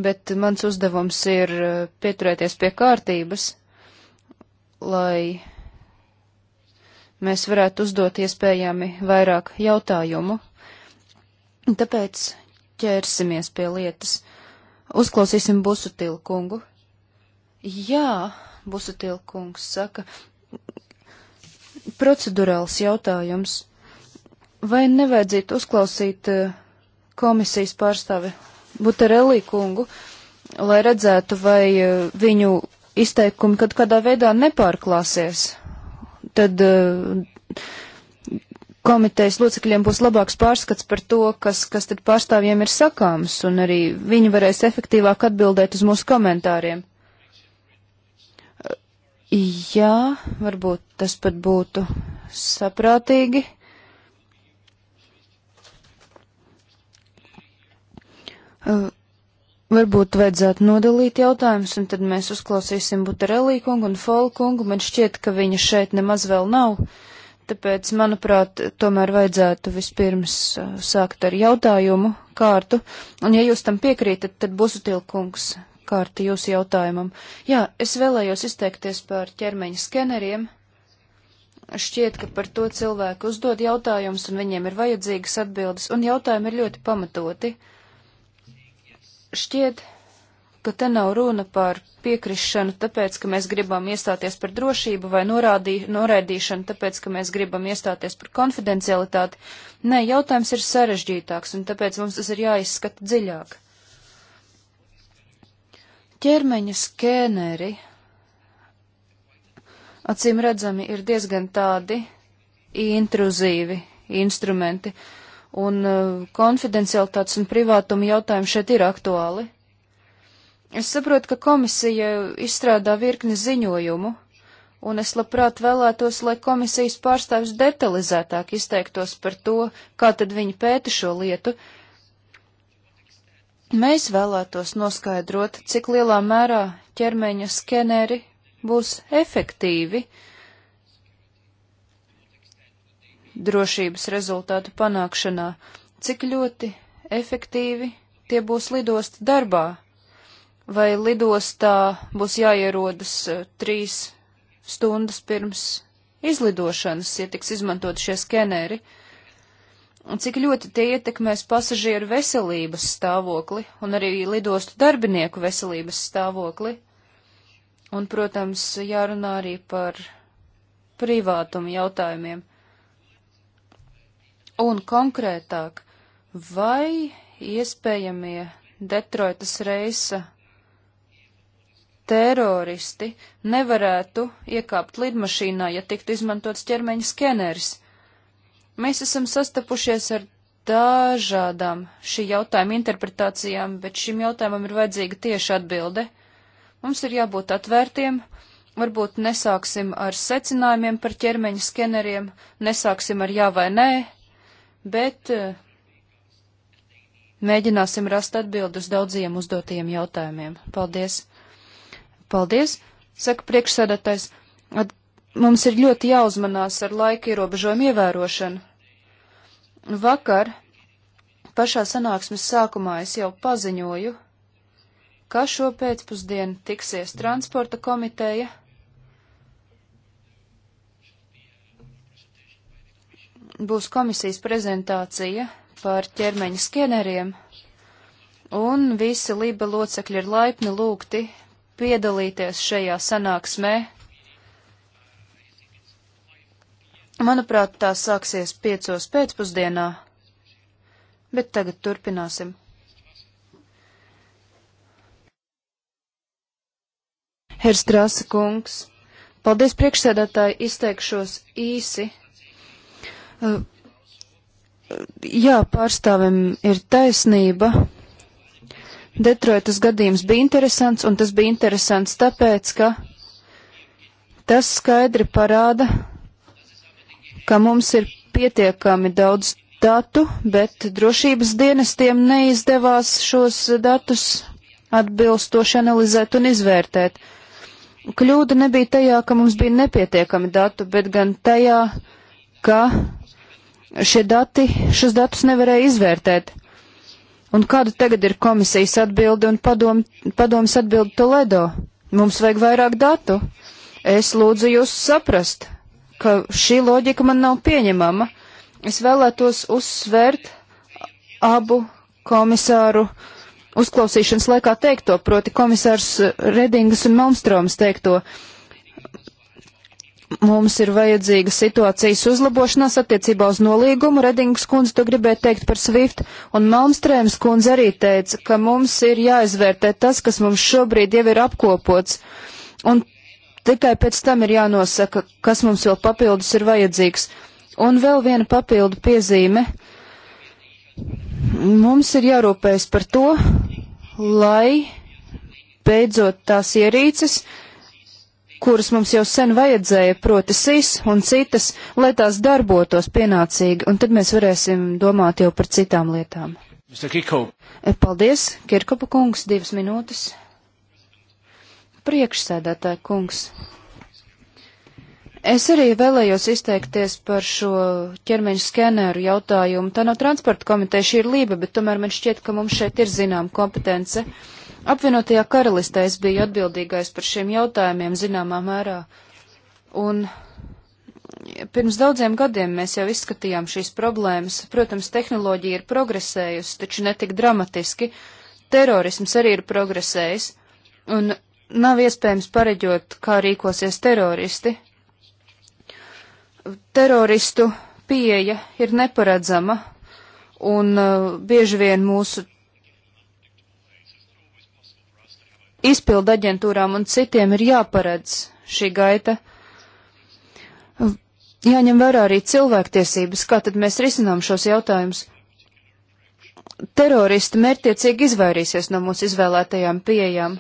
bet mans uzdevums ir eh, pieturēties pie kārtības, lai mēs varētu uzdot iespējami vairāk jautājumu. Tāpēc ķersimies pie lietas. Uzklausīsim busu tilkungu. Jā, Busutilkungs saka, procedurāls jautājums. Vai nevajadzētu uzklausīt eh, komisijas pārstāvi Buterelī kungu, lai redzētu, vai eh, viņu izteikumi kaut kādā veidā nepārklāsies? Tad eh, komitejas locekļiem būs labāks pārskats par to, kas, kas tad pārstāvjiem ir sakāms, un arī viņi varēs efektīvāk atbildēt uz mūsu komentāriem. Jā, varbūt tas pat būtu saprātīgi. Uh, varbūt vajadzētu nodalīt jautājumus, un tad mēs uzklausīsim Butarelī kungu un Folu kungu. Man šķiet, ka viņa šeit nemaz vēl nav, tāpēc, manuprāt, tomēr vajadzētu vispirms uh, sākt ar jautājumu kārtu. Un, ja jūs tam piekrītat, tad Busutil kungs kārta jūsu jautājumam. Jā, es vēlējos izteikties par ķermeņa skeneriem. Šķiet, ka par to cilvēku uzdod jautājumus, un viņiem ir vajadzīgas atbildes, un jautājumi ir ļoti pamatoti. Šķiet, ka te nav runa par piekrišanu, tāpēc, ka mēs gribam iestāties par drošību, vai norādī, noraidīšanu, tāpēc, ka mēs gribam iestāties par konfidencialitāti. Nē, jautājums ir sarežģītāks, un tāpēc mums tas ir jāizskata dziļāk. Ķermeņa skēneri acīm redzami ir diezgan tādi intruzīvi instrumenti, un uh, konfidencialitātes un privātuma jautājumi šeit ir aktuāli. Es saprotu, ka komisija izstrādā virkni ziņojumu, un es labprāt vēlētos, lai komisijas pārstāvis detalizētāk izteiktos par to, kā tad viņi pēta šo lietu, uh, Mēs vēlētos noskaidrot, cik lielā mērā ķermeņa skeneri būs efektīvi drošības rezultātu panākšanā, cik ļoti efektīvi tie būs lidost darbā, vai lidostā būs jāierodas eh, trīs stundas pirms izlidošanas, ja tiks izmantot šie skeneri. Uh, un cik ļoti tie ietekmēs pasažieru veselības stāvokli un arī lidostu darbinieku veselības stāvokli. Un, protams, jārunā arī par privātumu jautājumiem. Un konkrētāk, vai iespējamie Detroitas reisa teroristi nevarētu iekāpt lidmašīnā, ja tiktu izmantots ķermeņa skeneris? Mēs esam sastapušies ar dažādām šī jautājuma interpretācijām, bet šim jautājumam ir vajadzīga tieša atbilde. Mums ir jābūt atvērtiem, varbūt nesāksim ar secinājumiem par ķermeņa skeneriem, nesāksim ar jā vai nē, bet eh, mēģināsim rast atbildi uz daudziem uzdotajiem jautājumiem. Paldies! Paldies! Saka priekšsēdētājs. At Mums ir ļoti jāuzmanās ar laika ierobežojumu ievērošanu. Vakar pašā sanāksmes sākumā es jau paziņoju, ka šo pēcpusdienu tiksies transporta komiteja. Būs komisijas prezentācija par ķermeņa skeneriem, un visi Liba locekļi ir laipni lūgti piedalīties šajā sanāksmē Manuprāt, tā sāksies piecos pēcpusdienā, bet tagad turpināsim. Herstrāsa kungs, paldies priekšsēdētāji, izteikšos īsi. Uh, jā, pārstāvim ir taisnība. Detroitas gadījums bija interesants, un tas bija interesants tāpēc, ka tas skaidri parāda, ka mums ir pietiekami daudz datu, bet drošības dienestiem neizdevās šos datus atbilstoši analizēt un izvērtēt. Kļūda nebija tajā, ka mums bija nepietiekami datu, bet gan tajā, ka šie dati, šos datus nevarēja izvērtēt. Un kāda tagad ir komisijas atbilde un padom, padomas atbilde Toledo? Mums vajag vairāk datu. Es lūdzu jūs saprast ka šī loģika man nav pieņemama. Es vēlētos uzsvērt abu komisāru uzklausīšanas laikā teikto, proti komisārs Redingas un Malmstroms teikto. Mums ir vajadzīga situācijas uzlabošanās attiecībā uz nolīgumu. Redingas kundze to gribēja teikt par SWIFT, un Malmstrēms kundze arī teica, ka mums ir jāizvērtē tas, kas mums šobrīd jau ir apkopots. Un Tikai pēc tam ir jānosaka, kas mums vēl papildus ir vajadzīgs. Un vēl viena papildu piezīme. Mums ir jārūpējas par to, lai beidzot tās ierīces, kuras mums jau sen vajadzēja, proti SIS un citas, lai tās darbotos pienācīgi, un tad mēs varēsim domāt jau par citām lietām. Paldies, Kirkopa kungs, divas minūtes. Priekšsēdētāja kungs. Es arī vēlējos izteikties par šo ķermeņa skeneru jautājumu. Tā nav transporta komiteja, šī ir lība, bet tomēr man šķiet, ka mums šeit ir zinām kompetence. Apvienotajā karalistē es biju atbildīgais par šiem jautājumiem zināmā mērā. Un pirms daudziem gadiem mēs jau izskatījām šīs problēmas. Protams, tehnoloģija ir progresējusi, taču ne tik dramatiski. Terorisms arī ir progresējis. Un nav iespējams pareģot, kā rīkosies teroristi. Teroristu pieeja ir neparedzama, un uh, bieži vien mūsu izpildu aģentūrām un citiem ir jāparedz šī gaita. Jāņem vērā arī cilvēktiesības, kā tad mēs risinām šos jautājumus. Teroristi mērtiecīgi izvairīsies no mūsu izvēlētajām pieejām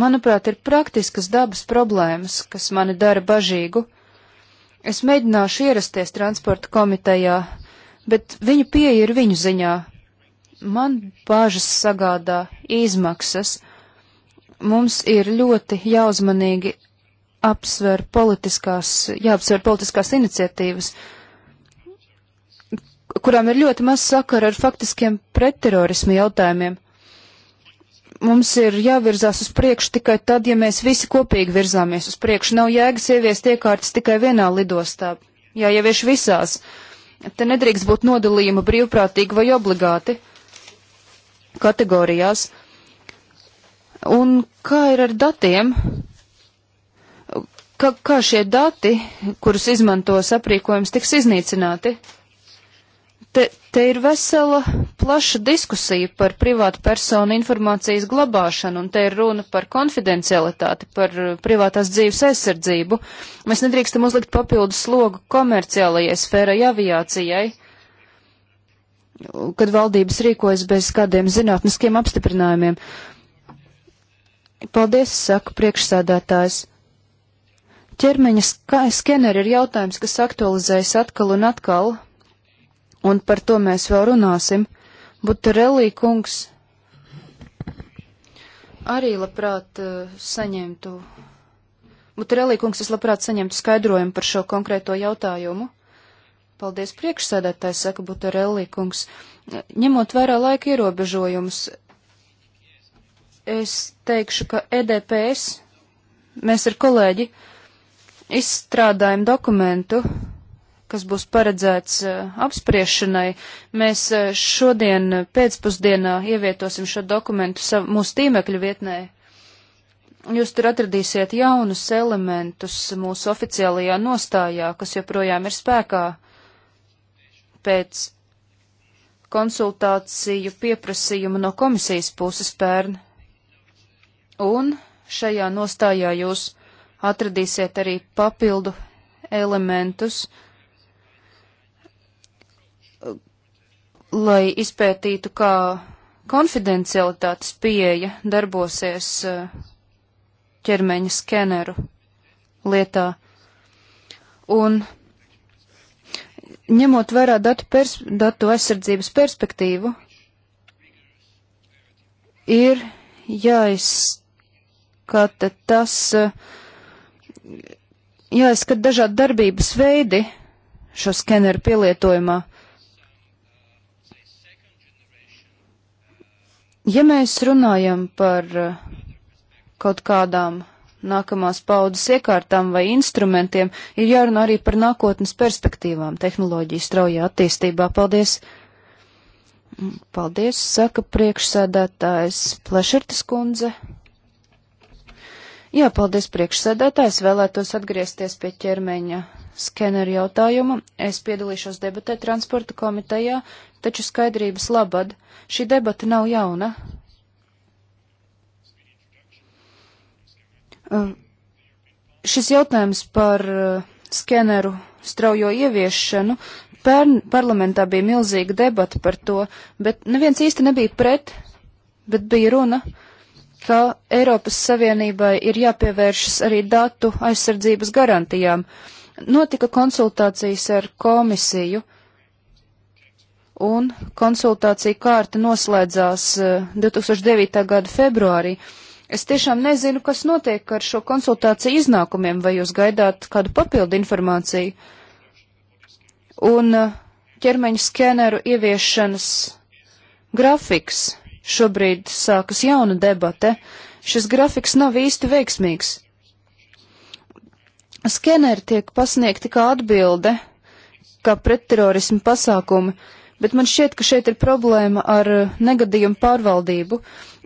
manuprāt, ir praktiskas dabas problēmas, kas mani dara bažīgu. Es mēģināšu ierasties transporta komitejā, bet viņu pieeja ir viņu ziņā. Man bāžas sagādā izmaksas. Mums ir ļoti jāuzmanīgi apsver politiskās, jāapsver politiskās iniciatīvas, kurām ir ļoti maz sakara ar faktiskiem pretterorismu jautājumiem mums ir jāvirzās uz priekšu tikai tad, ja mēs visi kopīgi virzāmies uz priekšu. Nav jēgas ieviest iekārtas tikai vienā lidostā, jāievieš visās. Te nedrīkst būt nodalījuma brīvprātīgi vai obligāti kategorijās. Un kā ir ar datiem? Kā, kā šie dati, kurus izmantos aprīkojums, tiks iznīcināti? Te, te ir vesela plaša diskusija par privātu personu informācijas glabāšanu, un te ir runa par konfidencialitāti, par uh, privātās dzīves aizsardzību. Mēs nedrīkstam uzlikt papildus slogu komerciālajai sfērai aviācijai, kad valdības rīkojas bez kādiem zinātniskiem apstiprinājumiem. Paldies, saka priekšsādātājs. Ķermeņa skeneri ir jautājums, kas aktualizējas atkal un atkal un par to mēs vēl runāsim, būtu relī kungs arī labprāt eh, saņemtu, būtu relī kungs, es labprāt saņemtu skaidrojumu par šo konkrēto jautājumu. Paldies priekšsēdētājs, saka Butarelli kungs. Ņemot vērā laika ierobežojumus, es teikšu, ka EDPS mēs ar kolēģi izstrādājam dokumentu, kas būs paredzēts eh, apspriešanai. Mēs eh, šodien pēcpusdienā ievietosim šo dokumentu sav, mūsu tīmekļa vietnē. Jūs tur atradīsiet jaunus elementus mūsu oficiālajā nostājā, kas joprojām ir spēkā pēc konsultāciju pieprasījumu no komisijas puses pērn. Un šajā nostājā jūs atradīsiet arī papildu elementus, lai izpētītu, kā konfidencialitātes pieeja darbosies eh, ķermeņa skeneru lietā. Un ņemot vērā datu, pers datu aizsardzības perspektīvu, ir jāizskata tas, eh, jāizskata dažādi darbības veidi šo skeneru pielietojumā. Ja mēs runājam par eh, kaut kādām nākamās paudzes iekārtām vai instrumentiem, ir jārunā arī par nākotnes perspektīvām tehnoloģiju straujā attīstībā. Paldies! Paldies, saka priekšsēdētājs Plešertas kundze. Jā, paldies priekšsēdētājs, vēlētos atgriezties pie ķermeņa skeneru jautājumu. Es piedalīšos debatē transporta komitejā, taču skaidrības labad šī debata nav jauna. Um, šis jautājums par uh, skeneru straujo ieviešanu pērn parlamentā bija milzīga debata par to, bet neviens īsti nebija pret, bet bija runa, ka Eiropas Savienībai ir jāpievēršas arī datu aizsardzības garantijām. Uh, Notika konsultācijas ar komisiju, un konsultācija kārta noslēdzās 2009. Eh, gada februārī. Es tiešām nezinu, kas notiek ar šo konsultāciju iznākumiem, vai jūs gaidāt kādu papildu informāciju. Un eh, ķermeņa skeneru ieviešanas grafiks šobrīd sākas jauna debate. Šis grafiks nav īsti veiksmīgs skeneri tiek pasniegti kā atbilde, kā pretterorismu pasākumi, bet man šķiet, ka šeit ir problēma ar eh, negadījumu pārvaldību.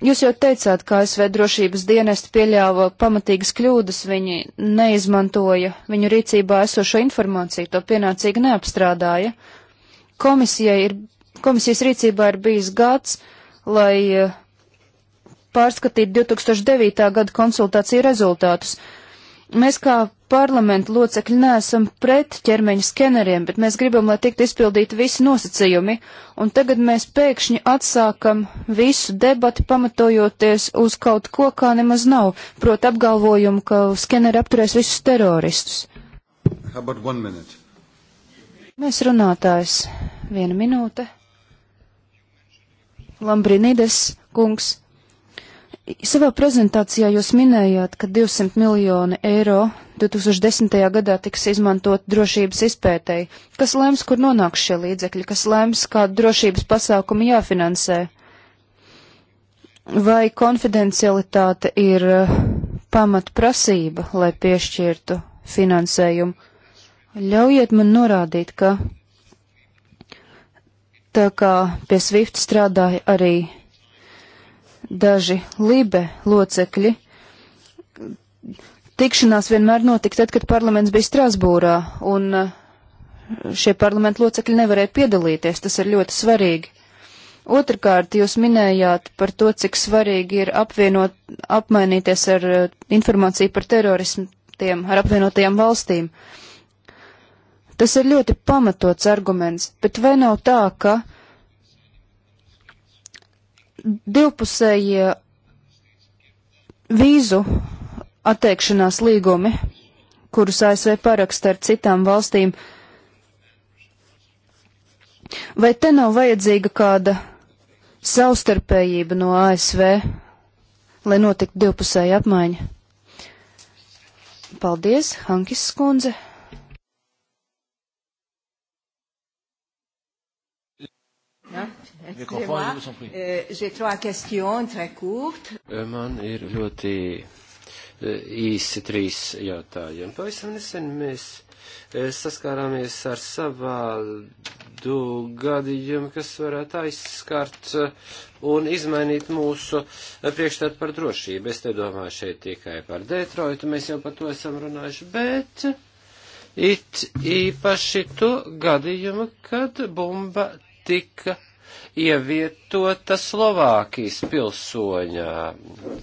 Jūs jau teicāt, ka ASV drošības dienesti pieļāva pamatīgas kļūdas, viņi neizmantoja viņu rīcībā esošo informāciju, to pienācīgi neapstrādāja. Komisijai ir, komisijas rīcībā ir bijis gads, lai eh, pārskatītu 2009. gada konsultāciju rezultātus Mēs kā parlamenta locekļi neesam pret ķermeņa skeneriem, bet mēs gribam, lai tiktu izpildīti visi nosacījumi, un tagad mēs pēkšņi atsākam visu debati pamatojoties uz kaut ko, kā nemaz nav, proti apgalvojumu, ka skeneri apturēs visus teroristus. Mēs runātājs. Viena minūte. Lambrinīdes kungs, Savā prezentācijā jūs minējāt, ka 200 miljoni eiro 2010. gadā tiks izmantot drošības izpētēji. Kas lems, kur nonāks šie līdzekļi? Kas lems, kādu drošības pasākumu jāfinansē? Vai konfidencialitāte ir eh, pamatprasība, lai piešķirtu finansējumu? Ļaujiet man norādīt, ka tā kā pie Swift strādāja arī daži libe locekļi. Tikšanās vienmēr notika tad, kad parlaments bija Strasbūrā, un eh, šie parlamentu locekļi nevarēja piedalīties. Tas ir ļoti svarīgi. Otrakārt, jūs minējāt par to, cik svarīgi ir apvienot, apmainīties ar eh, informāciju par terorismiem ar apvienotajām valstīm. Tas ir ļoti pamatots arguments, bet vai nav tā, ka uh, divpusējie eh, vīzu atteikšanās līgumi, kurus ASV paraksta ar citām valstīm, vai te nav vajadzīga kāda savstarpējība no ASV, lai notiktu divpusēja apmaiņa? Paldies, Hankis Skundze! Euh, euh, man ir ļoti euh, īsi trīs jautājumi. Pavisam nesen mēs saskārāmies ar savādu gadījumu, kas varētu aizskart un izmainīt mūsu priekšstatu par drošību. Es te domāju šeit tikai par Detroitu, mēs jau par to esam runājuši, bet it īpaši to gadījumu, kad bumba tika ievietota Slovākijas pilsoņā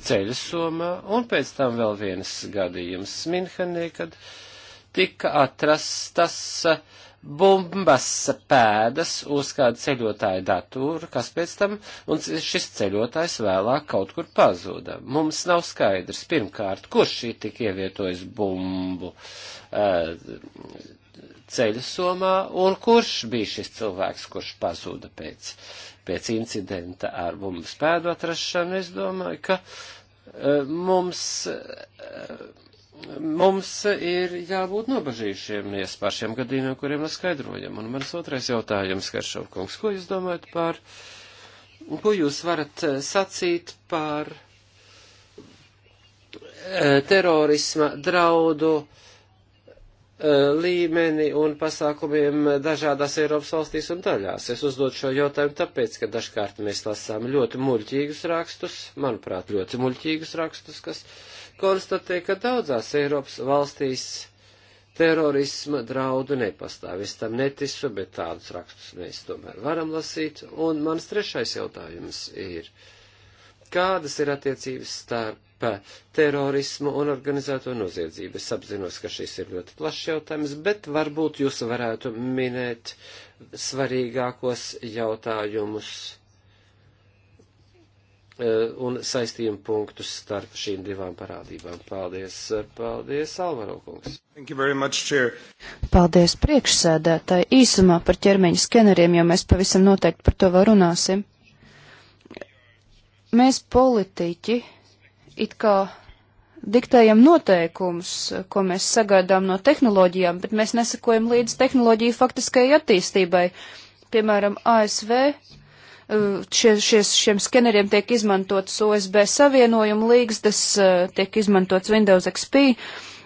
ceļasomā, un pēc tam vēl viens gadījums Minhenē, kad tika atrastas bumbas pēdas uz kādu ceļotāju datūru, kas pēc tam, un šis ceļotājs vēlāk kaut kur pazuda. Mums nav skaidrs, pirmkārt, kurš šī tik ievietojas bumbu. Uh, ceļu somā, un kurš bija šis cilvēks, kurš pazuda pēc, pēc incidenta ar bumbu spēdu atrašanu, es domāju, ka e, mums, e, mums ir jābūt nobažījušiemies par šiem gadījumiem, kuriem mēs skaidrojam. Un mans otrais jautājums, Karšovkungs, ko jūs domājat par, ko jūs varat e, sacīt par terorisma draudu, uh, E, līmeni un pasākumiem dažādās Eiropas valstīs un daļās. Es uzdodu šo jautājumu tāpēc, ka dažkārt mēs lasām ļoti muļķīgus rakstus, manuprāt, ļoti muļķīgus rakstus, kas konstatē, ka daudzās Eiropas valstīs terorisma draudu nepastāv. Es tam netisu, bet tādus rakstus mēs tomēr varam lasīt. Un mans trešais jautājums ir, kādas ir attiecības starp starp terorismu un organizēto noziedzību. Es apzinos, ka šis ir ļoti plašs jautājums, bet varbūt jūs varētu minēt svarīgākos jautājumus e, un saistījumu punktus starp šīm divām parādībām. Paldies, paldies, Alvaro kungs. Much, cheer. paldies priekšsēdētāji. Īsumā par ķermeņa skeneriem, jo mēs pavisam noteikti par to vēl runāsim. Mēs politiķi it kā diktējam noteikumus, ko mēs sagaidām no tehnoloģijām, bet mēs nesakojam līdz tehnoloģiju faktiskajai attīstībai. Piemēram, ASV uh, šie, šie, šiem skeneriem tiek izmantotas USB savienojuma līgstas, uh, tiek izmantots Windows XP,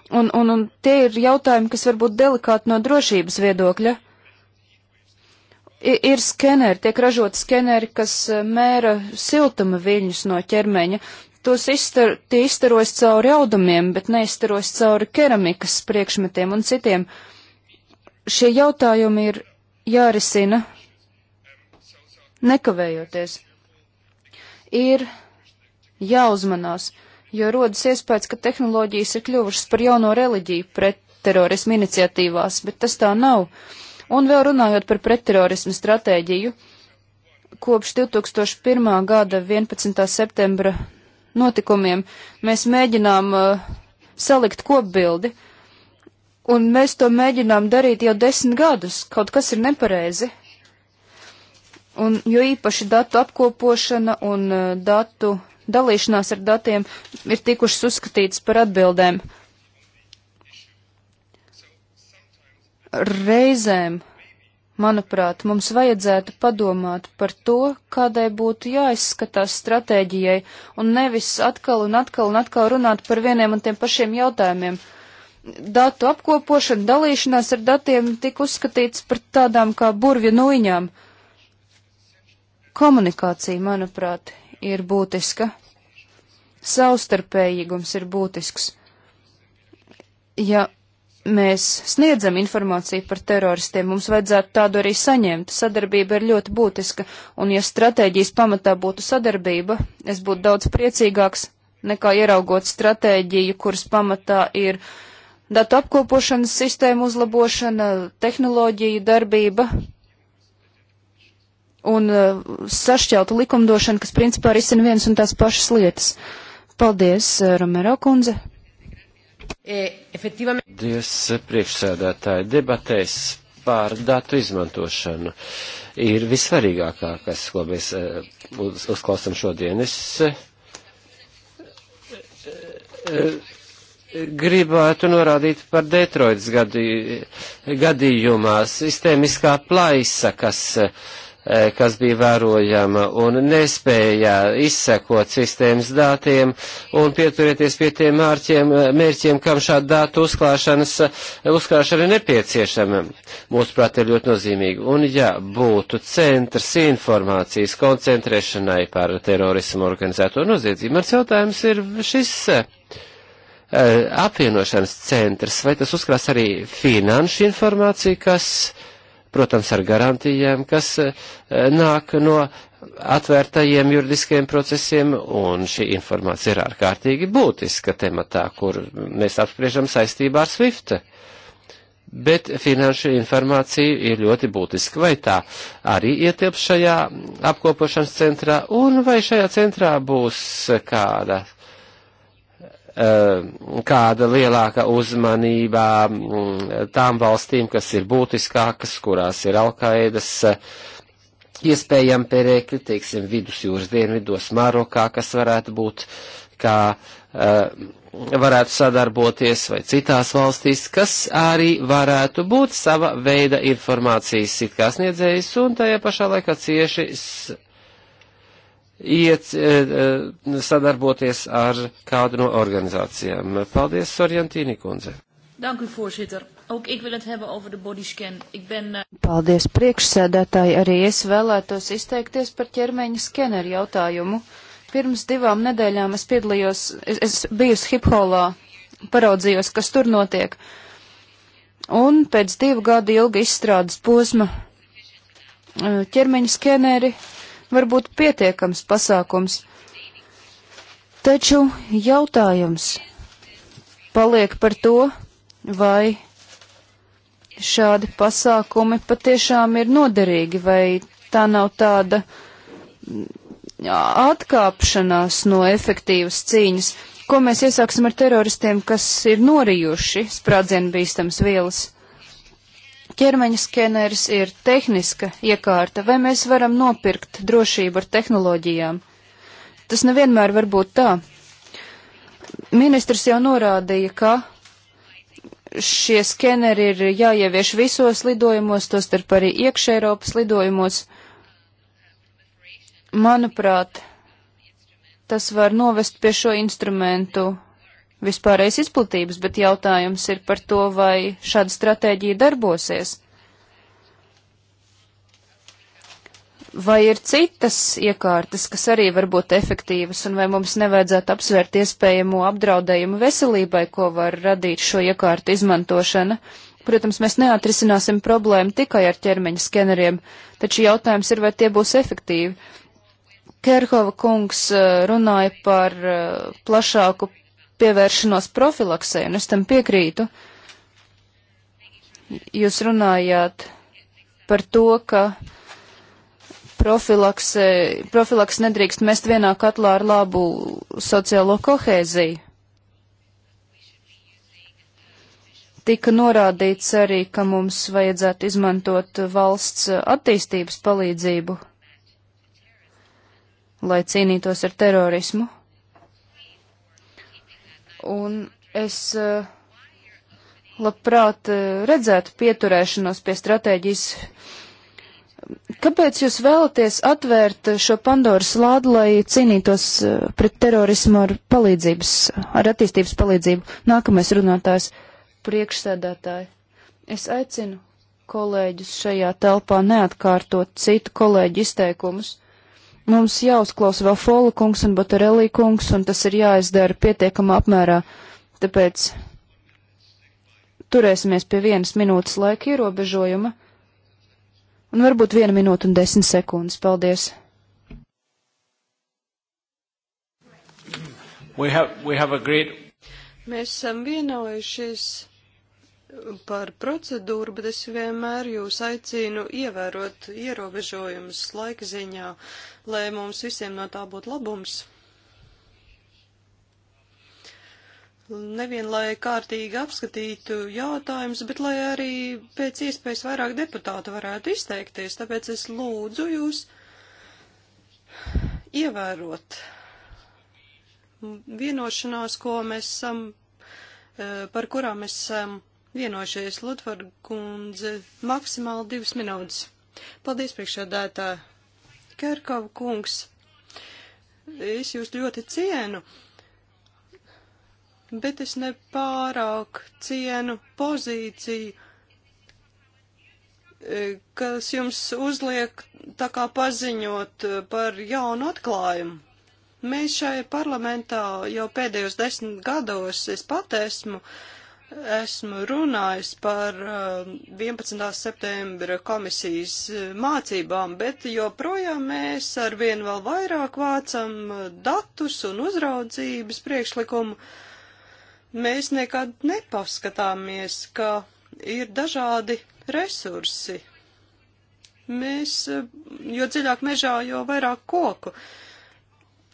un, un, un tie ir jautājumi, kas varbūt delikāti no drošības viedokļa. I, ir skeneri, tiek ražoti skeneri, kas uh, mēra siltuma viļņus no ķermeņa, Tos izstar, tie izstaros cauri audumiem, bet neizstaros cauri keramikas priekšmetiem un citiem. Šie jautājumi ir jārisina nekavējoties. Ir jāuzmanās, jo rodas iespējas, ka tehnoloģijas ir kļuvušas par jauno reliģiju pret terorismu iniciatīvās, bet tas tā nav. Un vēl runājot par pretterorismu stratēģiju, kopš 2001. gada 11. septembra notikumiem, mēs mēģinām uh, salikt kopbildi, un mēs to mēģinām darīt jau desmit gadus, kaut kas ir nepareizi. Un jo īpaši datu apkopošana un uh, datu dalīšanās ar datiem ir tikušas uzskatītas par atbildēm. Reizēm Manuprāt, mums vajadzētu padomāt par to, kādai būtu jāizskatās stratēģijai, un nevis atkal un atkal un atkal runāt par vieniem un tiem pašiem jautājumiem. Datu apkopošana, dalīšanās ar datiem tika uzskatīts par tādām kā burvju nūjiņām. Komunikācija, manuprāt, ir būtiska. Savstarpējīgums ir būtisks. Ja mēs sniedzam informāciju par teroristiem, mums vajadzētu tādu arī saņemt. Sadarbība ir ļoti būtiska, un ja stratēģijas pamatā būtu sadarbība, es būtu daudz priecīgāks nekā ieraugot stratēģiju, kuras pamatā ir datu apkopošanas sistēma uzlabošana, tehnoloģija darbība un uh, sašķelta likumdošana, kas principā risina vienas un tās pašas lietas. Paldies, uh, Romero kundze! E, Paldies, priekšsēdētāji, debatēs par datu izmantošanu ir visvarīgākā, kas, ko mēs e, uz, uzklausam šodien. Es e, gribētu norādīt par Detroitas gadījumā sistēmiskā plaisa, kas uh, E, kas bija vērojama un nespēja izsekot sistēmas datiem un pieturieties pie tiem mērķiem, mērķiem kam šāda datu uzklāšanas, uzklāšana ir nepieciešama. Mūsuprāt, ir ļoti nozīmīgi. Un ja būtu centrs informācijas koncentrēšanai par terorismu organizēto noziedzību, mans jautājums ir šis e, apvienošanas centrs, vai tas uzkrās arī finanšu informāciju, kas protams, ar garantijām, kas eh, nāk no atvērtajiem juridiskiem procesiem, un šī informācija ir ārkārtīgi būtiska tematā, kur mēs apspriežam saistībā ar SWIFT. Bet finanšu informācija ir ļoti būtiska, vai tā arī ietilps šajā apkopošanas centrā, un vai šajā centrā būs kāda Eh, kāda lielāka uzmanība mm, tām valstīm, kas ir būtiskākas, kurās ir Alkaidas eh, iespējami perēkļi, teiksim, vidusjūras dienvidos Marokā, kas varētu būt kā eh, varētu sadarboties vai citās valstīs, kas arī varētu būt sava veida informācijas it kā sniedzējs un tajā pašā laikā cieši iet, eh, eh, sadarboties ar kādu no organizācijām. Paldies, Sorjantīni kundze. Dank u, voorzitter. Ook ik wil het hebben over de bodyscan. Ik ben... Uh... Paldies, priekšsēdētāji. Arī es vēlētos izteikties par ķermeņa skeneru jautājumu. Pirms divām nedēļām es piedalījos, es, es biju Hipholā, paraudzījos, kas tur notiek. Un pēc divu gadu ilga izstrādes posma ķermeņa skeneri varbūt pietiekams pasākums. Taču jautājums paliek par to, vai šādi pasākumi patiešām ir noderīgi, vai tā nav tāda mm, atkāpšanās no efektīvas cīņas, ko mēs iesāksim ar teroristiem, kas ir norijuši sprādzienu bīstams vielas ķermeņa skeneris ir tehniska iekārta, vai mēs varam nopirkt drošību ar tehnoloģijām? Tas nevienmēr var būt tā. Ministrs jau norādīja, ka šie skeneri ir jāievieš visos lidojumos, tostarp arī iekšē Eiropas lidojumos. Manuprāt, tas var novest pie šo instrumentu vispārreiz izplatības, bet jautājums ir par to, vai šāda stratēģija darbosies. Vai ir citas iekārtas, kas arī var būt efektīvas, un vai mums nevajadzētu apsvērt iespējamo apdraudējumu veselībai, ko var radīt šo iekārtu izmantošana? Protams, mēs neatrisināsim problēmu tikai ar ķermeņa skeneriem, taču jautājums ir, vai tie būs efektīvi. Kerhova kungs eh, runāja par eh, plašāku pievēršanos profilaksē, un es tam piekrītu. Jūs runājāt par to, ka profilakse, profilakse nedrīkst mest vienā katlā ar labu sociālo kohēziju. Tika norādīts arī, ka mums vajadzētu izmantot valsts attīstības palīdzību, lai cīnītos ar terorismu. Un es eh, labprāt eh, redzētu pieturēšanos pie stratēģijas. Kāpēc jūs vēlaties atvērt šo Pandoras lādu, lai cīnītos eh, pret terorismu ar palīdzības, ar attīstības palīdzību? Nākamais runātājs priekšsēdētāji. Es aicinu kolēģus šajā telpā neatkārtot citu kolēģu izteikumus. Mums jāuzklausa vēl Fola kungs un Batarelī kungs, un tas ir jāizdara pietiekamā apmērā. Tāpēc turēsimies pie vienas minūtes laika ierobežojuma, un varbūt viena minūte un desmit sekundes. Paldies! We have, we have great... Mēs esam vienojušies par procedūru, bet es vienmēr jūs aicinu ievērot ierobežojumus laika ziņā, lai mums visiem no tā būtu labums. Nevien, lai kārtīgi apskatītu jautājumus, bet lai arī pēc iespējas vairāk deputātu varētu izteikties, tāpēc es lūdzu jūs ievērot vienošanās, ko mēs esam, eh, par kurām mēs esam vienojušies Lutvar kundze maksimāli divas minūtes. Paldies priekšādētā Kerkava kungs. Es jūs ļoti cienu, bet es nepārāk cienu pozīciju, kas jums uzliek tā kā paziņot par jaunu atklājumu. Mēs šai parlamentā jau pēdējos desmit gados, es pat esmu, uh, esmu runājis par 11. Um, septembra komisijas uh, mācībām, bet joprojām mēs ar vien vēl vairāk vācam uh, datus un uzraudzības priekšlikumu. Mēs nekad nepaskatāmies, ka ir dažādi resursi. Mēs, uh, jo dziļāk mežā, jo vairāk koku.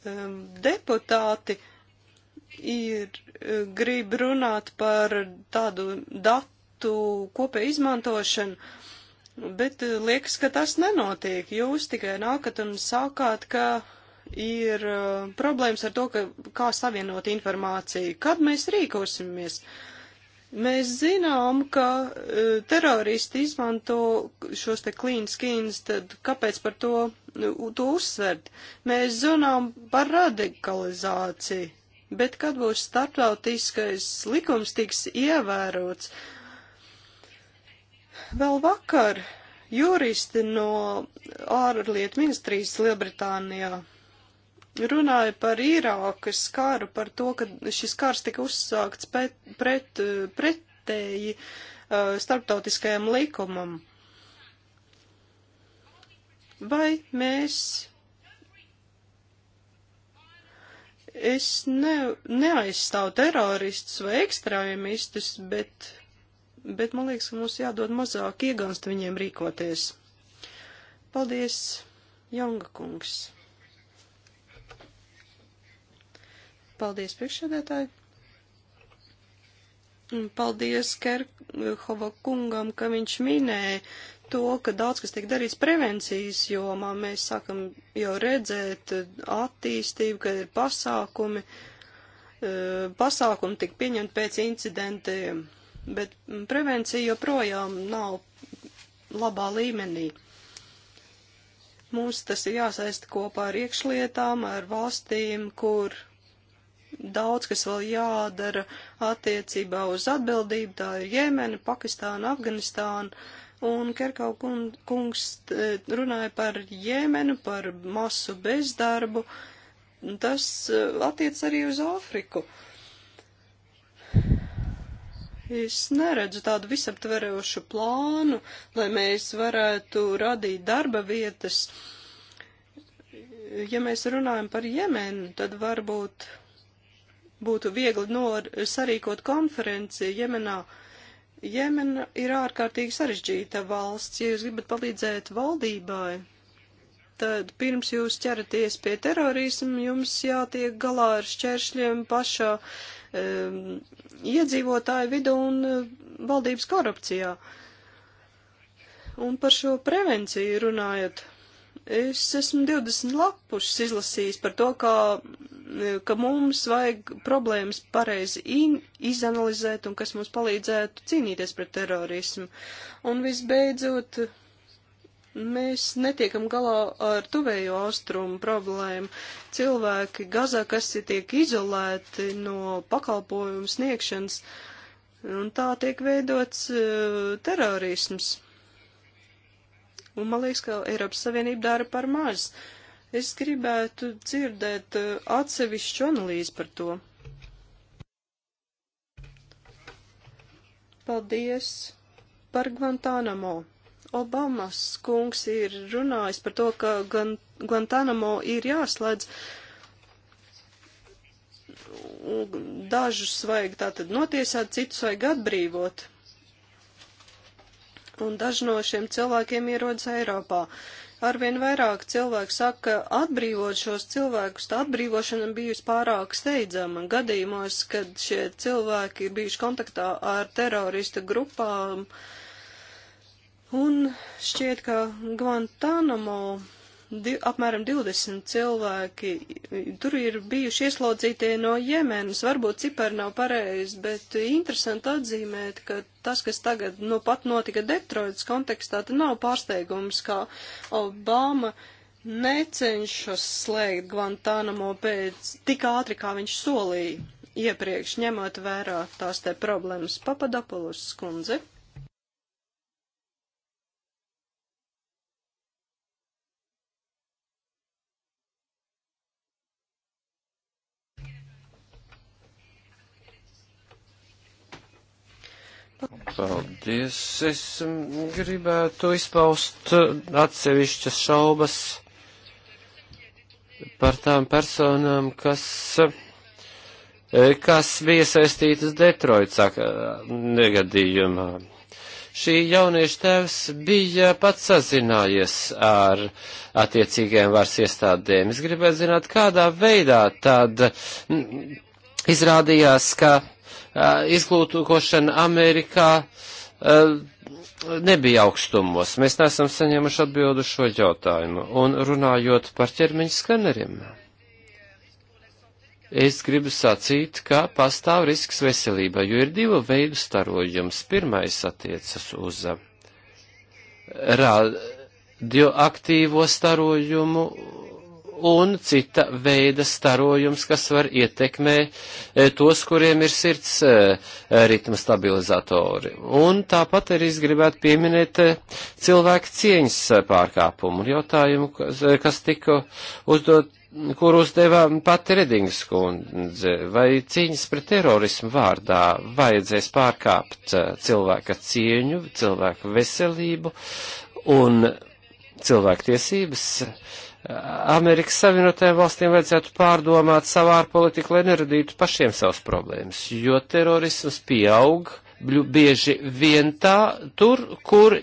Um, deputāti uh, ir, eh, grib runāt par tādu datu kopēju izmantošanu, bet eh, liekas, ka tas nenotiek. Jūs tikai nākat un sākāt, ka ir uh, problēmas ar to, ka, kā savienot informāciju, kad mēs rīkosimies. Mēs zinām, ka uh, teroristi izmanto šos te clean skins, tad kāpēc par to, uh, to uzsvert? Mēs zinām par radikalizāciju bet kad būs starptautiskais likums tiks ievērots? Vēl vakar juristi no ārlietu ministrijas Lielbritānijā runāja par Irākas karu, par to, ka šis kārs tika uzsākts pret, pret, pretēji uh, starptautiskajam likumam. Vai mēs Es ne, neaizstāvu teroristus vai ekstrēmistus, bet, bet man liekas, ka mums jādod mazāk ieganst viņiem rīkoties. Paldies, Jonga kungs! Paldies, priekšsēdētāji! Paldies Kerhova kungam, ka viņš minēja to, ka daudz kas tiek darīts prevencijas jomā. Mēs sākam jau redzēt eh, attīstību, ka ir pasākumi, eh, pasākumi tik pieņemti pēc incidentiem, bet mm, prevencija joprojām nav labā līmenī. Mums tas ir jāsaista kopā ar iekšlietām, ar valstīm, kur daudz kas vēl jādara attiecībā uz atbildību. Tā ir Jemena, Pakistāna, Afganistāna un Kerkau kungs e, runāja par Jēmenu, par masu bezdarbu. Tas e, attiec arī uz Āfriku. Es neredzu tādu visaptverošu plānu, lai mēs varētu radīt darba vietas. Ja mēs runājam par Jemenu, tad varbūt būtu viegli nor sarīkot konferenci Jemenā, uh, Jemena ir ārkārtīgi sarežģīta valsts. Ja jūs gribat palīdzēt valdībai, tad pirms jūs ķeraties pie terorismu, jums jātiek galā ar šķēršļiem pašā um, iedzīvotāju vidu un valdības korupcijā. Un par šo prevenciju runājot, Es esmu 20 lapušas izlasījis par to, kā, ka mums vajag problēmas pareizi in, izanalizēt un kas mums palīdzētu cīnīties pret terorismu. Un visbeidzot, mēs netiekam galā ar tuvējo austrumu problēmu. Cilvēki gazā, kas ir tiek izolēti no pakalpojumu sniegšanas, un tā tiek veidots uh, terorisms un man liekas, ka Eiropas Savienība dara par maz. Es gribētu dzirdēt uh, atsevišķu analīzi par to. Paldies par Guantanamo. Obamas kungs ir runājis par to, ka Guantanamo ir jāslēdz dažus vajag tātad notiesāt, citus vajag atbrīvot un daži no šiem cilvēkiem ierodas Eiropā. Arvien vairāk cilvēku saka, ka atbrīvot šos cilvēkus, tā atbrīvošana bijusi pārāk steidzama gadījumos, kad šie cilvēki ir bijuši kontaktā ar terorista grupām. Un šķiet, ka Guantanamo di, apmēram 20 cilvēki. Tur ir bijuši ieslodzītie no Jemenas. Varbūt cipari nav pareizi, bet interesanti atzīmēt, ka tas, kas tagad nu, pat notika Detroitas kontekstā, tad nav pārsteigums, kā Obama necenšas slēgt Guantanamo pēc tik ātri, kā viņš solīja iepriekš, ņemot vērā tās te problēmas. Papadopoulos skundze. Paldies. Es gribētu izpaust atsevišķas šaubas par tām personām, kas, kas bija saistītas Detroitas negadījumā. Šī jaunieša tēvs bija pats sazinājies ar attiecīgajām varas iestādēm. Es gribētu zināt, kādā veidā tad izrādījās, ka Eh, izglūkošana Amerikā eh, nebija augstumos. Mēs neesam saņēmuši atbildu šo jautājumu. Un runājot par ķermeņa skaneriem, es gribu sacīt, ka pastāv risks veselībai, jo ir divu veidu starojums. Pirmais attiecas uz eh, radioaktīvo starojumu un cita veida starojums, kas var ietekmē e, tos, kuriem ir sirds e, e, ritma stabilizatori. Un tāpat arī es gribētu pieminēt cilvēku cieņas pārkāpumu un jautājumu, kas tika uzdot kur uzdevā pati Redings kundze, vai cīņas pret terorismu vārdā vajadzēs pārkāpt cilvēka cieņu, cilvēka veselību un cilvēku tiesības, Amerikas Savienotajām valstīm vajadzētu pārdomāt savu ārpolitiku, lai neradītu pašiem savas problēmas, jo terorisms pieaug bieži vien tā, tur, kur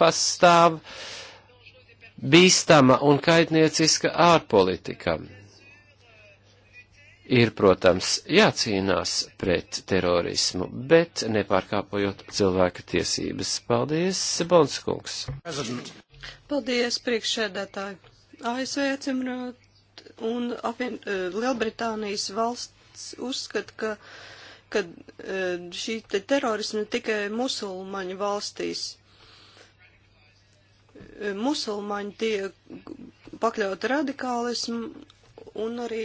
pastāv bīstama un kaitnieciska ārpolitika. Ir, protams, jācīnās pret terorismu, bet nepārkāpojot cilvēka tiesības. Paldies, Bonskungs! Paldies, priekšsēdētāji! ASV atsimrot un apvien, e, Lielbritānijas valsts uzskata, ka, ka e, šī te terorisma tikai musulmaņu valstīs e, musulmaņi tiek pakļauti radikālismu un arī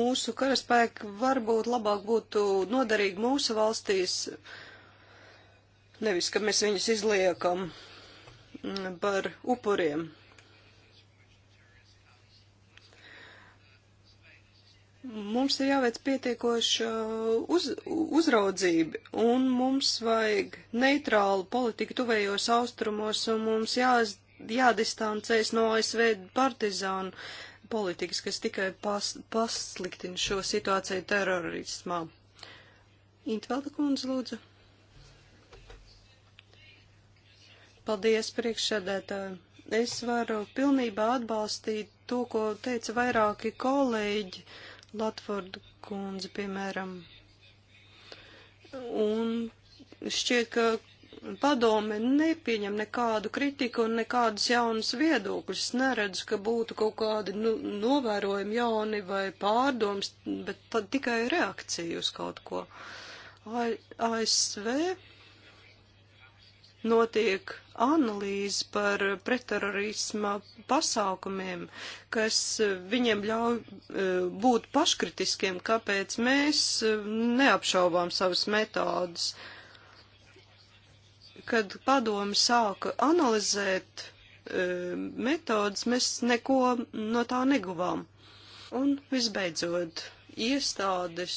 mūsu karaspēki varbūt labāk būtu noderīgi mūsu valstīs, nevis, ka mēs viņus izliekam Mm, par upuriem. Mums ir jāveic pietiekoša uh, uz, uzraudzība, un mums vajag neitrālu politiku tuvējos austrumos, un mums jāz, jādistancēs no ASV partizānu politikas, kas tikai pas, pasliktina šo situāciju terorismā. Intvelda kundze, lūdzu. Paldies, priekšsēdētāji. Es varu pilnībā atbalstīt to, ko teica vairāki kolēģi, Latvorda kundze, piemēram. Un šķiet, ka padome nepieņem nekādu kritiku un nekādus jaunus viedokļus. Neredzu, ka būtu kaut kādi nu, novērojumi jauni vai pārdoms, bet tad tikai reakcija uz kaut ko. A ASV notiek analīze par pretterorisma pasākumiem, kas eh, viņiem ļauj eh, būt paškritiskiem, kāpēc mēs eh, neapšaubām savas metodas. Kad padomi sāka analizēt metodas, mēs neko no tā neguvām. Un visbeidzot, iestādes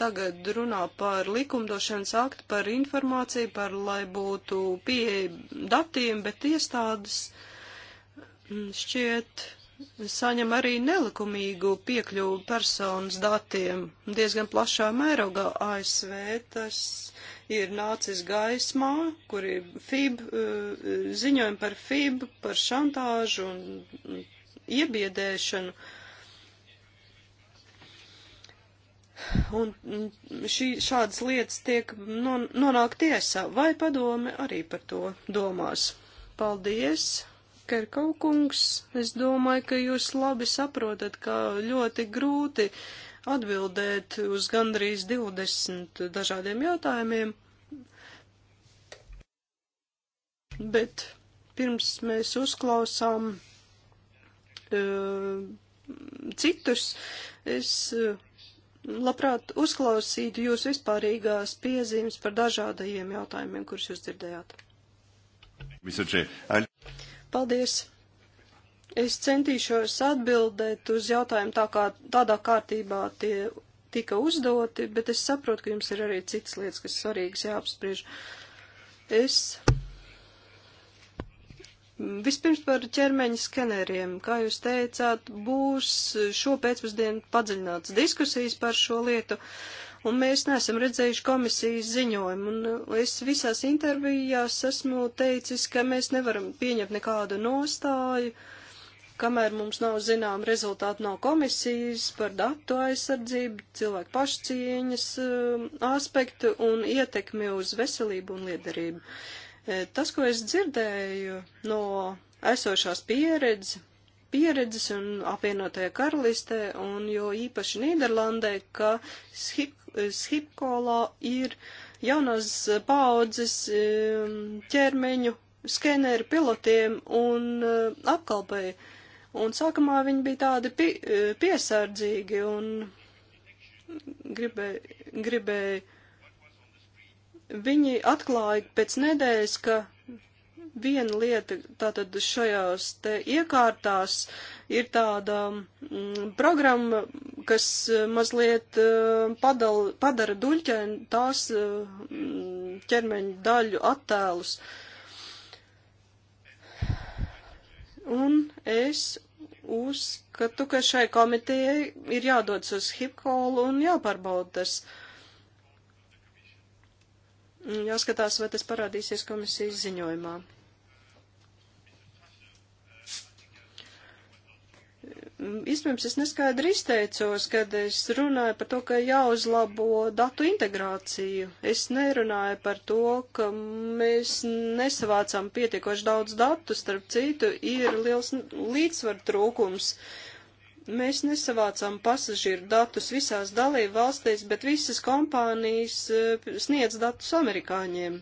tagad runā par likumdošanas aktu, par informāciju, par lai būtu pieeja datiem, bet iestādes mm, šķiet saņem arī nelikumīgu piekļuvu personas datiem. Diezgan plašā mērogā ASV tas ir nācis gaismā, kur ir FIB, eh, ziņojumi par FIB, par šantāžu un iebiedēšanu. Uh, Un šī, šādas lietas tiek non, nonāk tiesā, vai padome arī par to domās. Paldies, Kerkaukungs. Es domāju, ka jūs labi saprotat, ka ļoti grūti atbildēt uz gandrīz 20 dažādiem jautājumiem. Bet pirms mēs uzklausām uh, citus, es uh, labprāt uzklausītu jūsu vispārīgās piezīmes par dažādajiem jautājumiem, kurus jūs dzirdējāt. Paldies! Es centīšos atbildēt uz jautājumu tā kā, tādā kārtībā tie tika uzdoti, bet es saprotu, ka jums ir arī citas lietas, kas svarīgas jāapspriež. Es Vispirms par ķermeņa skeneriem. Kā jūs teicāt, būs šo pēcpusdienu padziļināts diskusijas par šo lietu, un mēs neesam redzējuši komisijas ziņojumu. Un uh, es visās intervijās esmu teicis, ka mēs nevaram pieņemt nekādu nostāju, kamēr mums nav zinām rezultāti no komisijas par datu aizsardzību, cilvēku pašcieņas uh, aspektu un ietekmi uz veselību un liederību. Uh, Tas, ko es dzirdēju no esošās pieredzes, pieredzes un apvienotajā karalistē, un jo īpaši Nīderlandē, ka Schipkolā ir jaunās paaudzes um, ķermeņu skeneri pilotiem un uh, apkalpēji. Un sākumā viņi bija tādi pi, uh, piesardzīgi un gribēja, gribēja Viņi atklāja pēc nedēļas, ka viena lieta tātad šajās te iekārtās ir tāda mm, programma, kas eh, mazliet eh, padal, padara duļķēn tās eh, mm, ķermeņa daļu attēlus. Un es uzskatu, ka šai komitejai ir jādodas uz hipkolu un jāpārbaudas. tas Mm, jāskatās, vai tas parādīsies komisijas ziņojumā. Mm, iespējams, es neskaidri izteicos, kad es runāju par to, ka jāuzlabo datu integrāciju. Es nerunāju par to, ka mēs nesavācām pietiekoši daudz datu, starp citu, ir liels līdzsvar trūkums. Uh, Mēs nesavācām pasažieru datus visās dalību valstīs, bet visas kompānijas eh, sniedz datus amerikāņiem.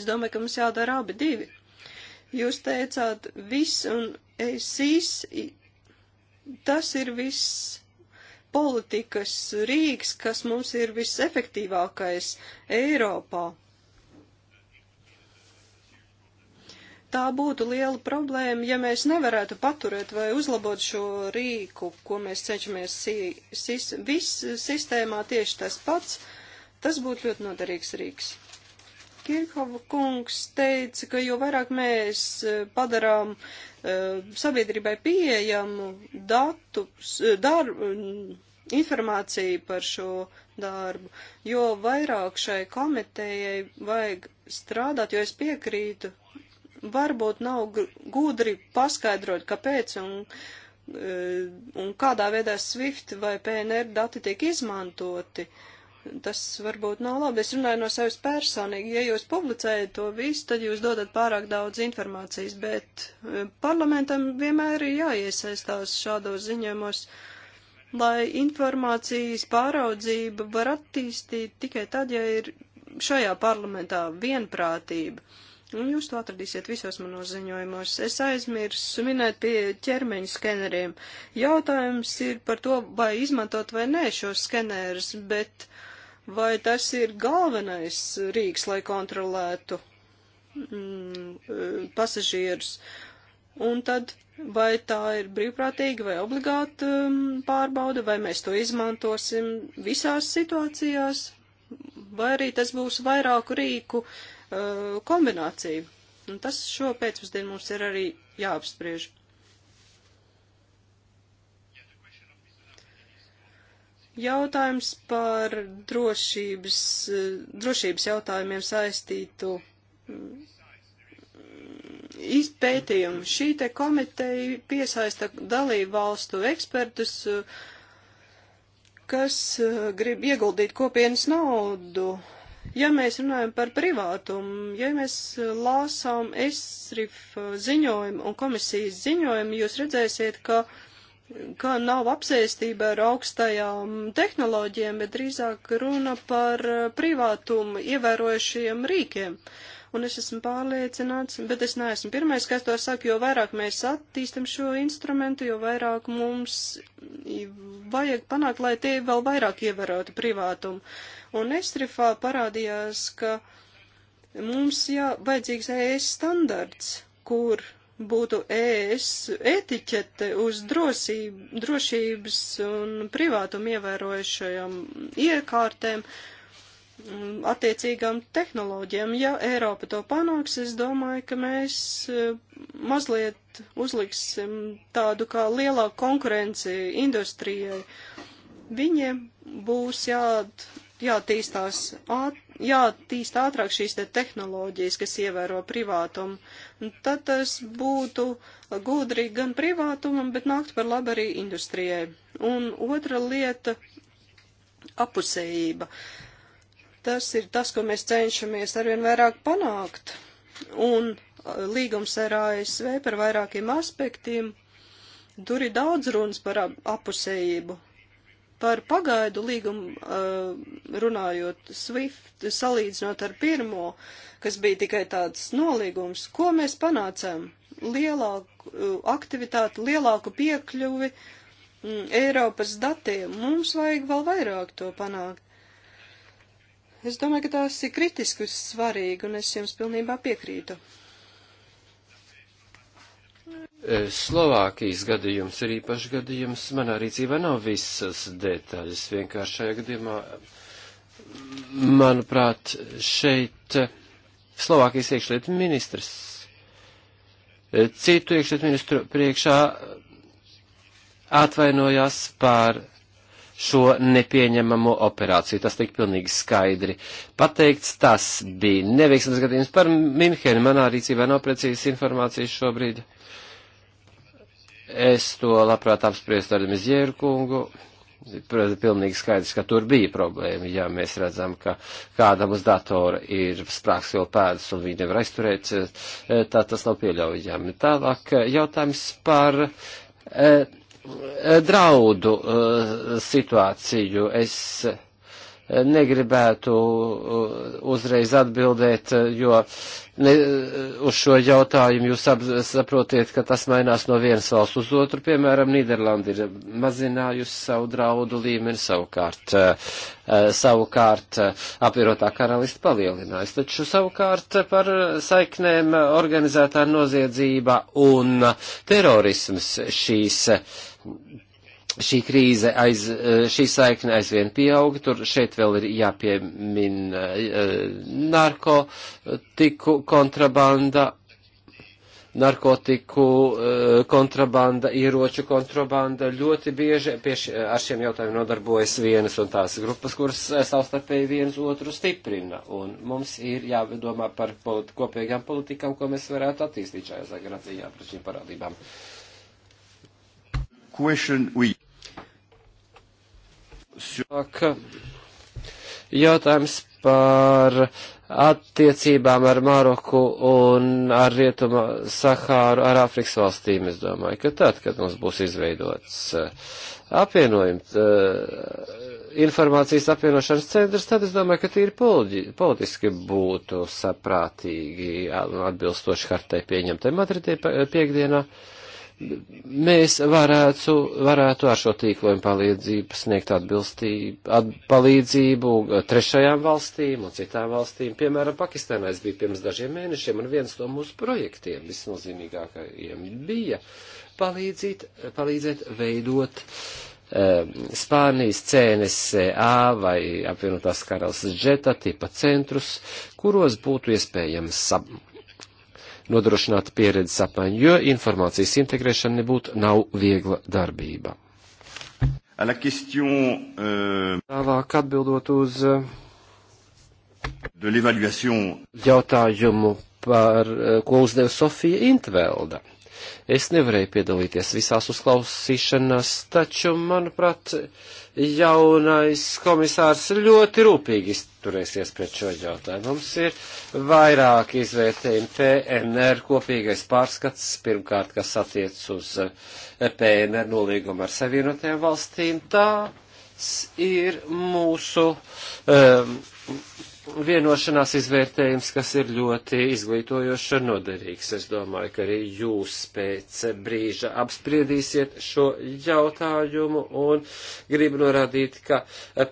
Es domāju, ka mums jādara abi divi. Jūs teicāt, viss un sīs, tas ir viss politikas rīks, kas mums ir visefektīvākais Eiropā. tā būtu liela problēma, ja mēs nevarētu paturēt vai uzlabot šo rīku, ko mēs cenšamies si sis viss sistēmā tieši tas pats. Tas būtu ļoti noderīgs rīks. Kirchhova kungs teica, ka jo vairāk mēs e, padarām uh, sabiedrībai pieejamu datu, e, darbu, informāciju par šo darbu, jo vairāk šai komitejai vajag strādāt, jo es piekrītu varbūt nav gudri paskaidrot, kāpēc un, e, un kādā veidā SWIFT vai PNR dati tiek izmantoti. Tas varbūt nav labi. Es runāju no sevis personīgi. Ja jūs publicējat to visu, tad jūs dodat pārāk daudz informācijas, bet e, parlamentam vienmēr ir jāiesaistās šādos ziņojumos, lai informācijas pāraudzība var attīstīt tikai tad, ja ir šajā parlamentā vienprātība. Uh, Un nu, jūs to atradīsiet visos manos ziņojumos. Es aizmirsu minēt pie ķermeņa skeneriem. Jautājums ir par to, vai izmantot vai nē šos skenerus, bet vai tas ir galvenais rīks, lai kontrolētu mm, pasažierus. Un tad, vai tā ir brīvprātīga vai obligāta um, pārbauda, vai mēs to izmantosim visās situācijās, vai arī tas būs vairāku rīku uh, uh, kombinācija. Un tas šo pēcpusdienu mums ir arī jāapspriež. Jautājums par drošības, uh, drošības jautājumiem saistītu mm, izpētījumu. Šī te komiteja piesaista dalību valstu ekspertus, uh, kas uh, grib ieguldīt kopienas naudu Ja mēs runājam par privātumu, ja mēs eh, lāsām ESRIF eh, ziņojumu un komisijas ziņojumu, jūs redzēsiet, ka, ka nav apsēstība ar augstajām tehnoloģijām, bet drīzāk runa par eh, privātumu ievērojušajiem rīkiem. Uh, un es esmu pārliecināts, bet es neesmu pirmais, kas to saka, jo vairāk mēs attīstam šo instrumentu, jo vairāk mums vajag panākt, lai tie vēl vairāk ievērotu privātumu. Un Estrifā parādījās, ka mums jā, vajadzīgs ES standards, kur būtu ES etiķete uz drosību, drošības un privātumu ievērojušajām iekārtēm, Mm, attiecīgām tehnoloģijām. Ja Eiropa to panāks, es domāju, ka mēs mm, mazliet uzliksim tādu kā lielāku konkurenci industrijai. Viņiem būs jād, jātīstās, āt, jātīst ātrāk šīs te tehnoloģijas, kas ievēro privātumu. Un tad tas būtu gudri gan privātumam, bet nākt par labu arī industrijai. Un otra lieta - apusējība. Uh, Tas ir tas, ko mēs cenšamies arvien vairāk panākt. Un uh, līgums ar ASV par vairākiem aspektiem. Tur ir daudz runas par apusējību. Par pagaidu līgumu uh, runājot SWIFT, salīdzinot ar pirmo, kas bija tikai tāds nolīgums, ko mēs panācām? Lielāku uh, aktivitāti, lielāku piekļuvi mm, Eiropas datiem. Mums vajag vēl vairāk to panākt. Es domāju, ka tās ir kritiski svarīgi, un es jums pilnībā piekrītu. Eh, Slovākijas gadījums ir īpašs gadījums. Manā rīcībā nav visas detaļas. Vienkārši šajā gadījumā, manuprāt, šeit eh, Slovākijas iekšlietu ministrs eh, citu iekšlietu ministru priekšā atvainojās par šo nepieņemamo operāciju. Tas tika pilnīgi skaidri pateikts. Tas bija neveiksmes gadījums par Minheni. Manā rīcībā nav precīzas informācijas šobrīd. Es to labprāt apspriestu ar Mizjēru kungu. Pilnīgi skaidrs, ka tur bija problēma, ja mēs redzam, ka kādam uz datora ir sprāks vēl pēdas un viņi nevar aizturēt, eh, tā tas nav pieļaujami. Tālāk eh, jautājums par. Eh, Eh, draudu eh, situāciju. Es eh, negribētu uzreiz atbildēt, jo ne, uz šo jautājumu jūs ap, saprotiet, ka tas mainās no vienas valsts uz otru. Piemēram, Nīderlanda ir mazinājusi savu draudu līmeni, savukārt, savukārt apvienotā karalista palielinājusi. Taču savukārt par saiknēm organizētā noziedzība un terorisms šīs šī krīze, aiz, eh, šī saikne aizvien pieaug, tur šeit vēl ir jāpiemin eh, narkotiku eh, kontrabanda, narkotiku kontrabanda, ieroču kontrabanda. Ļoti bieži ši, ar šiem jautājumiem nodarbojas vienas un tās grupas, kuras savstarpēji viens otru stiprina. Un mums ir jādomā par kopīgām politikām, ko mēs varētu attīstīt šajā zagradzījā par šīm parādībām. Uh, question, oui. Saka, jautājums par attiecībām ar Maroku un ar Rietumu Sahāru, ar Āfrikas valstīm. Es domāju, ka tad, kad mums būs izveidots eh, apvienojums, eh, informācijas apvienošanas centrs, tad es domāju, ka tīri politiski būtu saprātīgi atbilstoši hartai pieņemtai Madridē piekdienā. Pie mēs varētu, varētu ar šo tīklojumu palīdzību sniegt at, palīdzību trešajām valstīm un citām valstīm. Piemēram, Pakistānā es biju pirms dažiem mēnešiem, un viens no mūsu projektiem visnozīmīgākajiem bija palīdzīt, palīdzēt veidot um, Spānijas CNSA vai apvienotās karalas džeta tipa centrus, kuros būtu iespējams nodrošināt pieredzes apmaiņu, jo informācijas integrēšana nebūtu nav viegla darbība. Question, uh... Tālāk atbildot uz jautājumu, par, eh, ko uzdeva Sofija Intvelda Es nevarēju piedalīties visās uzklausīšanās, taču, manuprāt, jaunais komisārs ļoti rūpīgi izturēsies pret šo jautājumu. Mums ir vairāk izvērtējumi PNR kopīgais pārskats, pirmkārt, kas attiec uz PNR nolīgumu ar savienotajām valstīm. Tā ir mūsu um, vienošanās izvērtējums, kas ir ļoti izglītojošs un noderīgs. Es domāju, ka arī jūs pēc brīža apspriedīsiet šo jautājumu un gribu norādīt, ka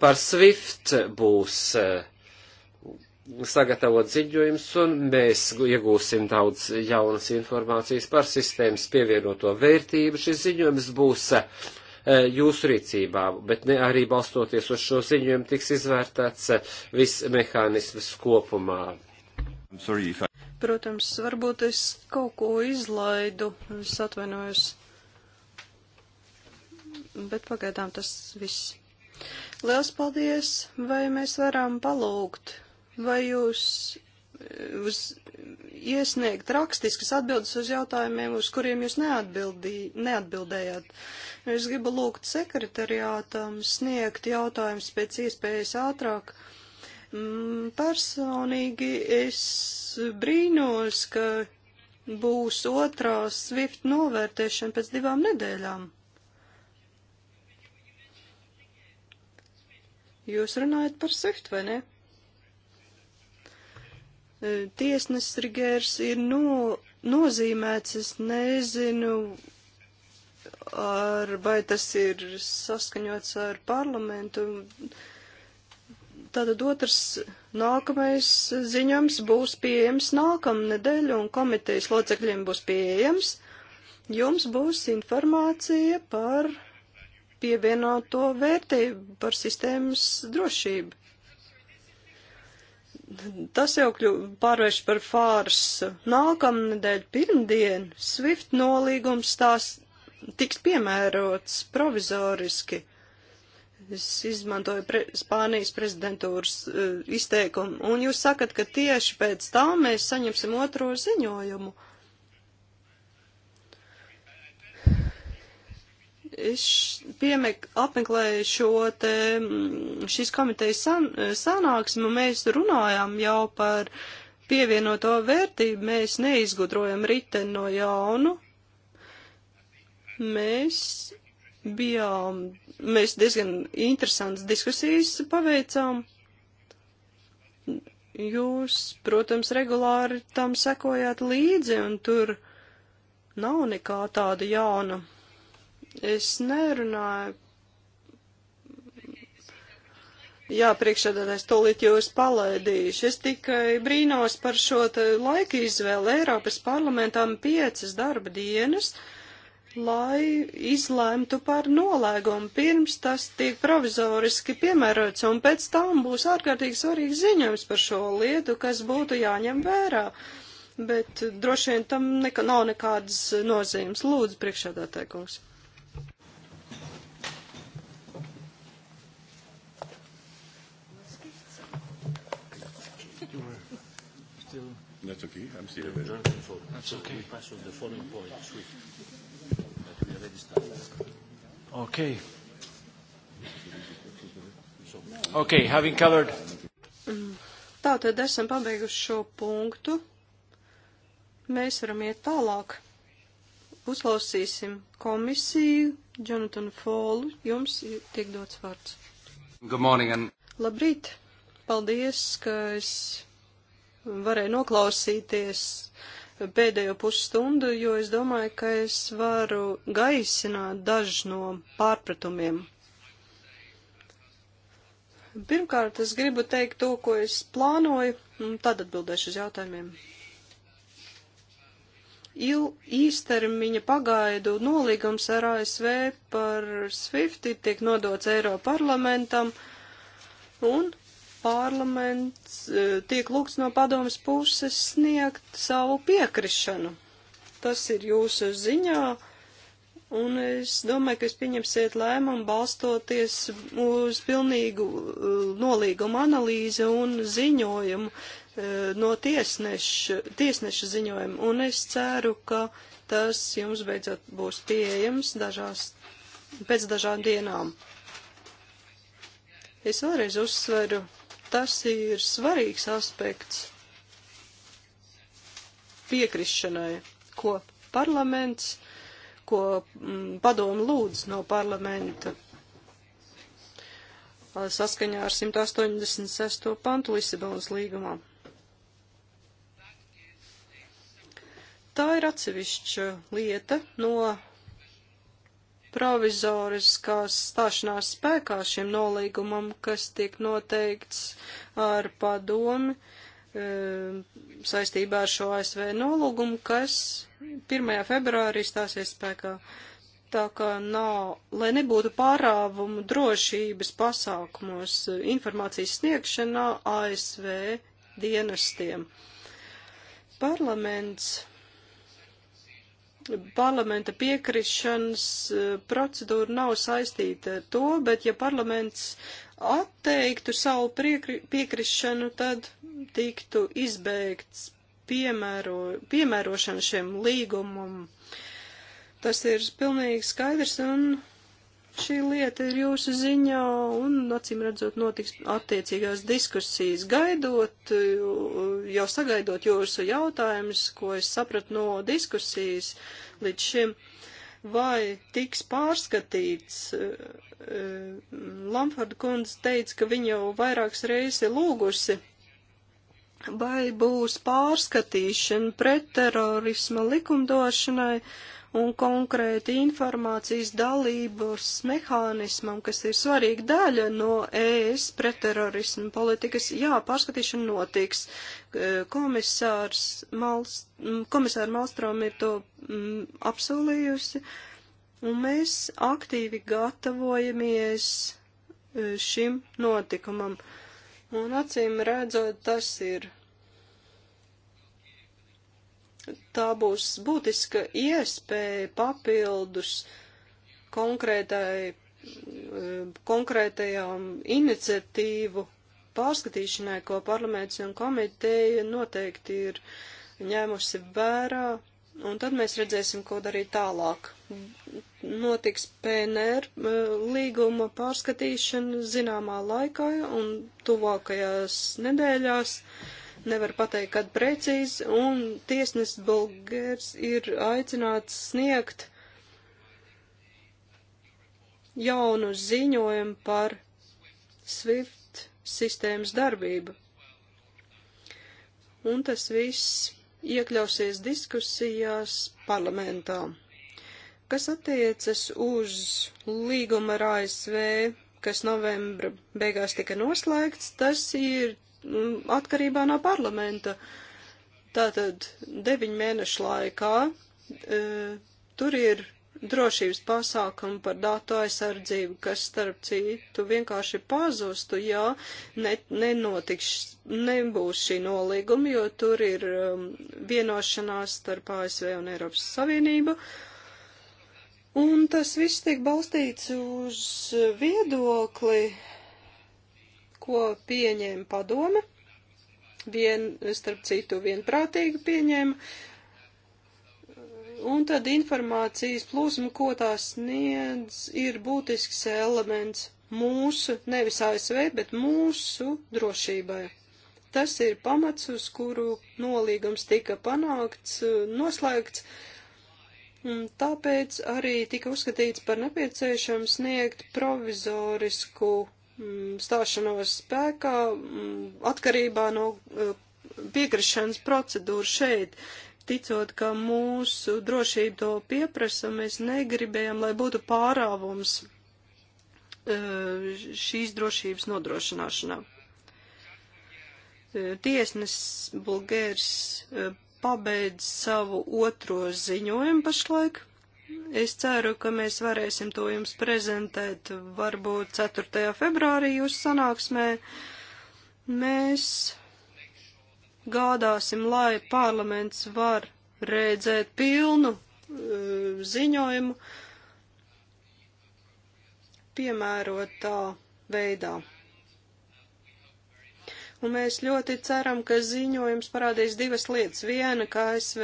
par SWIFT būs eh, sagatavot ziņojums un mēs iegūsim daudz jaunas informācijas par sistēmas pievienoto vērtību. Šis ziņojums būs uh, E, jūsu rīcībā, bet ne arī balstoties uz šo ziņojumu tiks izvērtēts e, viss mehānisms kopumā. Sorry, I... Protams, varbūt es kaut ko izlaidu, es atvainojos, bet pagaidām tas viss. Liels paldies, vai mēs varam palūgt, vai jūs e, uz, iesniegt rakstiskas atbildes uz jautājumiem, uz kuriem jūs neatbildējāt. Es gribu lūgt sekretariātam sniegt jautājumus pēc iespējas ātrāk. Mm, personīgi es brīnos, ka būs otrā SWIFT novērtēšana pēc divām nedēļām. Jūs runājat par SWIFT, vai ne? Tiesnes Rigērs ir no, nozīmēts, es nezinu, ar, vai tas ir saskaņots ar parlamentu. Tātad otrs nākamais ziņams būs pieejams nākamnedēļ un komitejas locekļiem būs pieejams. Jums būs informācija par pievienoto vērtību, par sistēmas drošību. Tas jau kļu, pārvērš par fārsu. Nākamnedēļ pirmdien Swift nolīgums stās tiks piemērots provizoriski. Es izmantoju pre Spānijas prezidentūras uh, izteikumu, un jūs sakat, ka tieši pēc tam mēs saņemsim otro ziņojumu. Es piemek, apmeklēju šo te, mm, šīs komitejas san, sanāksmi, un mēs runājām jau par pievienoto vērtību, mēs neizgudrojam riteni no jaunu, mēs bijām, mēs diezgan interesantas diskusijas paveicām. Jūs, protams, regulāri tam sekojāt līdzi, un tur nav nekā tāda jauna. Es nerunāju. Jā, priekšsēdētājs tolīt jūs palaidīšu. Es tikai brīnos par šo laika izvēli. Eiropas parlamentām piecas darba dienas. Uh, lai izlēmtu par nolēgumu. Pirms tas tiek provizoriski piemērots, un pēc tam būs ārkārtīgi svarīgs ziņojums par šo lietu, kas būtu jāņem vērā. Bet droši vien tam neka, nav nekādas nozīmes. Lūdzu, priekšādātāj kungs. That's okay. I'm still there. That's okay. Pass on the following point. Swift. Okay. Okay, having covered. Tātad esam pabeiguši šo punktu. Mēs varam iet tālāk. Uzklausīsim komisiju. Jonathan Folu, jums tiek dots vārds. Good morning. And... Labrīt. Paldies, ka es varēju noklausīties pēdējo pusstundu, jo es domāju, ka es varu gaisināt dažs no pārpratumiem. Pirmkārt, es gribu teikt to, ko es plānoju, un tad atbildēšu uz jautājumiem. Il, īstermiņa pagaidu nolīgums ar ASV par Swifti tiek nodots Eiroparlamentam, un parlaments e, tiek lūgts no padomas puses sniegt savu piekrišanu. Tas ir jūsu ziņā, un es domāju, ka jūs pieņemsiet lēmumu balstoties uz pilnīgu e, nolīgumu analīzi un ziņojumu e, no tiesneša, tiesneša ziņojumu, un es ceru, ka tas jums beidzot būs pieejams dažās, pēc dažām dienām. Es vēlreiz uzsveru, Tas ir svarīgs aspekts piekrišanai, ko parlaments, ko mm, padomu lūdz no parlamenta saskaņā ar 186. pantu Lisabonas līgumā. Tā ir atsevišķa lieta no provizoriskās stāšanās spēkā šim nolīgumam, kas tiek noteikts ar padomi ehm, saistībā ar šo ASV nolūgumu, kas 1. februārī stāsies spēkā. Tā kā nav, lai nebūtu pārāvumu drošības pasākumos eh, informācijas sniegšanā ASV dienestiem. Parlaments parlamenta piekrišanas e, procedūra nav saistīta ar to, bet ja parlaments atteiktu savu priekri, piekrišanu, tad tiktu izbeigts piemēro, piemērošana šiem līgumam. Tas ir pilnīgi skaidrs un šī lieta ir jūsu ziņā un, acīm redzot, notiks attiecīgās diskusijas. Gaidot, jau sagaidot jūsu jautājumus, ko es sapratu no diskusijas līdz šim, vai tiks pārskatīts, eh, Lamfarda kundze teica, ka viņa jau vairākas reizes ir lūgusi vai būs pārskatīšana pretterorisma likumdošanai, un konkrēti informācijas dalības mehānismam, kas ir svarīga daļa no ES pretterorismu politikas. Jā, pārskatīšana notiks. Komisārs Malst, komisāra Malstrom ir to mm, apsolījusi, un mēs aktīvi gatavojamies e, šim notikumam. Un acīm redzot, tas ir tā būs būtiska iespēja papildus konkrētai, eh, konkrētajām iniciatīvu pārskatīšanai, ko parlaments un komiteja noteikti ir ņēmusi vērā, un tad mēs redzēsim, ko darīt tālāk. Notiks PNR eh, līguma pārskatīšana zināmā laikā un tuvākajās nedēļās. Uh, nevar pateikt, kad precīzi, un tiesnesis Bulgērs ir aicināts sniegt jaunu ziņojumu par SWIFT sistēmas darbību. Un tas viss iekļausies diskusijās parlamentā. Kas attiecas uz līgumu ar ASV, kas novembra beigās tika noslēgts, tas ir atkarībā no parlamenta. Tātad deviņu mēnešu laikā e, tur ir drošības pasākumi par datu aizsardzību, kas starp citu vienkārši pazustu, ja ne, nenotiks, nebūs šī nolīguma, jo tur ir um, vienošanās starp ASV un Eiropas Savienību. Un tas viss tiek balstīts uz viedokli, uh, ko pieņēma padome, vien, starp citu, vienprātīgi pieņēma, un tad informācijas plūsma, ko tās sniedz, ir būtisks elements mūsu, nevis ASV, bet mūsu drošībai. Tas ir pamats, uz kuru nolīgums tika panākts, noslēgts, un tāpēc arī tika uzskatīts par nepieciešams sniegt provizorisku Mm, stāšanos spēkā mm, atkarībā no eh, piekrišanas procedūru šeit. Ticot, ka mūsu drošība to pieprasa, mēs negribējam, lai būtu pārāvums eh, šīs drošības nodrošināšanā. Eh, Tiesnes Bulgērs pabeidz savu otro ziņojumu pašlaik Es ceru, ka mēs varēsim to jums prezentēt varbūt 4. februārī jūsu sanāksmē. Mēs gādāsim, lai parlaments var redzēt pilnu uh, ziņojumu piemērotā veidā. Un mēs ļoti ceram, ka ziņojums parādīs divas lietas. Viena, ka ASV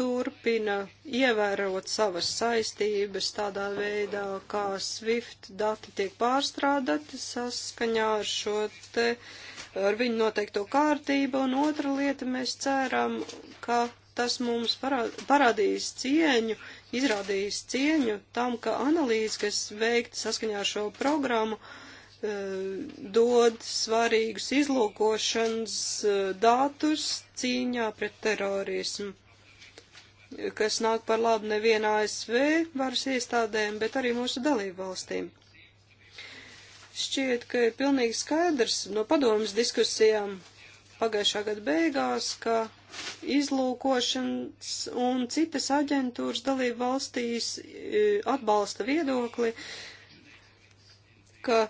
turpina ievērot savas saistības tādā veidā, kā SWIFT dati tiek pārstrādāti saskaņā ar šo te, ar viņu noteikto kārtību, un otra lieta mēs ceram, ka tas mums parādīs cieņu, izrādīs cieņu tam, ka analīze, kas veikta saskaņā ar šo programmu, eh, dod svarīgus izlūkošanas eh, datus cīņā pret terorismu kas nāk par labu nevien ASV varas iestādēm, bet arī mūsu dalību valstīm. Šķiet, ka ir pilnīgi skaidrs no padomas diskusijām pagājušā gada beigās, ka izlūkošanas un citas aģentūras dalību valstīs e, atbalsta viedokli, ka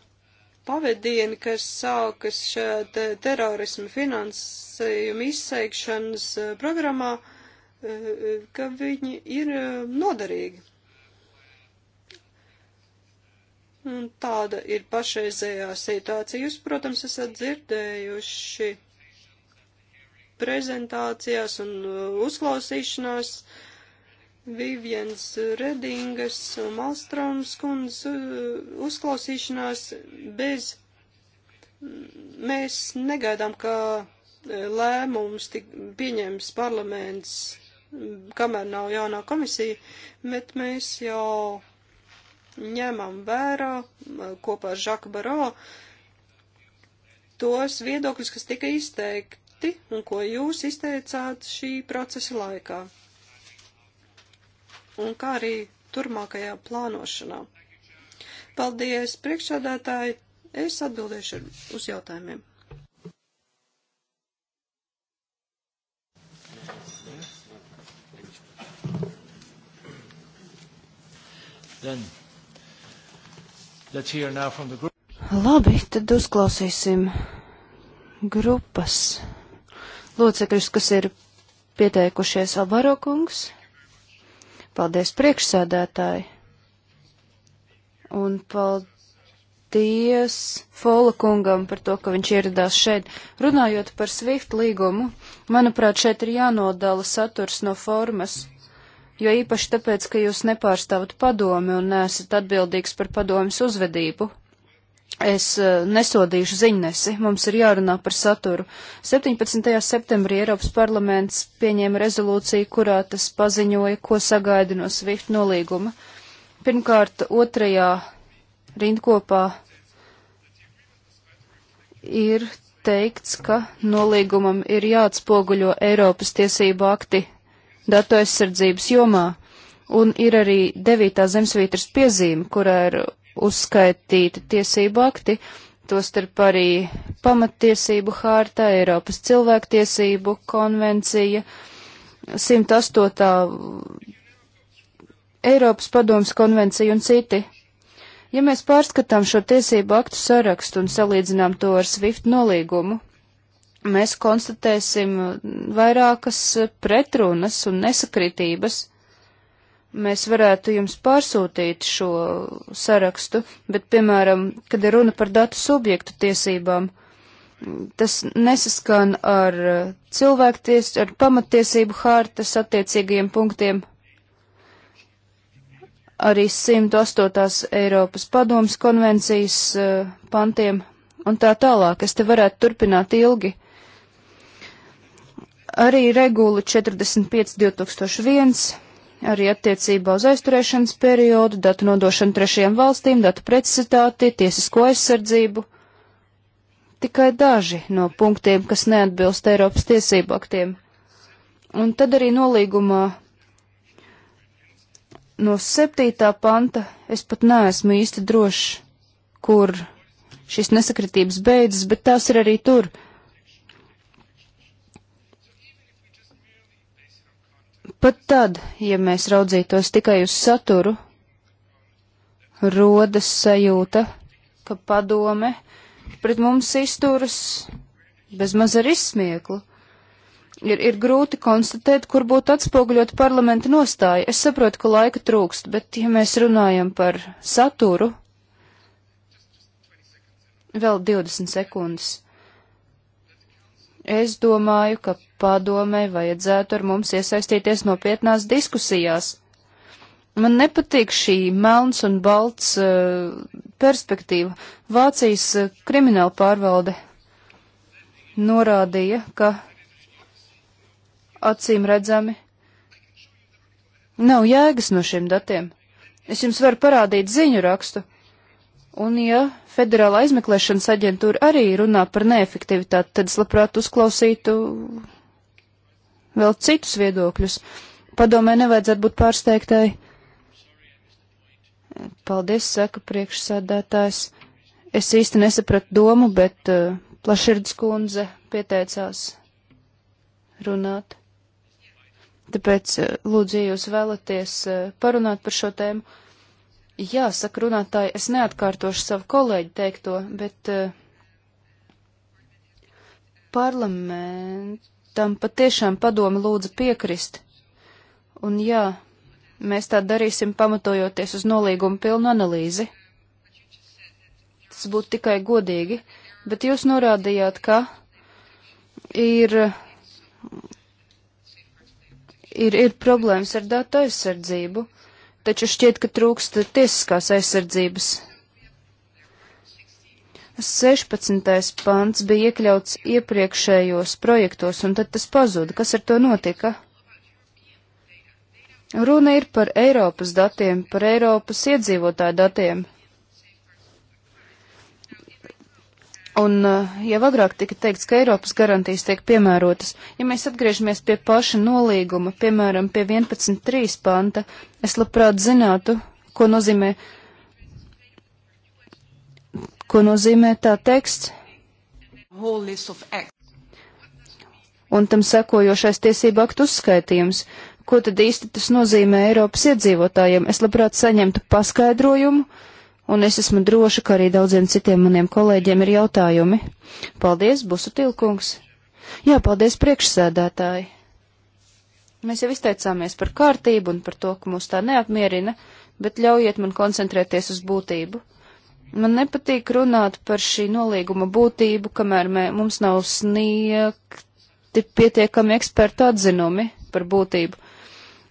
pavadieni, kas sākas šajā te terorismu finansējuma izseikšanas e, programmā, uh, ka viņi ir e, noderīgi. Un tāda ir pašreizējā situācija. Jūs, protams, esat dzirdējuši prezentācijās un e, uzklausīšanās Vivians Redingas un Malstroms kundas e, uzklausīšanās bez. Mēs negaidām, ka lēmums tik pieņems parlaments kamēr nav jaunā komisija, bet mēs jau ņemam vērā kopā ar Žaku Baro tos viedokļus, kas tika izteikti un ko jūs izteicāt šī procesa laikā. Un kā arī turmākajā plānošanā. Paldies, priekšsādātāji! Es atbildēšu uz jautājumiem. Then, let's hear now from the group. Labi, tad uzklausīsim grupas locekļus, kas ir pieteikušies Alvaro kungs. Paldies priekšsēdētāji. Un paldies Fola kungam par to, ka viņš ieradās šeit. Runājot par Swift līgumu, manuprāt, šeit ir jānodala saturs no formas jo īpaši tāpēc, ka jūs nepārstāvat padomi un nesat atbildīgs par padomas uzvedību. Es uh, nesodīšu ziņnesi, mums ir jārunā par saturu. 17. septembrī Eiropas parlaments pieņēma rezolūciju, kurā tas paziņoja, ko sagaida no SWIFT nolīguma. Pirmkārt, otrajā rindkopā ir teikts, ka nolīgumam ir jāatspoguļo Eiropas tiesību akti datu aizsardzības jomā, un ir arī devītā zemesvītras piezīme, kurā ir uzskaitīti tiesību akti, tostarp arī pamattiesību hārta, Eiropas cilvēktiesību konvencija, 108. Eiropas padomas konvencija un citi. Ja mēs pārskatām šo tiesību aktu sarakstu un salīdzinām to ar SWIFT nolīgumu, mēs konstatēsim vairākas pretrunas un nesakritības. Mēs varētu jums pārsūtīt šo sarakstu, bet, piemēram, kad ir runa par datu subjektu tiesībām, tas nesaskan ar cilvēkties, ar pamatiesību hārtas attiecīgajiem punktiem. Arī 108. Eiropas padomas konvencijas eh, pantiem un tā tālāk. Es te varētu turpināt ilgi. Arī regula 45.2001, arī attiecībā uz aizturēšanas periodu, datu nodošanu trešajām valstīm, datu precizitāti, tiesisko aizsardzību. Tikai daži no punktiem, kas neatbilst Eiropas tiesību aktiem. Un tad arī nolīgumā no 7. panta es pat neesmu īsti drošs, kur šīs nesakritības beidzas, bet tās ir arī tur. Pat tad, ja mēs raudzītos tikai uz saturu, rodas sajūta, ka padome pret mums izturas bezmaz ar izsmieklu. Ir, ir grūti konstatēt, kur būtu atspoguļot parlamenta nostāja. Es saprotu, ka laika trūkst, bet ja mēs runājam par saturu, vēl 20 sekundes. Es domāju, ka padomē vajadzētu ar mums iesaistīties nopietnās diskusijās. Man nepatīk šī melns un balts uh, perspektīva. Vācijas uh, krimināla pārvalde norādīja, ka acīm redzami nav jēgas no šiem datiem. Es jums varu parādīt ziņu rakstu. Un ja federāla aizmeklēšanas aģentūra arī runā par neefektivitāti, tad es labprāt uzklausītu vēl citus viedokļus. Padomē nevajadzētu būt pārsteigtai. Paldies, saka priekšsēdētājs. Es īsti nesapratu domu, bet uh, plaširds kundze pieteicās runāt. Tāpēc, uh, lūdzu, ja jūs vēlaties uh, parunāt par šo tēmu. Jā, saka runātāji, es neatkārtošu savu kolēģi teikto, bet uh, parlamentam patiešām padomi lūdza piekrist. Un jā, mēs tā darīsim pamatojoties uz nolīgumu pilnu analīzi. Tas būtu tikai godīgi, bet jūs norādījāt, ka ir, ir, ir problēmas ar datu aizsardzību. Uh, taču šķiet, ka trūkst tiesiskās aizsardzības. 16. pants bija iekļauts iepriekšējos projektos, un tad tas pazuda. Kas ar to notika? Runa ir par Eiropas datiem, par Eiropas iedzīvotāju datiem. Un eh, jau agrāk tika teikts, ka Eiropas garantijas tiek piemērotas. Ja mēs atgriežamies pie paša nolīguma, piemēram, pie 11.3 panta, es labprāt zinātu, ko nozīmē, ko nozīmē tā teksts. Un tam sekojošais tiesību aktu uzskaitījums. Ko tad īsti tas nozīmē Eiropas iedzīvotājiem? Es labprāt saņemtu paskaidrojumu un es esmu droša, ka arī daudziem citiem maniem kolēģiem ir jautājumi. Paldies, Busutilkungs! Jā, paldies, priekšsēdētāji! Mēs jau izteicāmies par kārtību un par to, ka mūs tā neapmierina, bet ļaujiet man koncentrēties uz būtību. Man nepatīk runāt par šī nolīguma būtību, kamēr mē, mums nav sniegti pietiekami ekspertu atzinumi par būtību.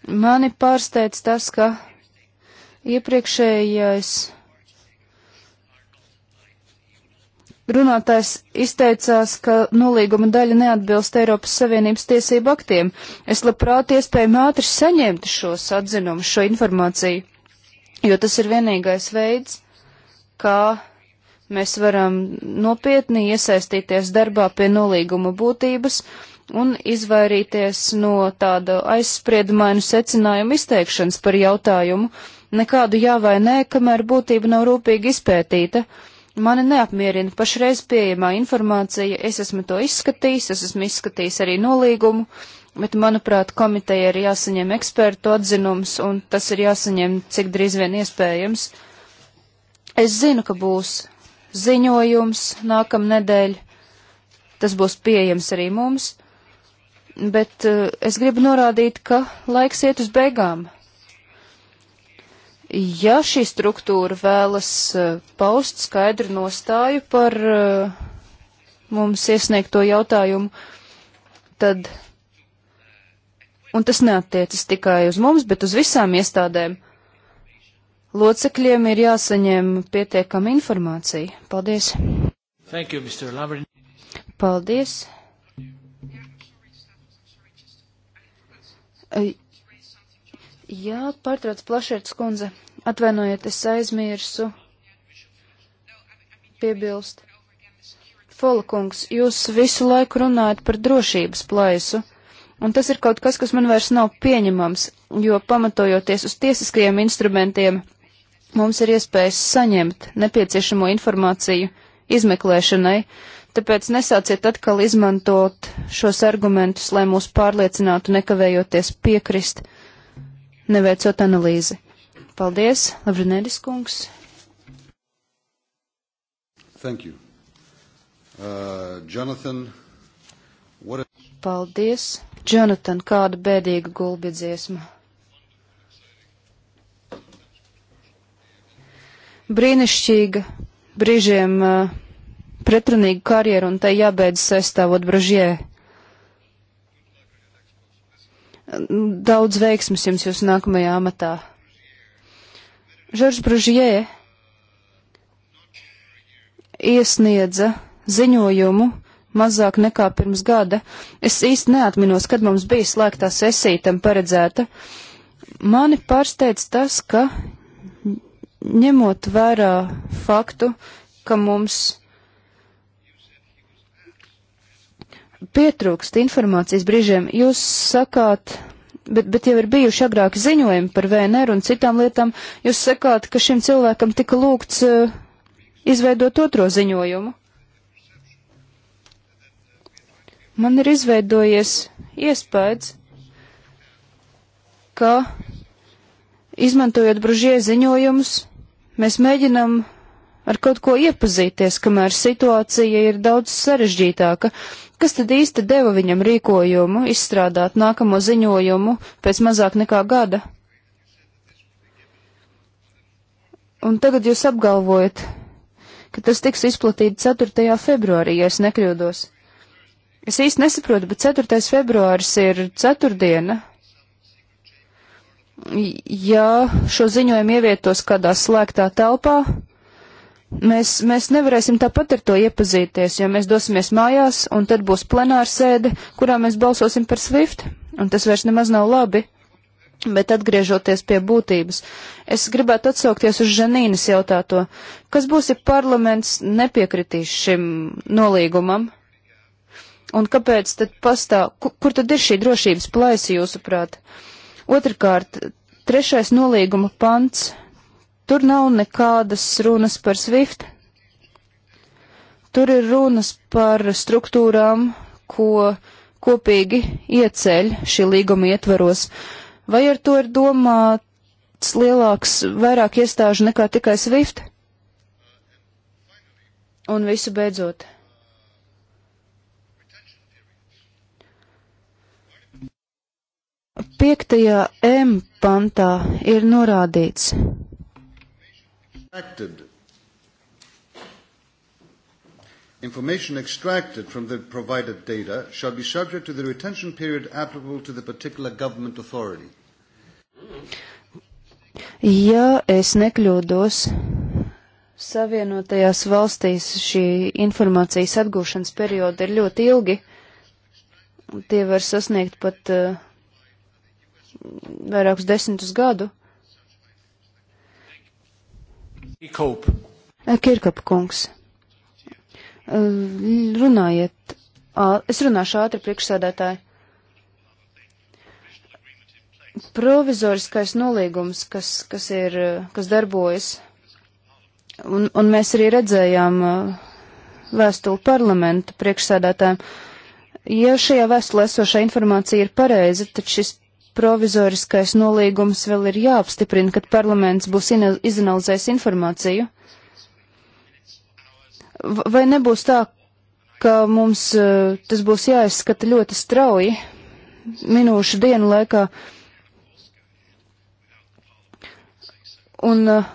Mani pārsteidz tas, ka iepriekšējais Runātājs izteicās, ka nolīguma daļa neatbilst Eiropas Savienības tiesību aktiem. Es labprāt iespējami ātri saņemtu šos atzinumus, šo informāciju, jo tas ir vienīgais veids, kā mēs varam nopietni iesaistīties darbā pie nolīguma būtības un izvairīties no tāda aizspriedumainu secinājumu izteikšanas par jautājumu, nekādu jā vai nē, kamēr būtība nav rūpīgi izpētīta. Mani neapmierina pašreiz pieejamā informācija, es esmu to izskatījis, es esmu izskatījis arī nolīgumu, bet, manuprāt, komiteja ir jāsaņem ekspertu atzinums, un tas ir jāsaņem cik drīz vien iespējams. Es zinu, ka būs ziņojums nākamnedēļ, tas būs pieejams arī mums, bet uh, es gribu norādīt, ka laiks iet uz beigām. Ja šī struktūra vēlas eh, paust skaidru nostāju par eh, mums iesniegto jautājumu, tad, un tas neatiecas tikai uz mums, bet uz visām iestādēm, locekļiem ir jāsaņem pietiekama informācija. Paldies! Thank you, Mr. Lavrin. Paldies! Uh, Jā, pārtrauc plašērts kundze. Atvainojiet, es aizmirsu piebilst. Folkungs, jūs visu laiku runājat par drošības plaisu, un tas ir kaut kas, kas man vairs nav pieņemams, jo pamatojoties uz tiesiskajiem instrumentiem, mums ir iespējas saņemt nepieciešamo informāciju izmeklēšanai, tāpēc nesāciet atkal izmantot šos argumentus, lai mūs pārliecinātu nekavējoties piekrist neveicot analīzi. Paldies, Lavrinēdis kungs. Thank you. Uh, Jonathan, what a... Paldies. Jonathan, kāda bēdīga gulbidziesma. Brīnišķīga, brīžiem uh, pretrunīga karjera un tai jābeidz sestāvot bražie. Daudz veiksmes jums jūsu nākamajā amatā. Žoržs Bružjē iesniedza ziņojumu mazāk nekā pirms gada. Es īsti neatminos, kad mums bija slēgtā sesija tam paredzēta. Mani pārsteidz tas, ka ņemot vērā faktu, ka mums pietrūkst informācijas brīžiem. Jūs sakāt, bet, bet jau ir bijuši agrāk ziņojumi par VNR un citām lietām, jūs sakāt, ka šim cilvēkam tika lūgts uh, izveidot otro ziņojumu. Man ir izveidojies iespējas, ka, izmantojot bružie ziņojumus, mēs mēģinam ar kaut ko iepazīties, kamēr situācija ir daudz sarežģītāka. Kas tad īsti deva viņam rīkojumu izstrādāt nākamo ziņojumu pēc mazāk nekā gada? Un tagad jūs apgalvojat, ka tas tiks izplatīts 4. februārī, ja es nekļūdos. Es īsti nesaprotu, bet 4. februāris ir ceturtdiena. Ja šo ziņojumu ievietos kādā slēgtā telpā, Mēs, mēs nevarēsim tāpat ar to iepazīties, jo mēs dosimies mājās, un tad būs plenāra sēde, kurā mēs balsosim par SWIFT, un tas vairs nemaz nav labi. Bet atgriežoties pie būtības, es gribētu atsaukties uz Žanīnas jautāto, kas būs, ja parlaments nepiekritīs šim nolīgumam? Un kāpēc tad pastāv, kur, kur tad ir šī drošības plaisa jūsuprāt? Otrakārt, trešais nolīguma pants Tur nav nekādas runas par SWIFT. Tur ir runas par struktūrām, ko kopīgi ieceļ šī līguma ietvaros. Vai ar to ir domāts lielāks, vairāk iestāžu nekā tikai SWIFT? Un visu beidzot. Piektajā M pantā ir norādīts, extracted Information extracted from the provided data shall be subject to the retention period applicable to the particular government authority. Ja es nekļūdos, Savienotajās valstīs šī informācijas atgūšanas perioda ir ļoti ilgi. Tie var sasniegt pat uh, vairākus desmitus gadu. Kirkop eh, kungs, eh, runājiet, es runāšu ātri priekšsēdētāji. Provizoriskais nolīgums, kas, kas ir, kas darbojas, un, un mēs arī redzējām eh, vēstuli parlamenta priekšsēdētājiem. Ja šajā vēstulē esošā informācija ir pareiza, tad šis provizoriskais nolīgums vēl ir jāapstiprina, kad parlaments būs izanalizējis informāciju. Vai nebūs tā, ka mums eh, tas būs jāizskata ļoti strauji minūšu dienu laikā? Un, eh,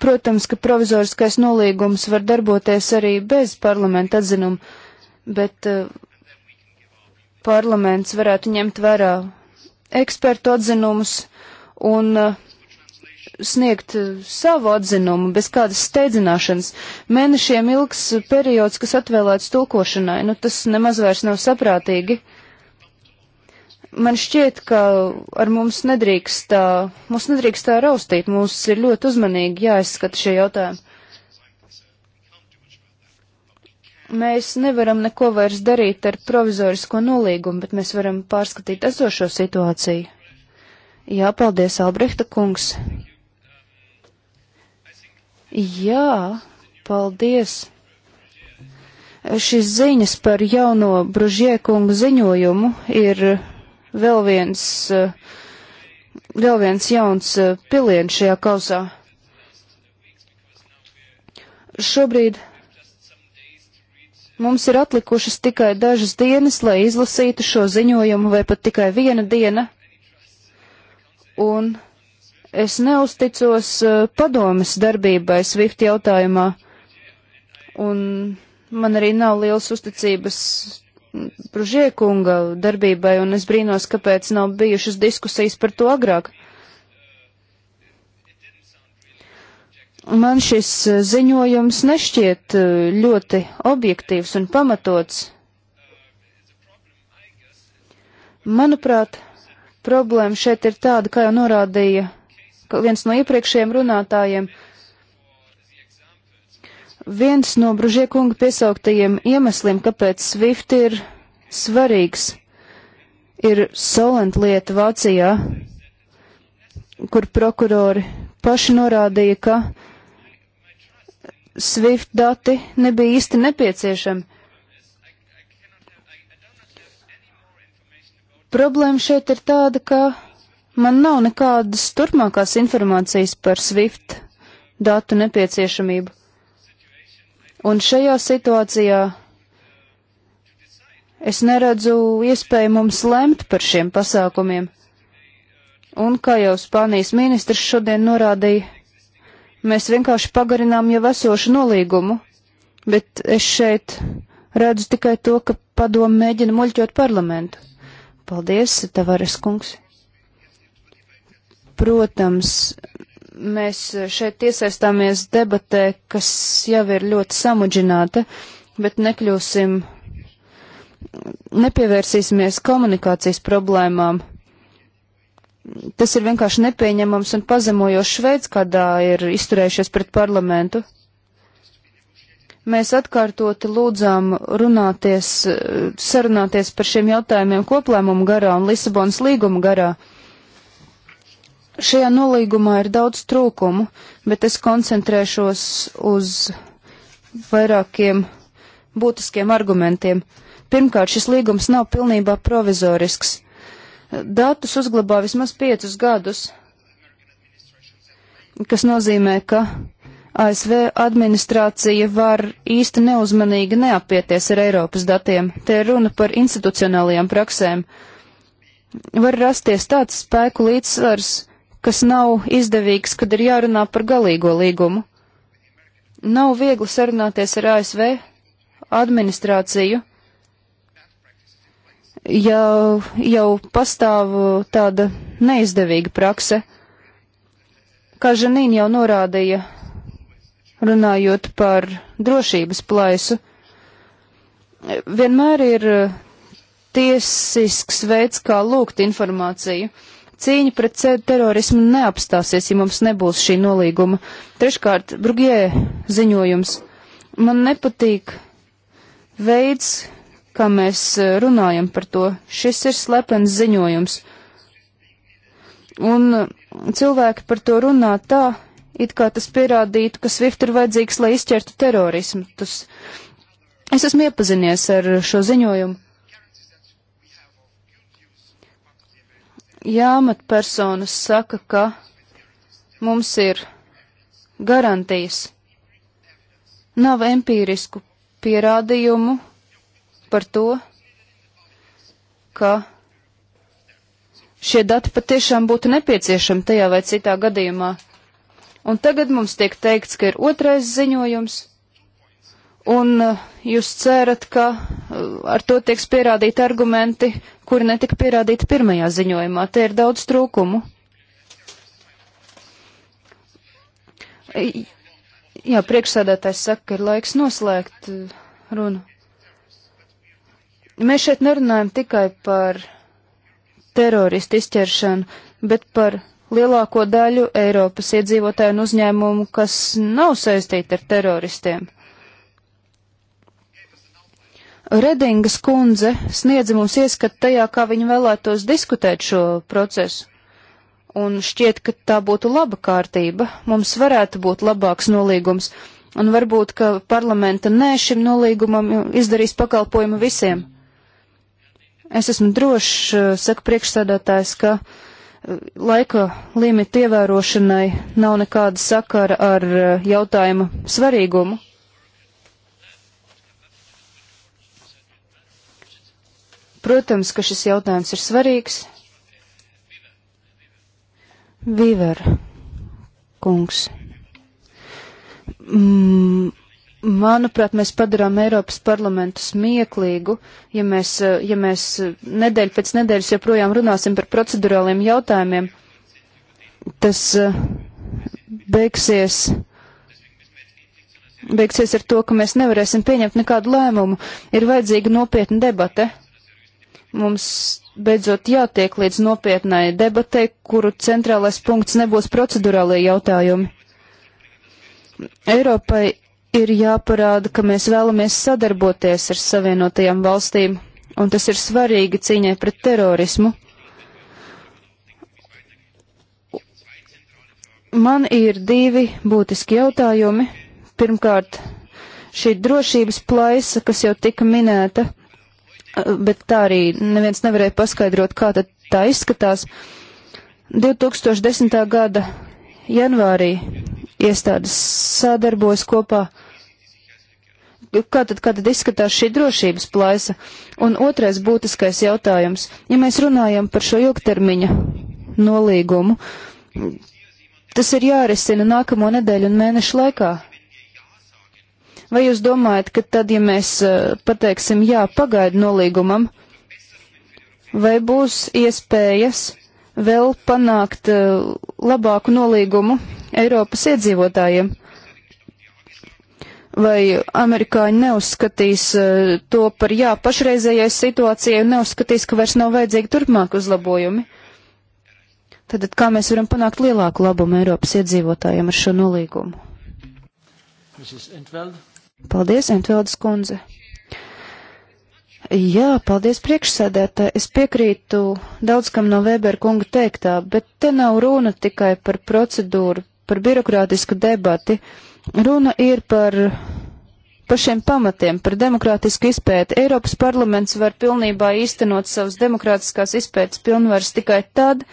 protams, ka provizoriskais nolīgums var darboties arī bez parlamenta atzinuma, bet eh, parlaments varētu ņemt vērā ekspertu atzinumus un uh, sniegt uh, savu atzinumu bez kādas steidzināšanas. Mēnešiem ilgs periods, kas atvēlēts tulkošanai, nu tas nemaz vairs nav saprātīgi. Man šķiet, ka ar mums nedrīkst tā, uh, mums nedrīkst tā raustīt, mums ir ļoti uzmanīgi jāizskata šie jautājumi. Mēs nevaram neko vairs darīt ar provizorisko nolīgumu, bet mēs varam pārskatīt esošo situāciju. Jā, paldies, Albrehta kungs. Jā, paldies. Šis ziņas par jauno Bružiekungu ziņojumu ir vēl viens, vēl viens jauns piliens šajā kausā. Šobrīd Mums ir atlikušas tikai dažas dienas, lai izlasītu šo ziņojumu, vai pat tikai viena diena. Un es neusticos eh, padomas darbībai Swift jautājumā, un man arī nav liels uzticības Bružiekunga darbībai, un es brīnos, kāpēc nav bijušas diskusijas par to agrāk. man šis eh, ziņojums nešķiet eh, ļoti objektīvs un pamatots. Manuprāt, problēma šeit ir tāda, kā jau norādīja viens no iepriekšējiem runātājiem. Viens no Bružiekunga piesauktajiem iemesliem, kāpēc Swift ir svarīgs, ir Solent lieta Vācijā, kur prokurori paši norādīja, ka SWIFT dati nebija īsti nepieciešami. Problēma šeit ir tāda, ka man nav nekādas turpmākās informācijas par SWIFT datu nepieciešamību. Un šajā situācijā es neredzu iespēju mums lemt par šiem pasākumiem. Un, kā jau Spānijas ministrs šodien norādīja, Mēs vienkārši pagarinām jau esošu nolīgumu, bet es šeit redzu tikai to, ka padomu mēģina muļķot parlamentu. Paldies, Tavares kungs. Protams, mēs šeit iesaistāmies debatē, kas jau ir ļoti samudžināta, bet nekļūsim, nepievērsīsimies komunikācijas problēmām tas ir vienkārši nepieņemams un pazemojošs veids, kādā ir izturējušies pret parlamentu. Mēs atkārtoti lūdzām runāties, sarunāties par šiem jautājumiem koplēmumu garā un Lisabonas līguma garā. Šajā nolīgumā ir daudz trūkumu, bet es koncentrēšos uz vairākiem būtiskiem argumentiem. Pirmkārt, šis līgums nav pilnībā provizorisks datus uzglabā vismaz piecus gadus, kas nozīmē, ka ASV administrācija var īsti neuzmanīgi neapieties ar Eiropas datiem. Te ir runa par institucionālajām praksēm. Var rasties tāds spēku līdzsvars, kas nav izdevīgs, kad ir jārunā par galīgo līgumu. Nav viegli sarunāties ar ASV administrāciju jau, jau pastāv tāda neizdevīga prakse. Kā Žanīna jau norādīja, runājot par drošības plaisu, vienmēr ir tiesisks veids, kā lūgt informāciju. Cīņa pret terorismu neapstāsies, ja mums nebūs šī nolīguma. Treškārt, Brugē ziņojums. Man nepatīk veids, kā mēs e, runājam par to. Šis ir slepens ziņojums. Un e, cilvēki par to runā tā, it kā tas pierādītu, ka Swift ir vajadzīgs, lai izķertu terorismu. Tas, es esmu iepazinies ar šo ziņojumu. Jāmatpersonas saka, ka mums ir garantijas. Nav empīrisku pierādījumu par to, ka šie dati patiešām būtu nepieciešami tajā vai citā gadījumā. Un tagad mums tiek teikts, ka ir otrais ziņojums, un uh, jūs cerat, ka uh, ar to tieks pierādīti argumenti, kuri netika pierādīti pirmajā ziņojumā. Te ir daudz trūkumu. Jā, priekšsēdētājs saka, ka ir laiks noslēgt uh, runu. Mēs šeit nerunājam tikai par teroristu izķeršanu, bet par lielāko daļu Eiropas iedzīvotāju un uzņēmumu, kas nav saistīti ar teroristiem. Redingas kundze sniedza mums ieskatu tajā, kā viņa vēlētos diskutēt šo procesu, un šķiet, ka tā būtu laba kārtība, mums varētu būt labāks nolīgums, un varbūt, ka parlamenta nē šim nolīgumam izdarīs pakalpojumu visiem. Es esmu drošs, eh, saka priekšsēdētājs, ka eh, laika limita ievērošanai nav nekāda sakara ar eh, jautājuma svarīgumu. Protams, ka šis jautājums ir svarīgs. Vīver, kungs. Mm, Manuprāt, mēs padarām Eiropas parlamentu smieklīgu, ja mēs, eh, ja mēs eh, nedēļu pēc nedēļas joprojām runāsim par procedurāliem jautājumiem. Tas eh, beigsies, beigsies ar to, ka mēs nevarēsim pieņemt nekādu lēmumu. Ir vajadzīga nopietna debate. Mums beidzot jātiek līdz nopietnai debatei, kuru centrālais punkts nebūs procedurālie jautājumi. Eiropai ir jāparāda, ka mēs vēlamies sadarboties ar Savienotajām valstīm, un tas ir svarīgi cīņai pret terorismu. Man ir divi būtiski jautājumi. Pirmkārt, šī drošības plaisa, kas jau tika minēta, bet tā arī neviens nevarēja paskaidrot, kā tad tā izskatās. 2010. gada janvārī iestādes sadarbojas kopā. Kā tad, kā tad izskatās šī drošības plaisa? Un otrais būtiskais jautājums. Ja mēs runājam par šo ilgtermiņa nolīgumu, tas ir jārisina nākamo nedēļu un mēnešu laikā. Vai jūs domājat, ka tad, ja mēs eh, pateiksim jā pagaidu nolīgumam, vai būs iespējas vēl panākt eh, labāku nolīgumu Eiropas iedzīvotājiem. Vai amerikāņi neuzskatīs eh, to par jā pašreizējai situācijai un neuzskatīs, ka vairs nav vajadzīgi turpmāk uzlabojumi? Tad kā mēs varam panākt lielāku labumu Eiropas iedzīvotājiem ar šo nolīgumu? Entveld. Paldies, Entveldes kundze. Jā, paldies priekšsēdētāji. Es piekrītu daudz kam no Vēbera kunga teiktā, bet te nav runa tikai par procedūru par birokrātisku debati. Runa ir par pašiem pamatiem, par demokrātisku izpēti. Eiropas parlaments var pilnībā īstenot savus demokrātiskās izpētes pilnvaras tikai tad,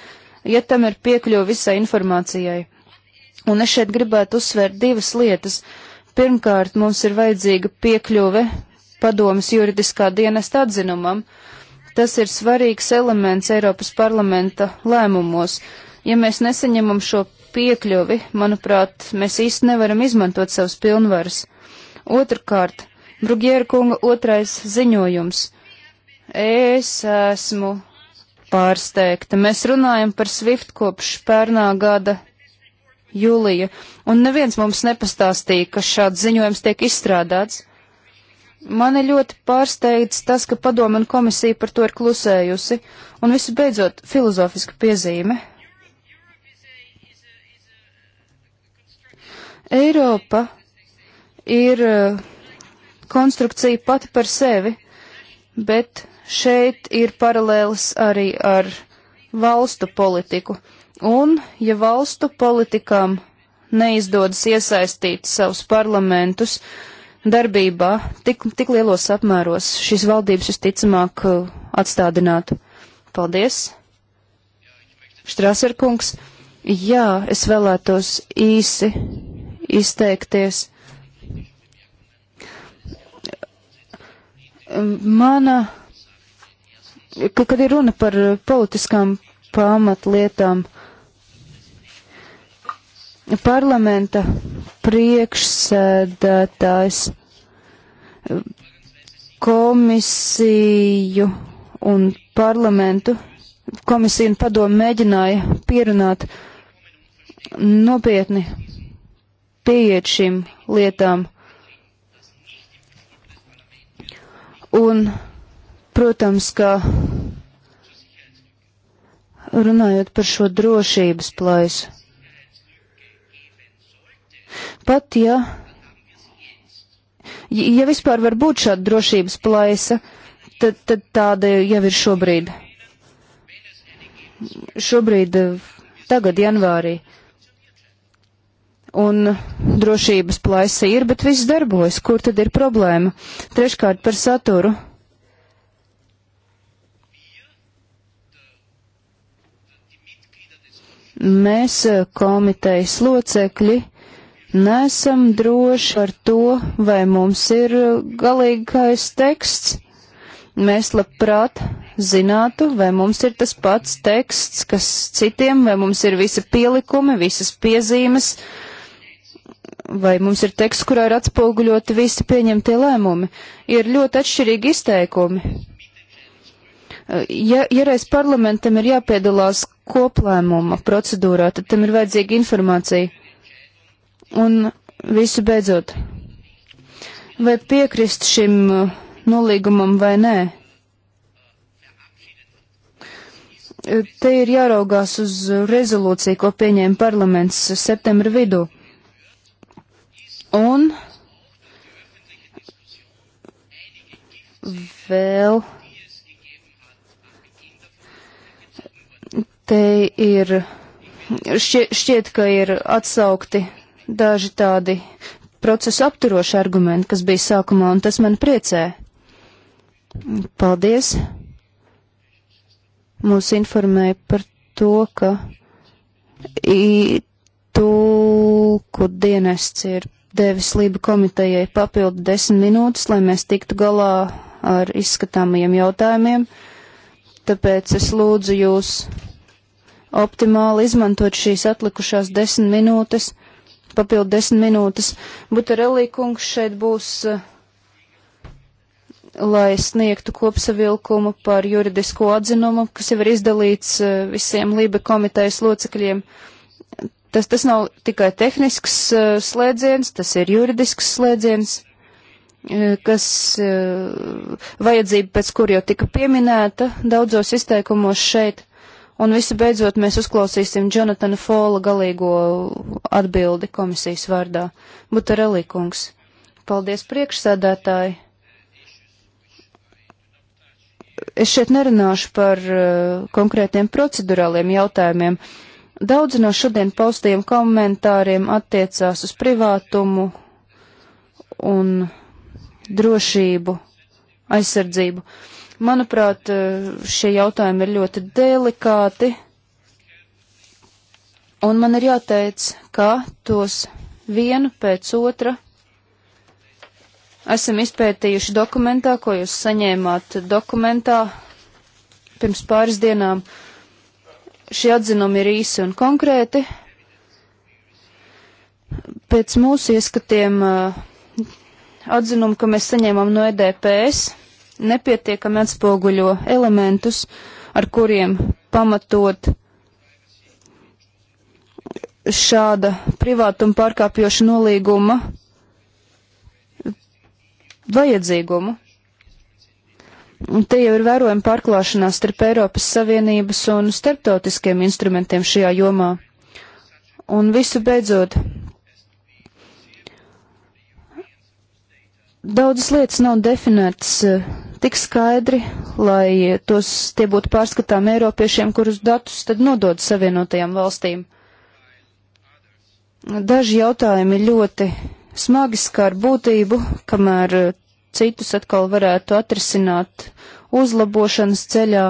ja tam ir piekļuva visai informācijai. Un es šeit gribētu uzsvērt divas lietas. Pirmkārt, mums ir vajadzīga piekļuve padomas juridiskā dienesta atzinumam. Tas ir svarīgs elements Eiropas parlamenta lēmumos. Ja mēs nesaņemam šo piekļuvi, manuprāt, mēs īsti nevaram izmantot savus pilnvaras. Otrkārt, Brugiera kunga otrais ziņojums. Es esmu pārsteigta. Mēs runājam par Swift kopš pērnā gada jūlija, un neviens mums nepastāstīja, ka šāds ziņojums tiek izstrādāts. Mani ļoti pārsteidz tas, ka padoma un komisija par to ir klusējusi, un visu beidzot filozofiska piezīme Eiropa ir eh, konstrukcija pati par sevi, bet šeit ir paralēlis arī ar valstu politiku. Un, ja valstu politikām neizdodas iesaistīt savus parlamentus darbībā, tik, tik lielos apmēros šīs valdības visticamāk eh, atstādinātu. Paldies! Štraserkungs, jā, es vēlētos īsi izteikties. Mana, kad ir runa par politiskām pamatlietām, parlamenta priekšsēdētājs komisiju un parlamentu, komisiju un padomu mēģināja pierunāt nopietni pieiet šīm lietām. Un, protams, ka runājot par šo drošības plaisu, pat ja, ja vispār var būt šāda drošības plaisa, tad, tad tāda jau ir šobrīd. Šobrīd, tagad janvārī un drošības plaisa ir, bet viss darbojas. Kur tad ir problēma? Treškārt par saturu. Mēs, eh, komitejas locekļi, nesam droši par to, vai mums ir eh, galīgais teksts. Mēs labprāt zinātu, vai mums ir tas pats teksts, kas citiem, vai mums ir visi pielikumi, visas piezīmes, uh, vai mums ir teksts, kurā ir atspoguļoti visi pieņemtie lēmumi. Ir ļoti atšķirīgi izteikumi. Uh, ja, ja reiz parlamentam ir jāpiedalās koplēmuma procedūrā, tad tam ir vajadzīga informācija. Un visu beidzot, vai piekrist šim uh, nolīgumam vai nē? Uh, te ir jāraugās uz rezolūciju, ko pieņēma parlaments septembra vidū. Un vēl te ir, šķiet, šķiet ka ir atsaukti daži tādi procesu apturoši argumenti, kas bija sākumā, un tas man priecē. Paldies! Mūs informēja par to, ka tulku dienests ir devis Lība komitejai papildu desmit minūtes, lai mēs tiktu galā ar izskatāmajiem jautājumiem, tāpēc es lūdzu jūs optimāli izmantot šīs atlikušās desmit minūtes, papildu desmit minūtes. Butarelī kungs šeit būs, eh, lai sniegtu kopsavilkumu par juridisko atzinumu, kas jau ir izdalīts eh, visiem Lība komitejas locekļiem. Tas, tas nav tikai tehnisks eh, slēdziens, tas ir juridisks slēdziens, eh, kas eh, vajadzība pēc kur jau tika pieminēta daudzos izteikumos šeit. Un visu beidzot mēs uzklausīsim Jonatana Fola galīgo atbildi komisijas vārdā. Butarelī kungs. Paldies priekšsēdētāji. Es šeit nerunāšu par uh, konkrētiem procedurāliem jautājumiem. Uh, Daudzi no šodien paustiem komentāriem attiecās uz privātumu un drošību, aizsardzību. Manuprāt, šie jautājumi ir ļoti delikāti, un man ir jāteic, ka tos vienu pēc otra esam izpētījuši dokumentā, ko jūs saņēmāt dokumentā pirms pāris dienām. Uh, Šie atzinumi ir īsi un konkrēti. Pēc mūsu ieskatiem eh, atzinumu, ko mēs saņēmām no EDPS, nepietiekami atspoguļo elementus, ar kuriem pamatot šāda privātuma pārkāpjoša nolīguma vajadzīgumu. Te jau ir vērojama pārklāšanās starp Eiropas Savienības un starptautiskiem instrumentiem šajā jomā. Un visu beidzot, daudzas lietas nav definētas eh, tik skaidri, lai tos tie būtu pārskatām Eiropiešiem, kurus datus tad nodod Savienotajām valstīm. Daži jautājumi ļoti smagi skar būtību, kamēr eh, citus atkal varētu atrisināt uzlabošanas ceļā,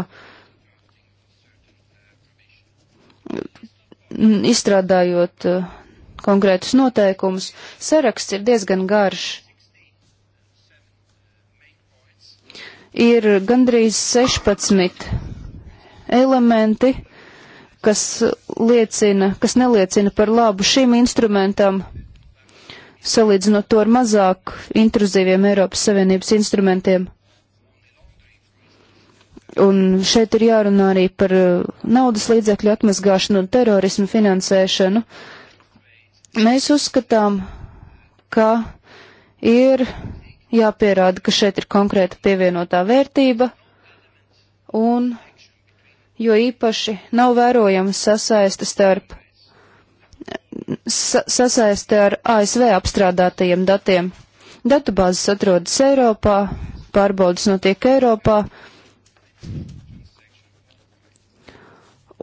izstrādājot uh, konkrētus noteikumus. Saraksts ir diezgan garš. Ir gandrīz 16 elementi, kas liecina, kas neliecina par labu šim instrumentam salīdzinot to ar mazāk intruzīviem Eiropas Savienības instrumentiem. Un šeit ir jārunā arī par uh, naudas līdzekļu atmazgāšanu un terorismu finansēšanu. Mēs uzskatām, ka ir jāpierāda, ka šeit ir konkrēta pievienotā vērtība, un jo īpaši nav vērojama sasaiste starp sasaiste ar ASV apstrādātajiem datiem. Datubāzes atrodas Eiropā, pārbaudas notiek Eiropā.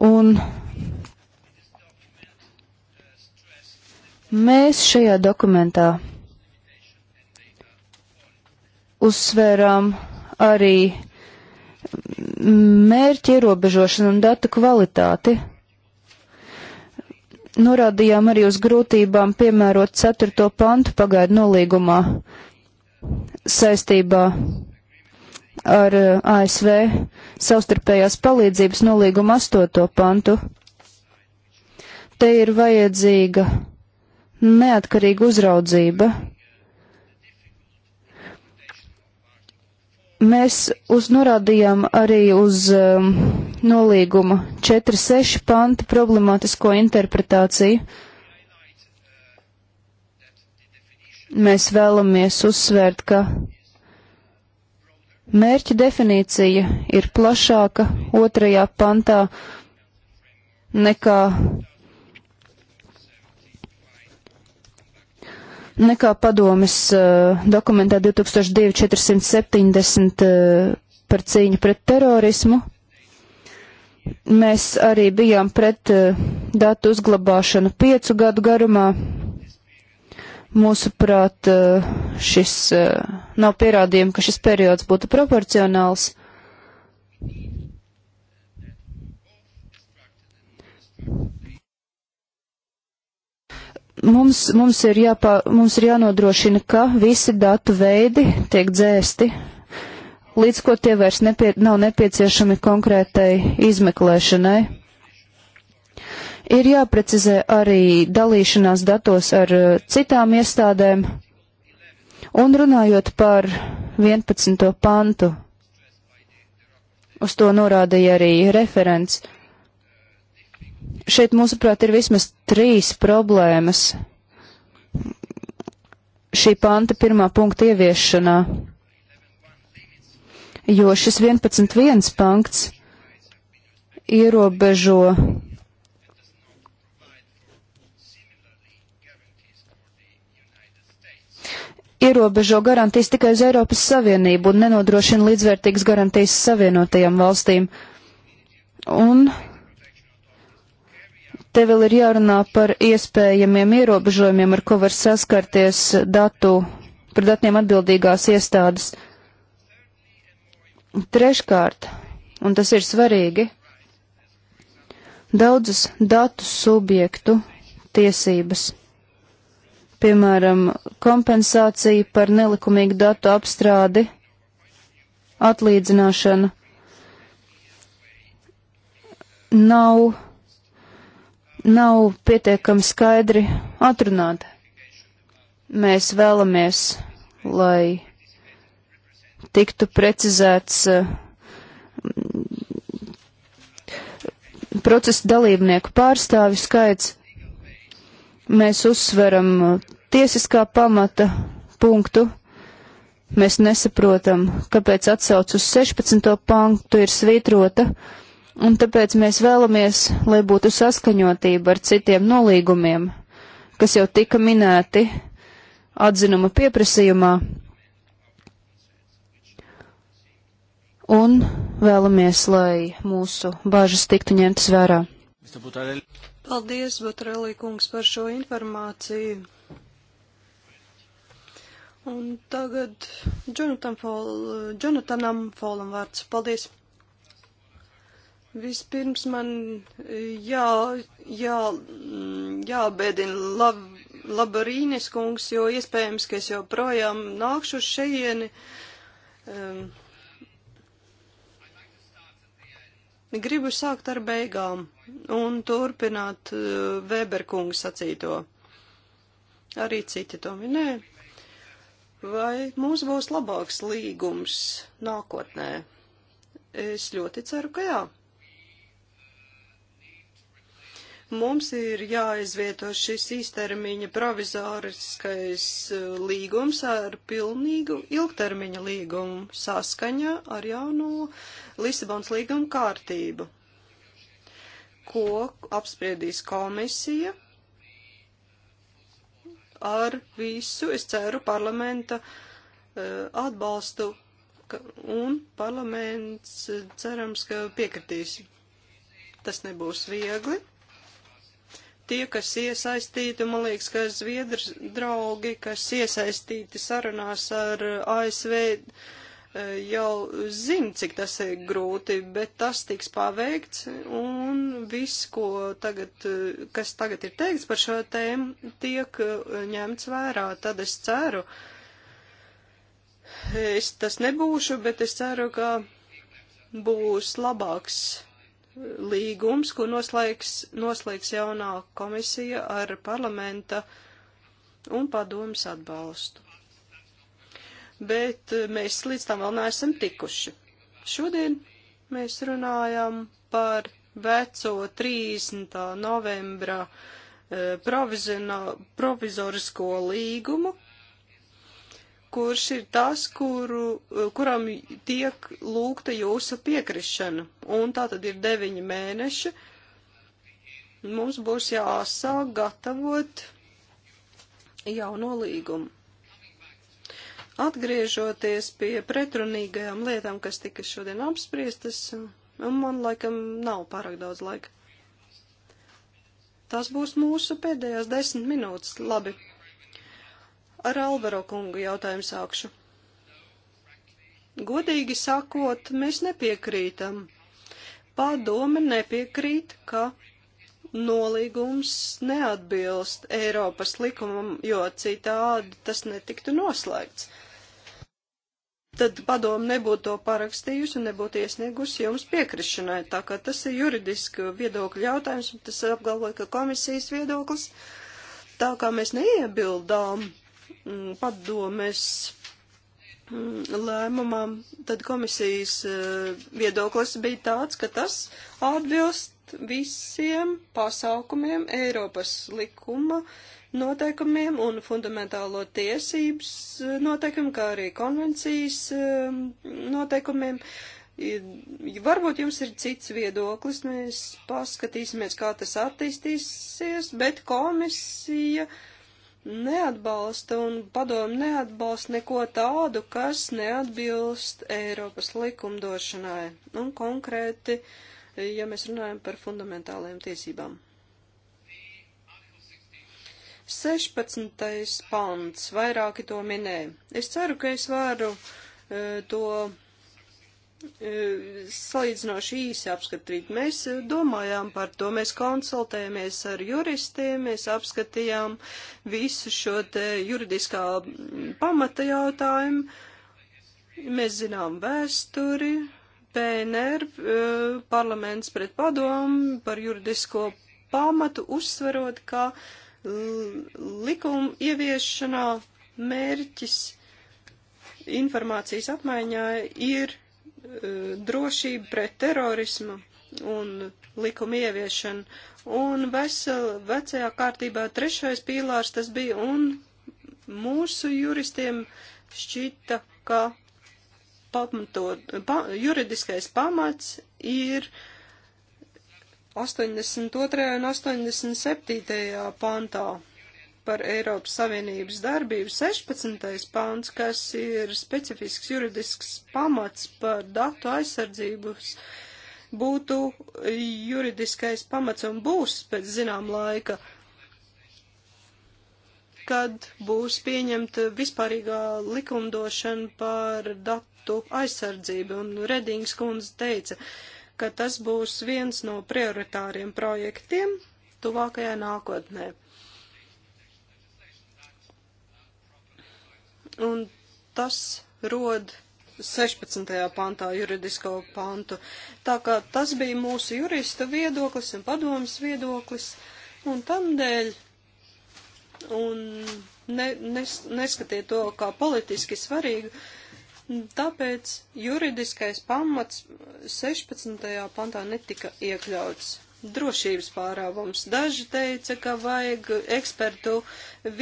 Un mēs šajā dokumentā uzsvērām arī mērķi ierobežošanu un datu kvalitāti norādījām arī uz grūtībām piemērot 4. pantu pagaidu nolīgumā saistībā ar eh, ASV savstarpējās palīdzības nolīguma 8. pantu. Te ir vajadzīga neatkarīga uzraudzība Mēs uz norādījām arī uz um, nolīguma 4.6 panta problemātisko interpretāciju. Mēs vēlamies uzsvērt, ka mērķa definīcija ir plašāka otrajā pantā nekā nekā padomis eh, dokumentā 2470 eh, par cīņu pret terorismu. Mēs arī bijām pret eh, datu uzglabāšanu piecu gadu garumā. Mūsuprāt, šis nav pierādījumi, ka šis periods būtu proporcionāls. Thank you mums, mums, ir jāpā, mums ir jānodrošina, ka visi datu veidi tiek dzēsti, līdz ko tie vairs nepie, nav nepieciešami konkrētai izmeklēšanai. Ir jāprecizē arī dalīšanās datos ar eh, citām iestādēm. Un runājot par 11. pantu, uz to norādīja arī referents šeit, mūsuprāt, ir vismaz trīs problēmas šī panta pirmā punkta ieviešanā, jo šis 11.1 punkts ierobežo ierobežo garantijas tikai uz Eiropas Savienību un nenodrošina līdzvērtīgas garantijas Savienotajām valstīm. Un Te vēl ir jārunā par iespējamiem ierobežojumiem, ar ko var saskarties datu, par datiem atbildīgās iestādes. Treškārt, un tas ir svarīgi, daudzas datu subjektu tiesības, piemēram, kompensācija par nelikumīgu datu apstrādi, atlīdzināšana, nav nav pietiekami skaidri atrunāta. Mēs vēlamies, lai tiktu precizēts mm, procesa dalībnieku pārstāvju skaits. Mēs uzsveram uh, tiesiskā pamata punktu. Mēs nesaprotam, kāpēc atsauc uz 16. punktu ir svītrota. Uh, un tāpēc mēs vēlamies, lai būtu saskaņotība ar citiem nolīgumiem, kas jau tika minēti atzinuma pieprasījumā, un vēlamies, lai mūsu bāžas tiktu ņemtas vērā. Paldies, Batrēlī kungs, par šo informāciju. Un tagad Jonathan Fall, Jonathanam Fallam vārds. Paldies! Vispirms man eh, jā, jā, mm, jābēdina lab, labarīnis kungs, jo iespējams, ka es joprojām nākšu uz šeieni. Um, gribu sākt ar beigām un turpināt uh, eh, Weberkungu sacīto. Arī citi to minē. Vai mums būs labāks līgums nākotnē? Es ļoti ceru, ka jā. Mums ir jāizvieto šis īstermiņa provizoriskais eh, līgums ar pilnīgu ilgtermiņa līgumu saskaņa ar jauno Lisabons līgumu kārtību, ko apspriedīs komisija ar visu, es ceru, parlamenta eh, atbalstu un parlaments eh, cerams, ka piekritīs. Tas nebūs viegli tie, kas iesaistīti, man liekas, ka zviedrs draugi, kas iesaistīti sarunās ar ASV, eh, jau zina, cik tas ir grūti, bet tas tiks paveikts, un viss, ko tagad, eh, kas tagad ir teikts par šo tēmu, tiek eh, ņemts vērā. Tad es ceru, es tas nebūšu, bet es ceru, ka būs labāks līgums, ko noslēgs, noslēgs jaunā komisija ar parlamenta un padomas atbalstu. Bet eh, mēs līdz tam vēl neesam tikuši. Šodien mēs runājam par veco 30. novembra eh, provizorisko līgumu, kurš ir tas, kuru, kuram tiek lūgta jūsu piekrišana. Un tā tad ir deviņi mēneši. Mums būs jāsāk gatavot jauno līgumu. Atgriežoties pie pretrunīgajām lietām, kas tika šodien apspriestas, un man laikam nav pārāk daudz laika. Tas būs mūsu pēdējās desmit minūtes. Labi, Ar Alvaro kungu jautājumu sākšu. Godīgi sakot, mēs nepiekrītam. Padome nepiekrīt, ka nolīgums neatbilst Eiropas likumam, jo citādi tas netiktu noslēgts. Tad padome nebūtu to parakstījusi un nebūtu iesniegusi jums piekrišanai, tā kā tas ir juridiski viedokļu jautājums, un tas apgalvoja, ka komisijas viedoklis, tā kā mēs neiebildām Mm, padomes mm, lēmumā, tad komisijas eh, viedoklis bija tāds, ka tas atbilst visiem pasaukumiem Eiropas likuma noteikumiem un fundamentālo tiesības eh, noteikumiem, kā arī konvencijas eh, noteikumiem. Varbūt jums ir cits viedoklis, mēs paskatīsimies, kā tas attīstīsies, bet komisija uh, neatbalsta un padomu neatbalsta neko tādu, kas neatbilst Eiropas likumdošanai un konkrēti, ja mēs runājam par fundamentālajām tiesībām. 16. pants, vairāki to minēja. Es ceru, ka es varu e, to E, salīdzinoši īsi apskatīt. Mēs domājām par to, mēs konsultējāmies ar juristiem, mēs apskatījām visu šo te juridiskā pamata jautājumu. Mēs zinām vēsturi, PNR, e, parlaments pret padomu par juridisko pamatu, uzsverot, ka likuma ieviešanā mērķis informācijas apmaiņā ir E, drošību pret terorismu un likuma ieviešanu. Un vesel, vecajā kārtībā trešais pīlārs tas bija, un mūsu juristiem šķita, ka pamatot, pa, juridiskais pamats ir 82. un 87. pantā par Eiropas Savienības darbību 16. pāns, kas ir specifisks juridisks pamats par datu aizsardzības, būtu juridiskais pamats un būs pēc zinām laika, kad būs pieņemta vispārīgā likumdošana par datu aizsardzību. Un Redings kundze teica, ka tas būs viens no prioritāriem projektiem tuvākajā nākotnē. Un tas rod 16. pantā juridisko pantu. Tā kā tas bija mūsu jurista viedoklis un padomas viedoklis, un tamdēļ, un ne, nes, neskatiet to kā politiski svarīgu, tāpēc juridiskais pamats 16. pantā netika iekļauts. Drošības pārāvums. Daži teica, ka vajag ekspertu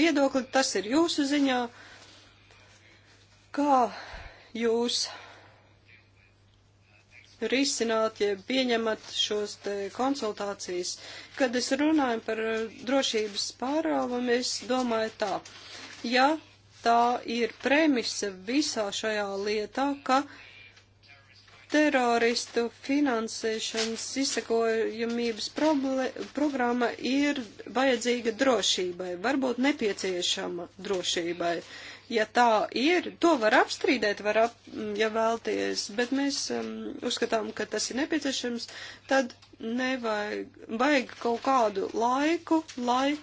viedokli, tas ir jūsu ziņā. Uh, Kā jūs risināt, ja pieņemat šos te konsultācijas. Kad es runāju par drošības pārāvumu, es domāju tā, ja tā ir premise visā šajā lietā, ka teroristu finansēšanas izsakojamības programma ir vajadzīga drošībai, varbūt nepieciešama drošībai. Uh, Ja tā ir, to var apstrīdēt, var ap, ja vēlties, bet mēs um, uzskatām, ka tas ir nepieciešams, tad nevajag, vajag kaut kādu laiku, lai,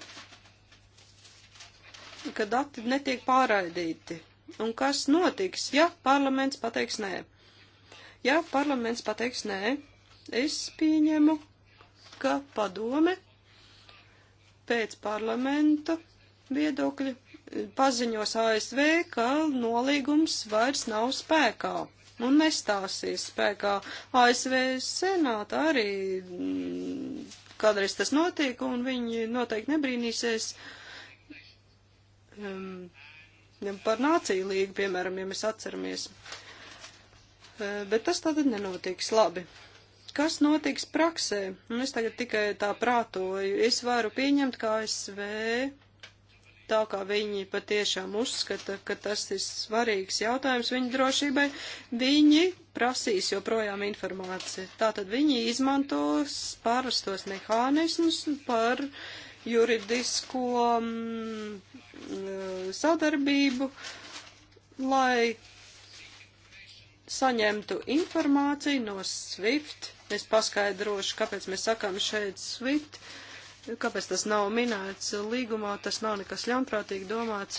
ka dati netiek pārraidīti. Un kas notiks, ja parlaments pateiks nē? Ja parlaments pateiks nē, es pieņemu, ka padome pēc parlamenta viedokļa paziņos ASV, ka nolīgums vairs nav spēkā un nestāsies spēkā. ASV senāta arī mm, kādreiz tas notiek, un viņi noteikti nebrīnīsies um, par nāciju līgu, piemēram, ja mēs atceramies. Uh, bet tas tātad nenotiks labi. Kas notiks praksē? Un es tagad tikai tā prātoju. Es varu pieņemt, ka ASV tā kā viņi patiešām uzskata, ka tas ir svarīgs jautājums viņu drošībai, viņi prasīs joprojām informāciju. Tātad viņi izmantos pārastos mehānismus par juridisko mm, eh, sadarbību, lai saņemtu informāciju no SWIFT. Es paskaidrošu, kāpēc mēs sakām šeit SWIFT. Uh, kāpēc tas nav minēts līgumā, tas nav nekas ļaunprātīgi domāts.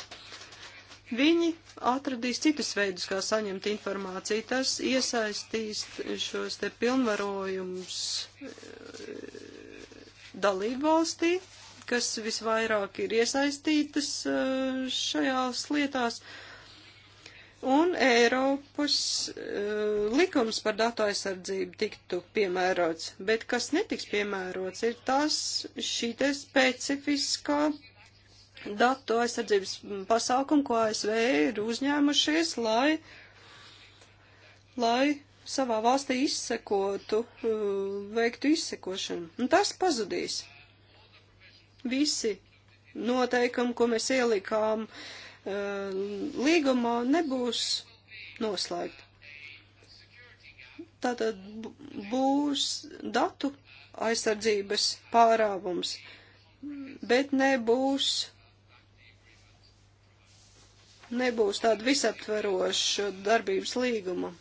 Viņi atradīs citus veidus, kā saņemt informāciju. Tas iesaistīs šos te pilnvarojums eh, dalību valstī, kas visvairāk ir iesaistītas eh, šajās lietās. Uh, un Eiropas uh, likums par datu aizsardzību tiktu piemērots, bet kas netiks piemērots, ir tas šī te specifiskā datu aizsardzības pasākuma, ko ASV ir uzņēmušies, lai, lai savā valstī izsekotu, uh, veiktu izsekošanu. Un tas pazudīs. Visi noteikumi, ko mēs ielikām, uh, Eh, līgumā nebūs noslēgta. Tātad būs datu aizsardzības pārāvums, bet nebūs, nebūs tāda visaptveroša darbības līguma.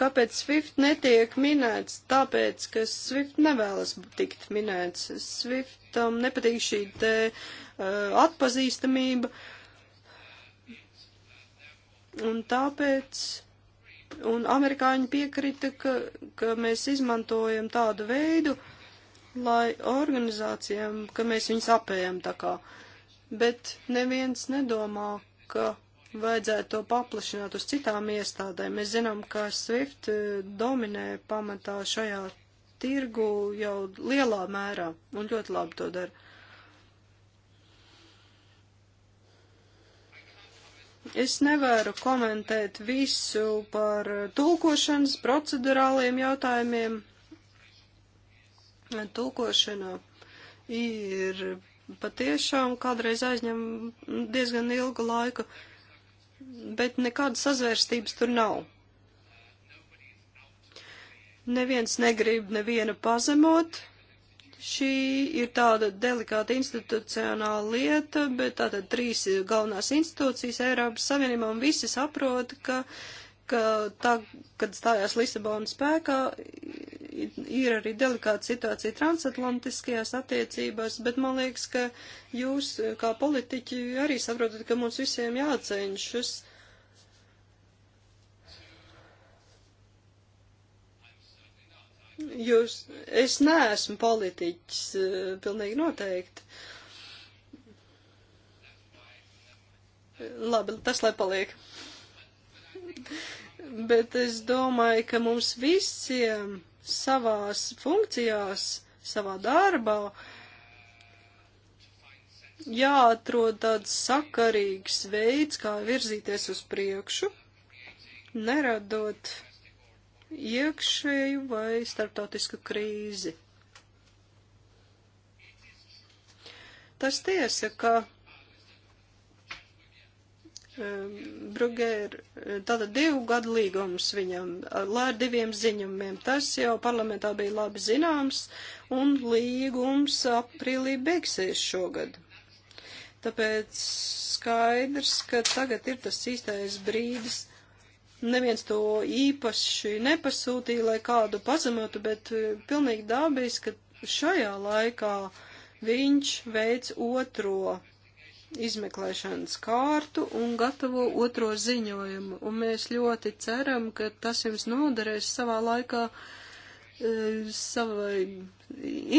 Kāpēc Swift netiek minēts? Tāpēc, ka Swift nevēlas tikt minēts. Swiftam nepatīk šī te uh, atpazīstamība. Un tāpēc, un amerikāņi piekrita, ka, ka mēs izmantojam tādu veidu, lai organizācijām, ka mēs viņus apējam tā kā. Bet neviens nedomā, ka vajadzētu to paplašināt uz citām iestādēm. Mēs zinām, ka SWIFT eh, dominē pamatā šajā tirgu jau lielā mērā un ļoti labi to dara. Es nevaru komentēt visu par tulkošanas procedurāliem jautājumiem. Tulkošana ir patiešām kādreiz aizņem diezgan ilgu laiku. Uh, bet nekādas sazvērstības tur nav. Neviens negrib nevienu pazemot. Šī ir tāda delikāta institucionāla lieta, bet tātad trīs galvenās institūcijas Eiropas Savienībā un visi saprot, ka, ka tā, kad stājās Lisabona spēkā, ir arī delikāta situācija transatlantiskajās attiecībās, bet man liekas, ka jūs kā politiķi arī saprotat, ka mums visiem jāceņšas. Jūs, es neesmu politiķis, eh, pilnīgi noteikti. Labi, tas lai paliek. Bet es domāju, ka mums visiem savās funkcijās, savā darbā jāatrod tāds sakarīgs veids, kā virzīties uz priekšu, neradot iekšēju vai starptautisku krīzi. Tas tiesa, ka Um, Brugger, uh, tāda divu gadu līgums viņam uh, ar diviem ziņumiem. Tas jau parlamentā bija labi zināms, un līgums aprīlī beigsies šogad. Tāpēc skaidrs, ka tagad ir tas īstais brīdis. Neviens to īpaši nepasūtīja, lai kādu pazemotu, bet uh, pilnīgi dabiski, ka šajā laikā viņš veic otro izmeklēšanas kārtu un gatavo otro ziņojumu. Un mēs ļoti ceram, ka tas jums noderēs savā laikā e, savai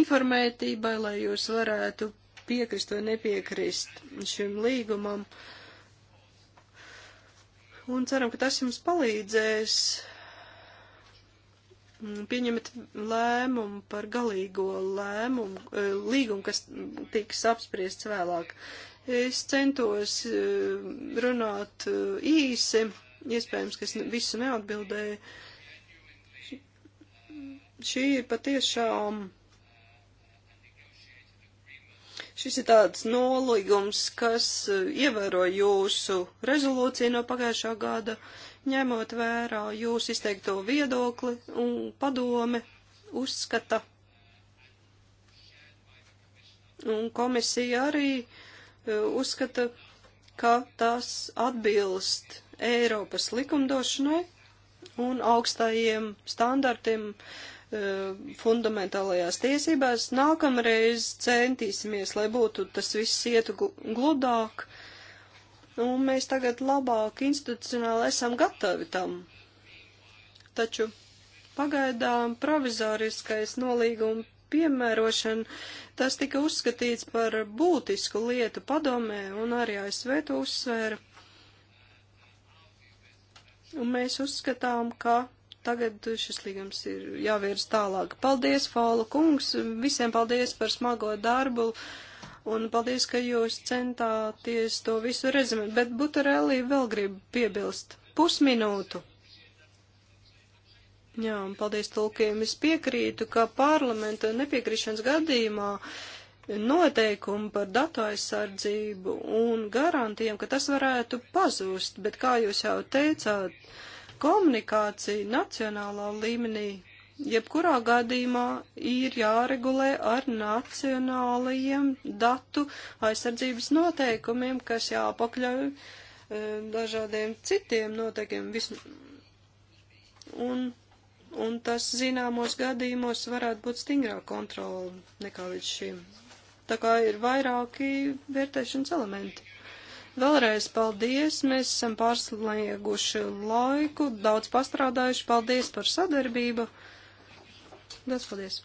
informētībai, lai jūs varētu piekrist vai nepiekrist šim līgumam. Un ceram, ka tas jums palīdzēs pieņemt lēmumu par galīgo lēmumu, e, līgumu, kas tiks apspriests vēlāk. Es centos eh, runāt eh, īsi, iespējams, ka es visu neatbildēju. Šī ir patiešām. Šis ir tāds nolīgums, kas eh, ievēro jūsu rezolūciju no pagājušā gada, ņemot vērā jūsu izteikto viedokli un padome uzskata. Un komisija arī uh, E, uzskata, ka tas atbilst Eiropas likumdošanai un augstajiem standartiem e, fundamentālajās tiesībās. Nākamreiz centīsimies, lai būtu tas viss ietu gludāk, un mēs tagad labāk institucionāli esam gatavi tam. Taču pagaidām provizoriskais nolīguma piemērošana, tas tika uzskatīts par būtisku lietu padomē un arī ASV to uzsvēra. Un mēs uzskatām, ka tagad šis līgums ir jāvirs tālāk. Paldies, Fāla kungs, visiem paldies par smago darbu un paldies, ka jūs centāties to visu rezumēt, bet Butarelli vēl grib piebilst pusminūtu. Jā, un paldies tulkiem. Es piekrītu, ka parlamenta nepiekrišanas gadījumā noteikumi par datu aizsardzību un garantijām, ka tas varētu pazust, bet kā jūs jau teicāt, komunikācija nacionālā līmenī jebkurā gadījumā ir jāregulē ar nacionālajiem datu aizsardzības noteikumiem, kas jāpakļauj e, dažādiem citiem noteikumiem. Vis... Un un tas zināmos gadījumos varētu būt stingrāk kontrola nekā līdz šim. Tā kā ir vairāki vērtēšanas elementi. Vēlreiz paldies, mēs esam pārslēguši laiku, daudz pastrādājuši, paldies par sadarbību. Daudz paldies!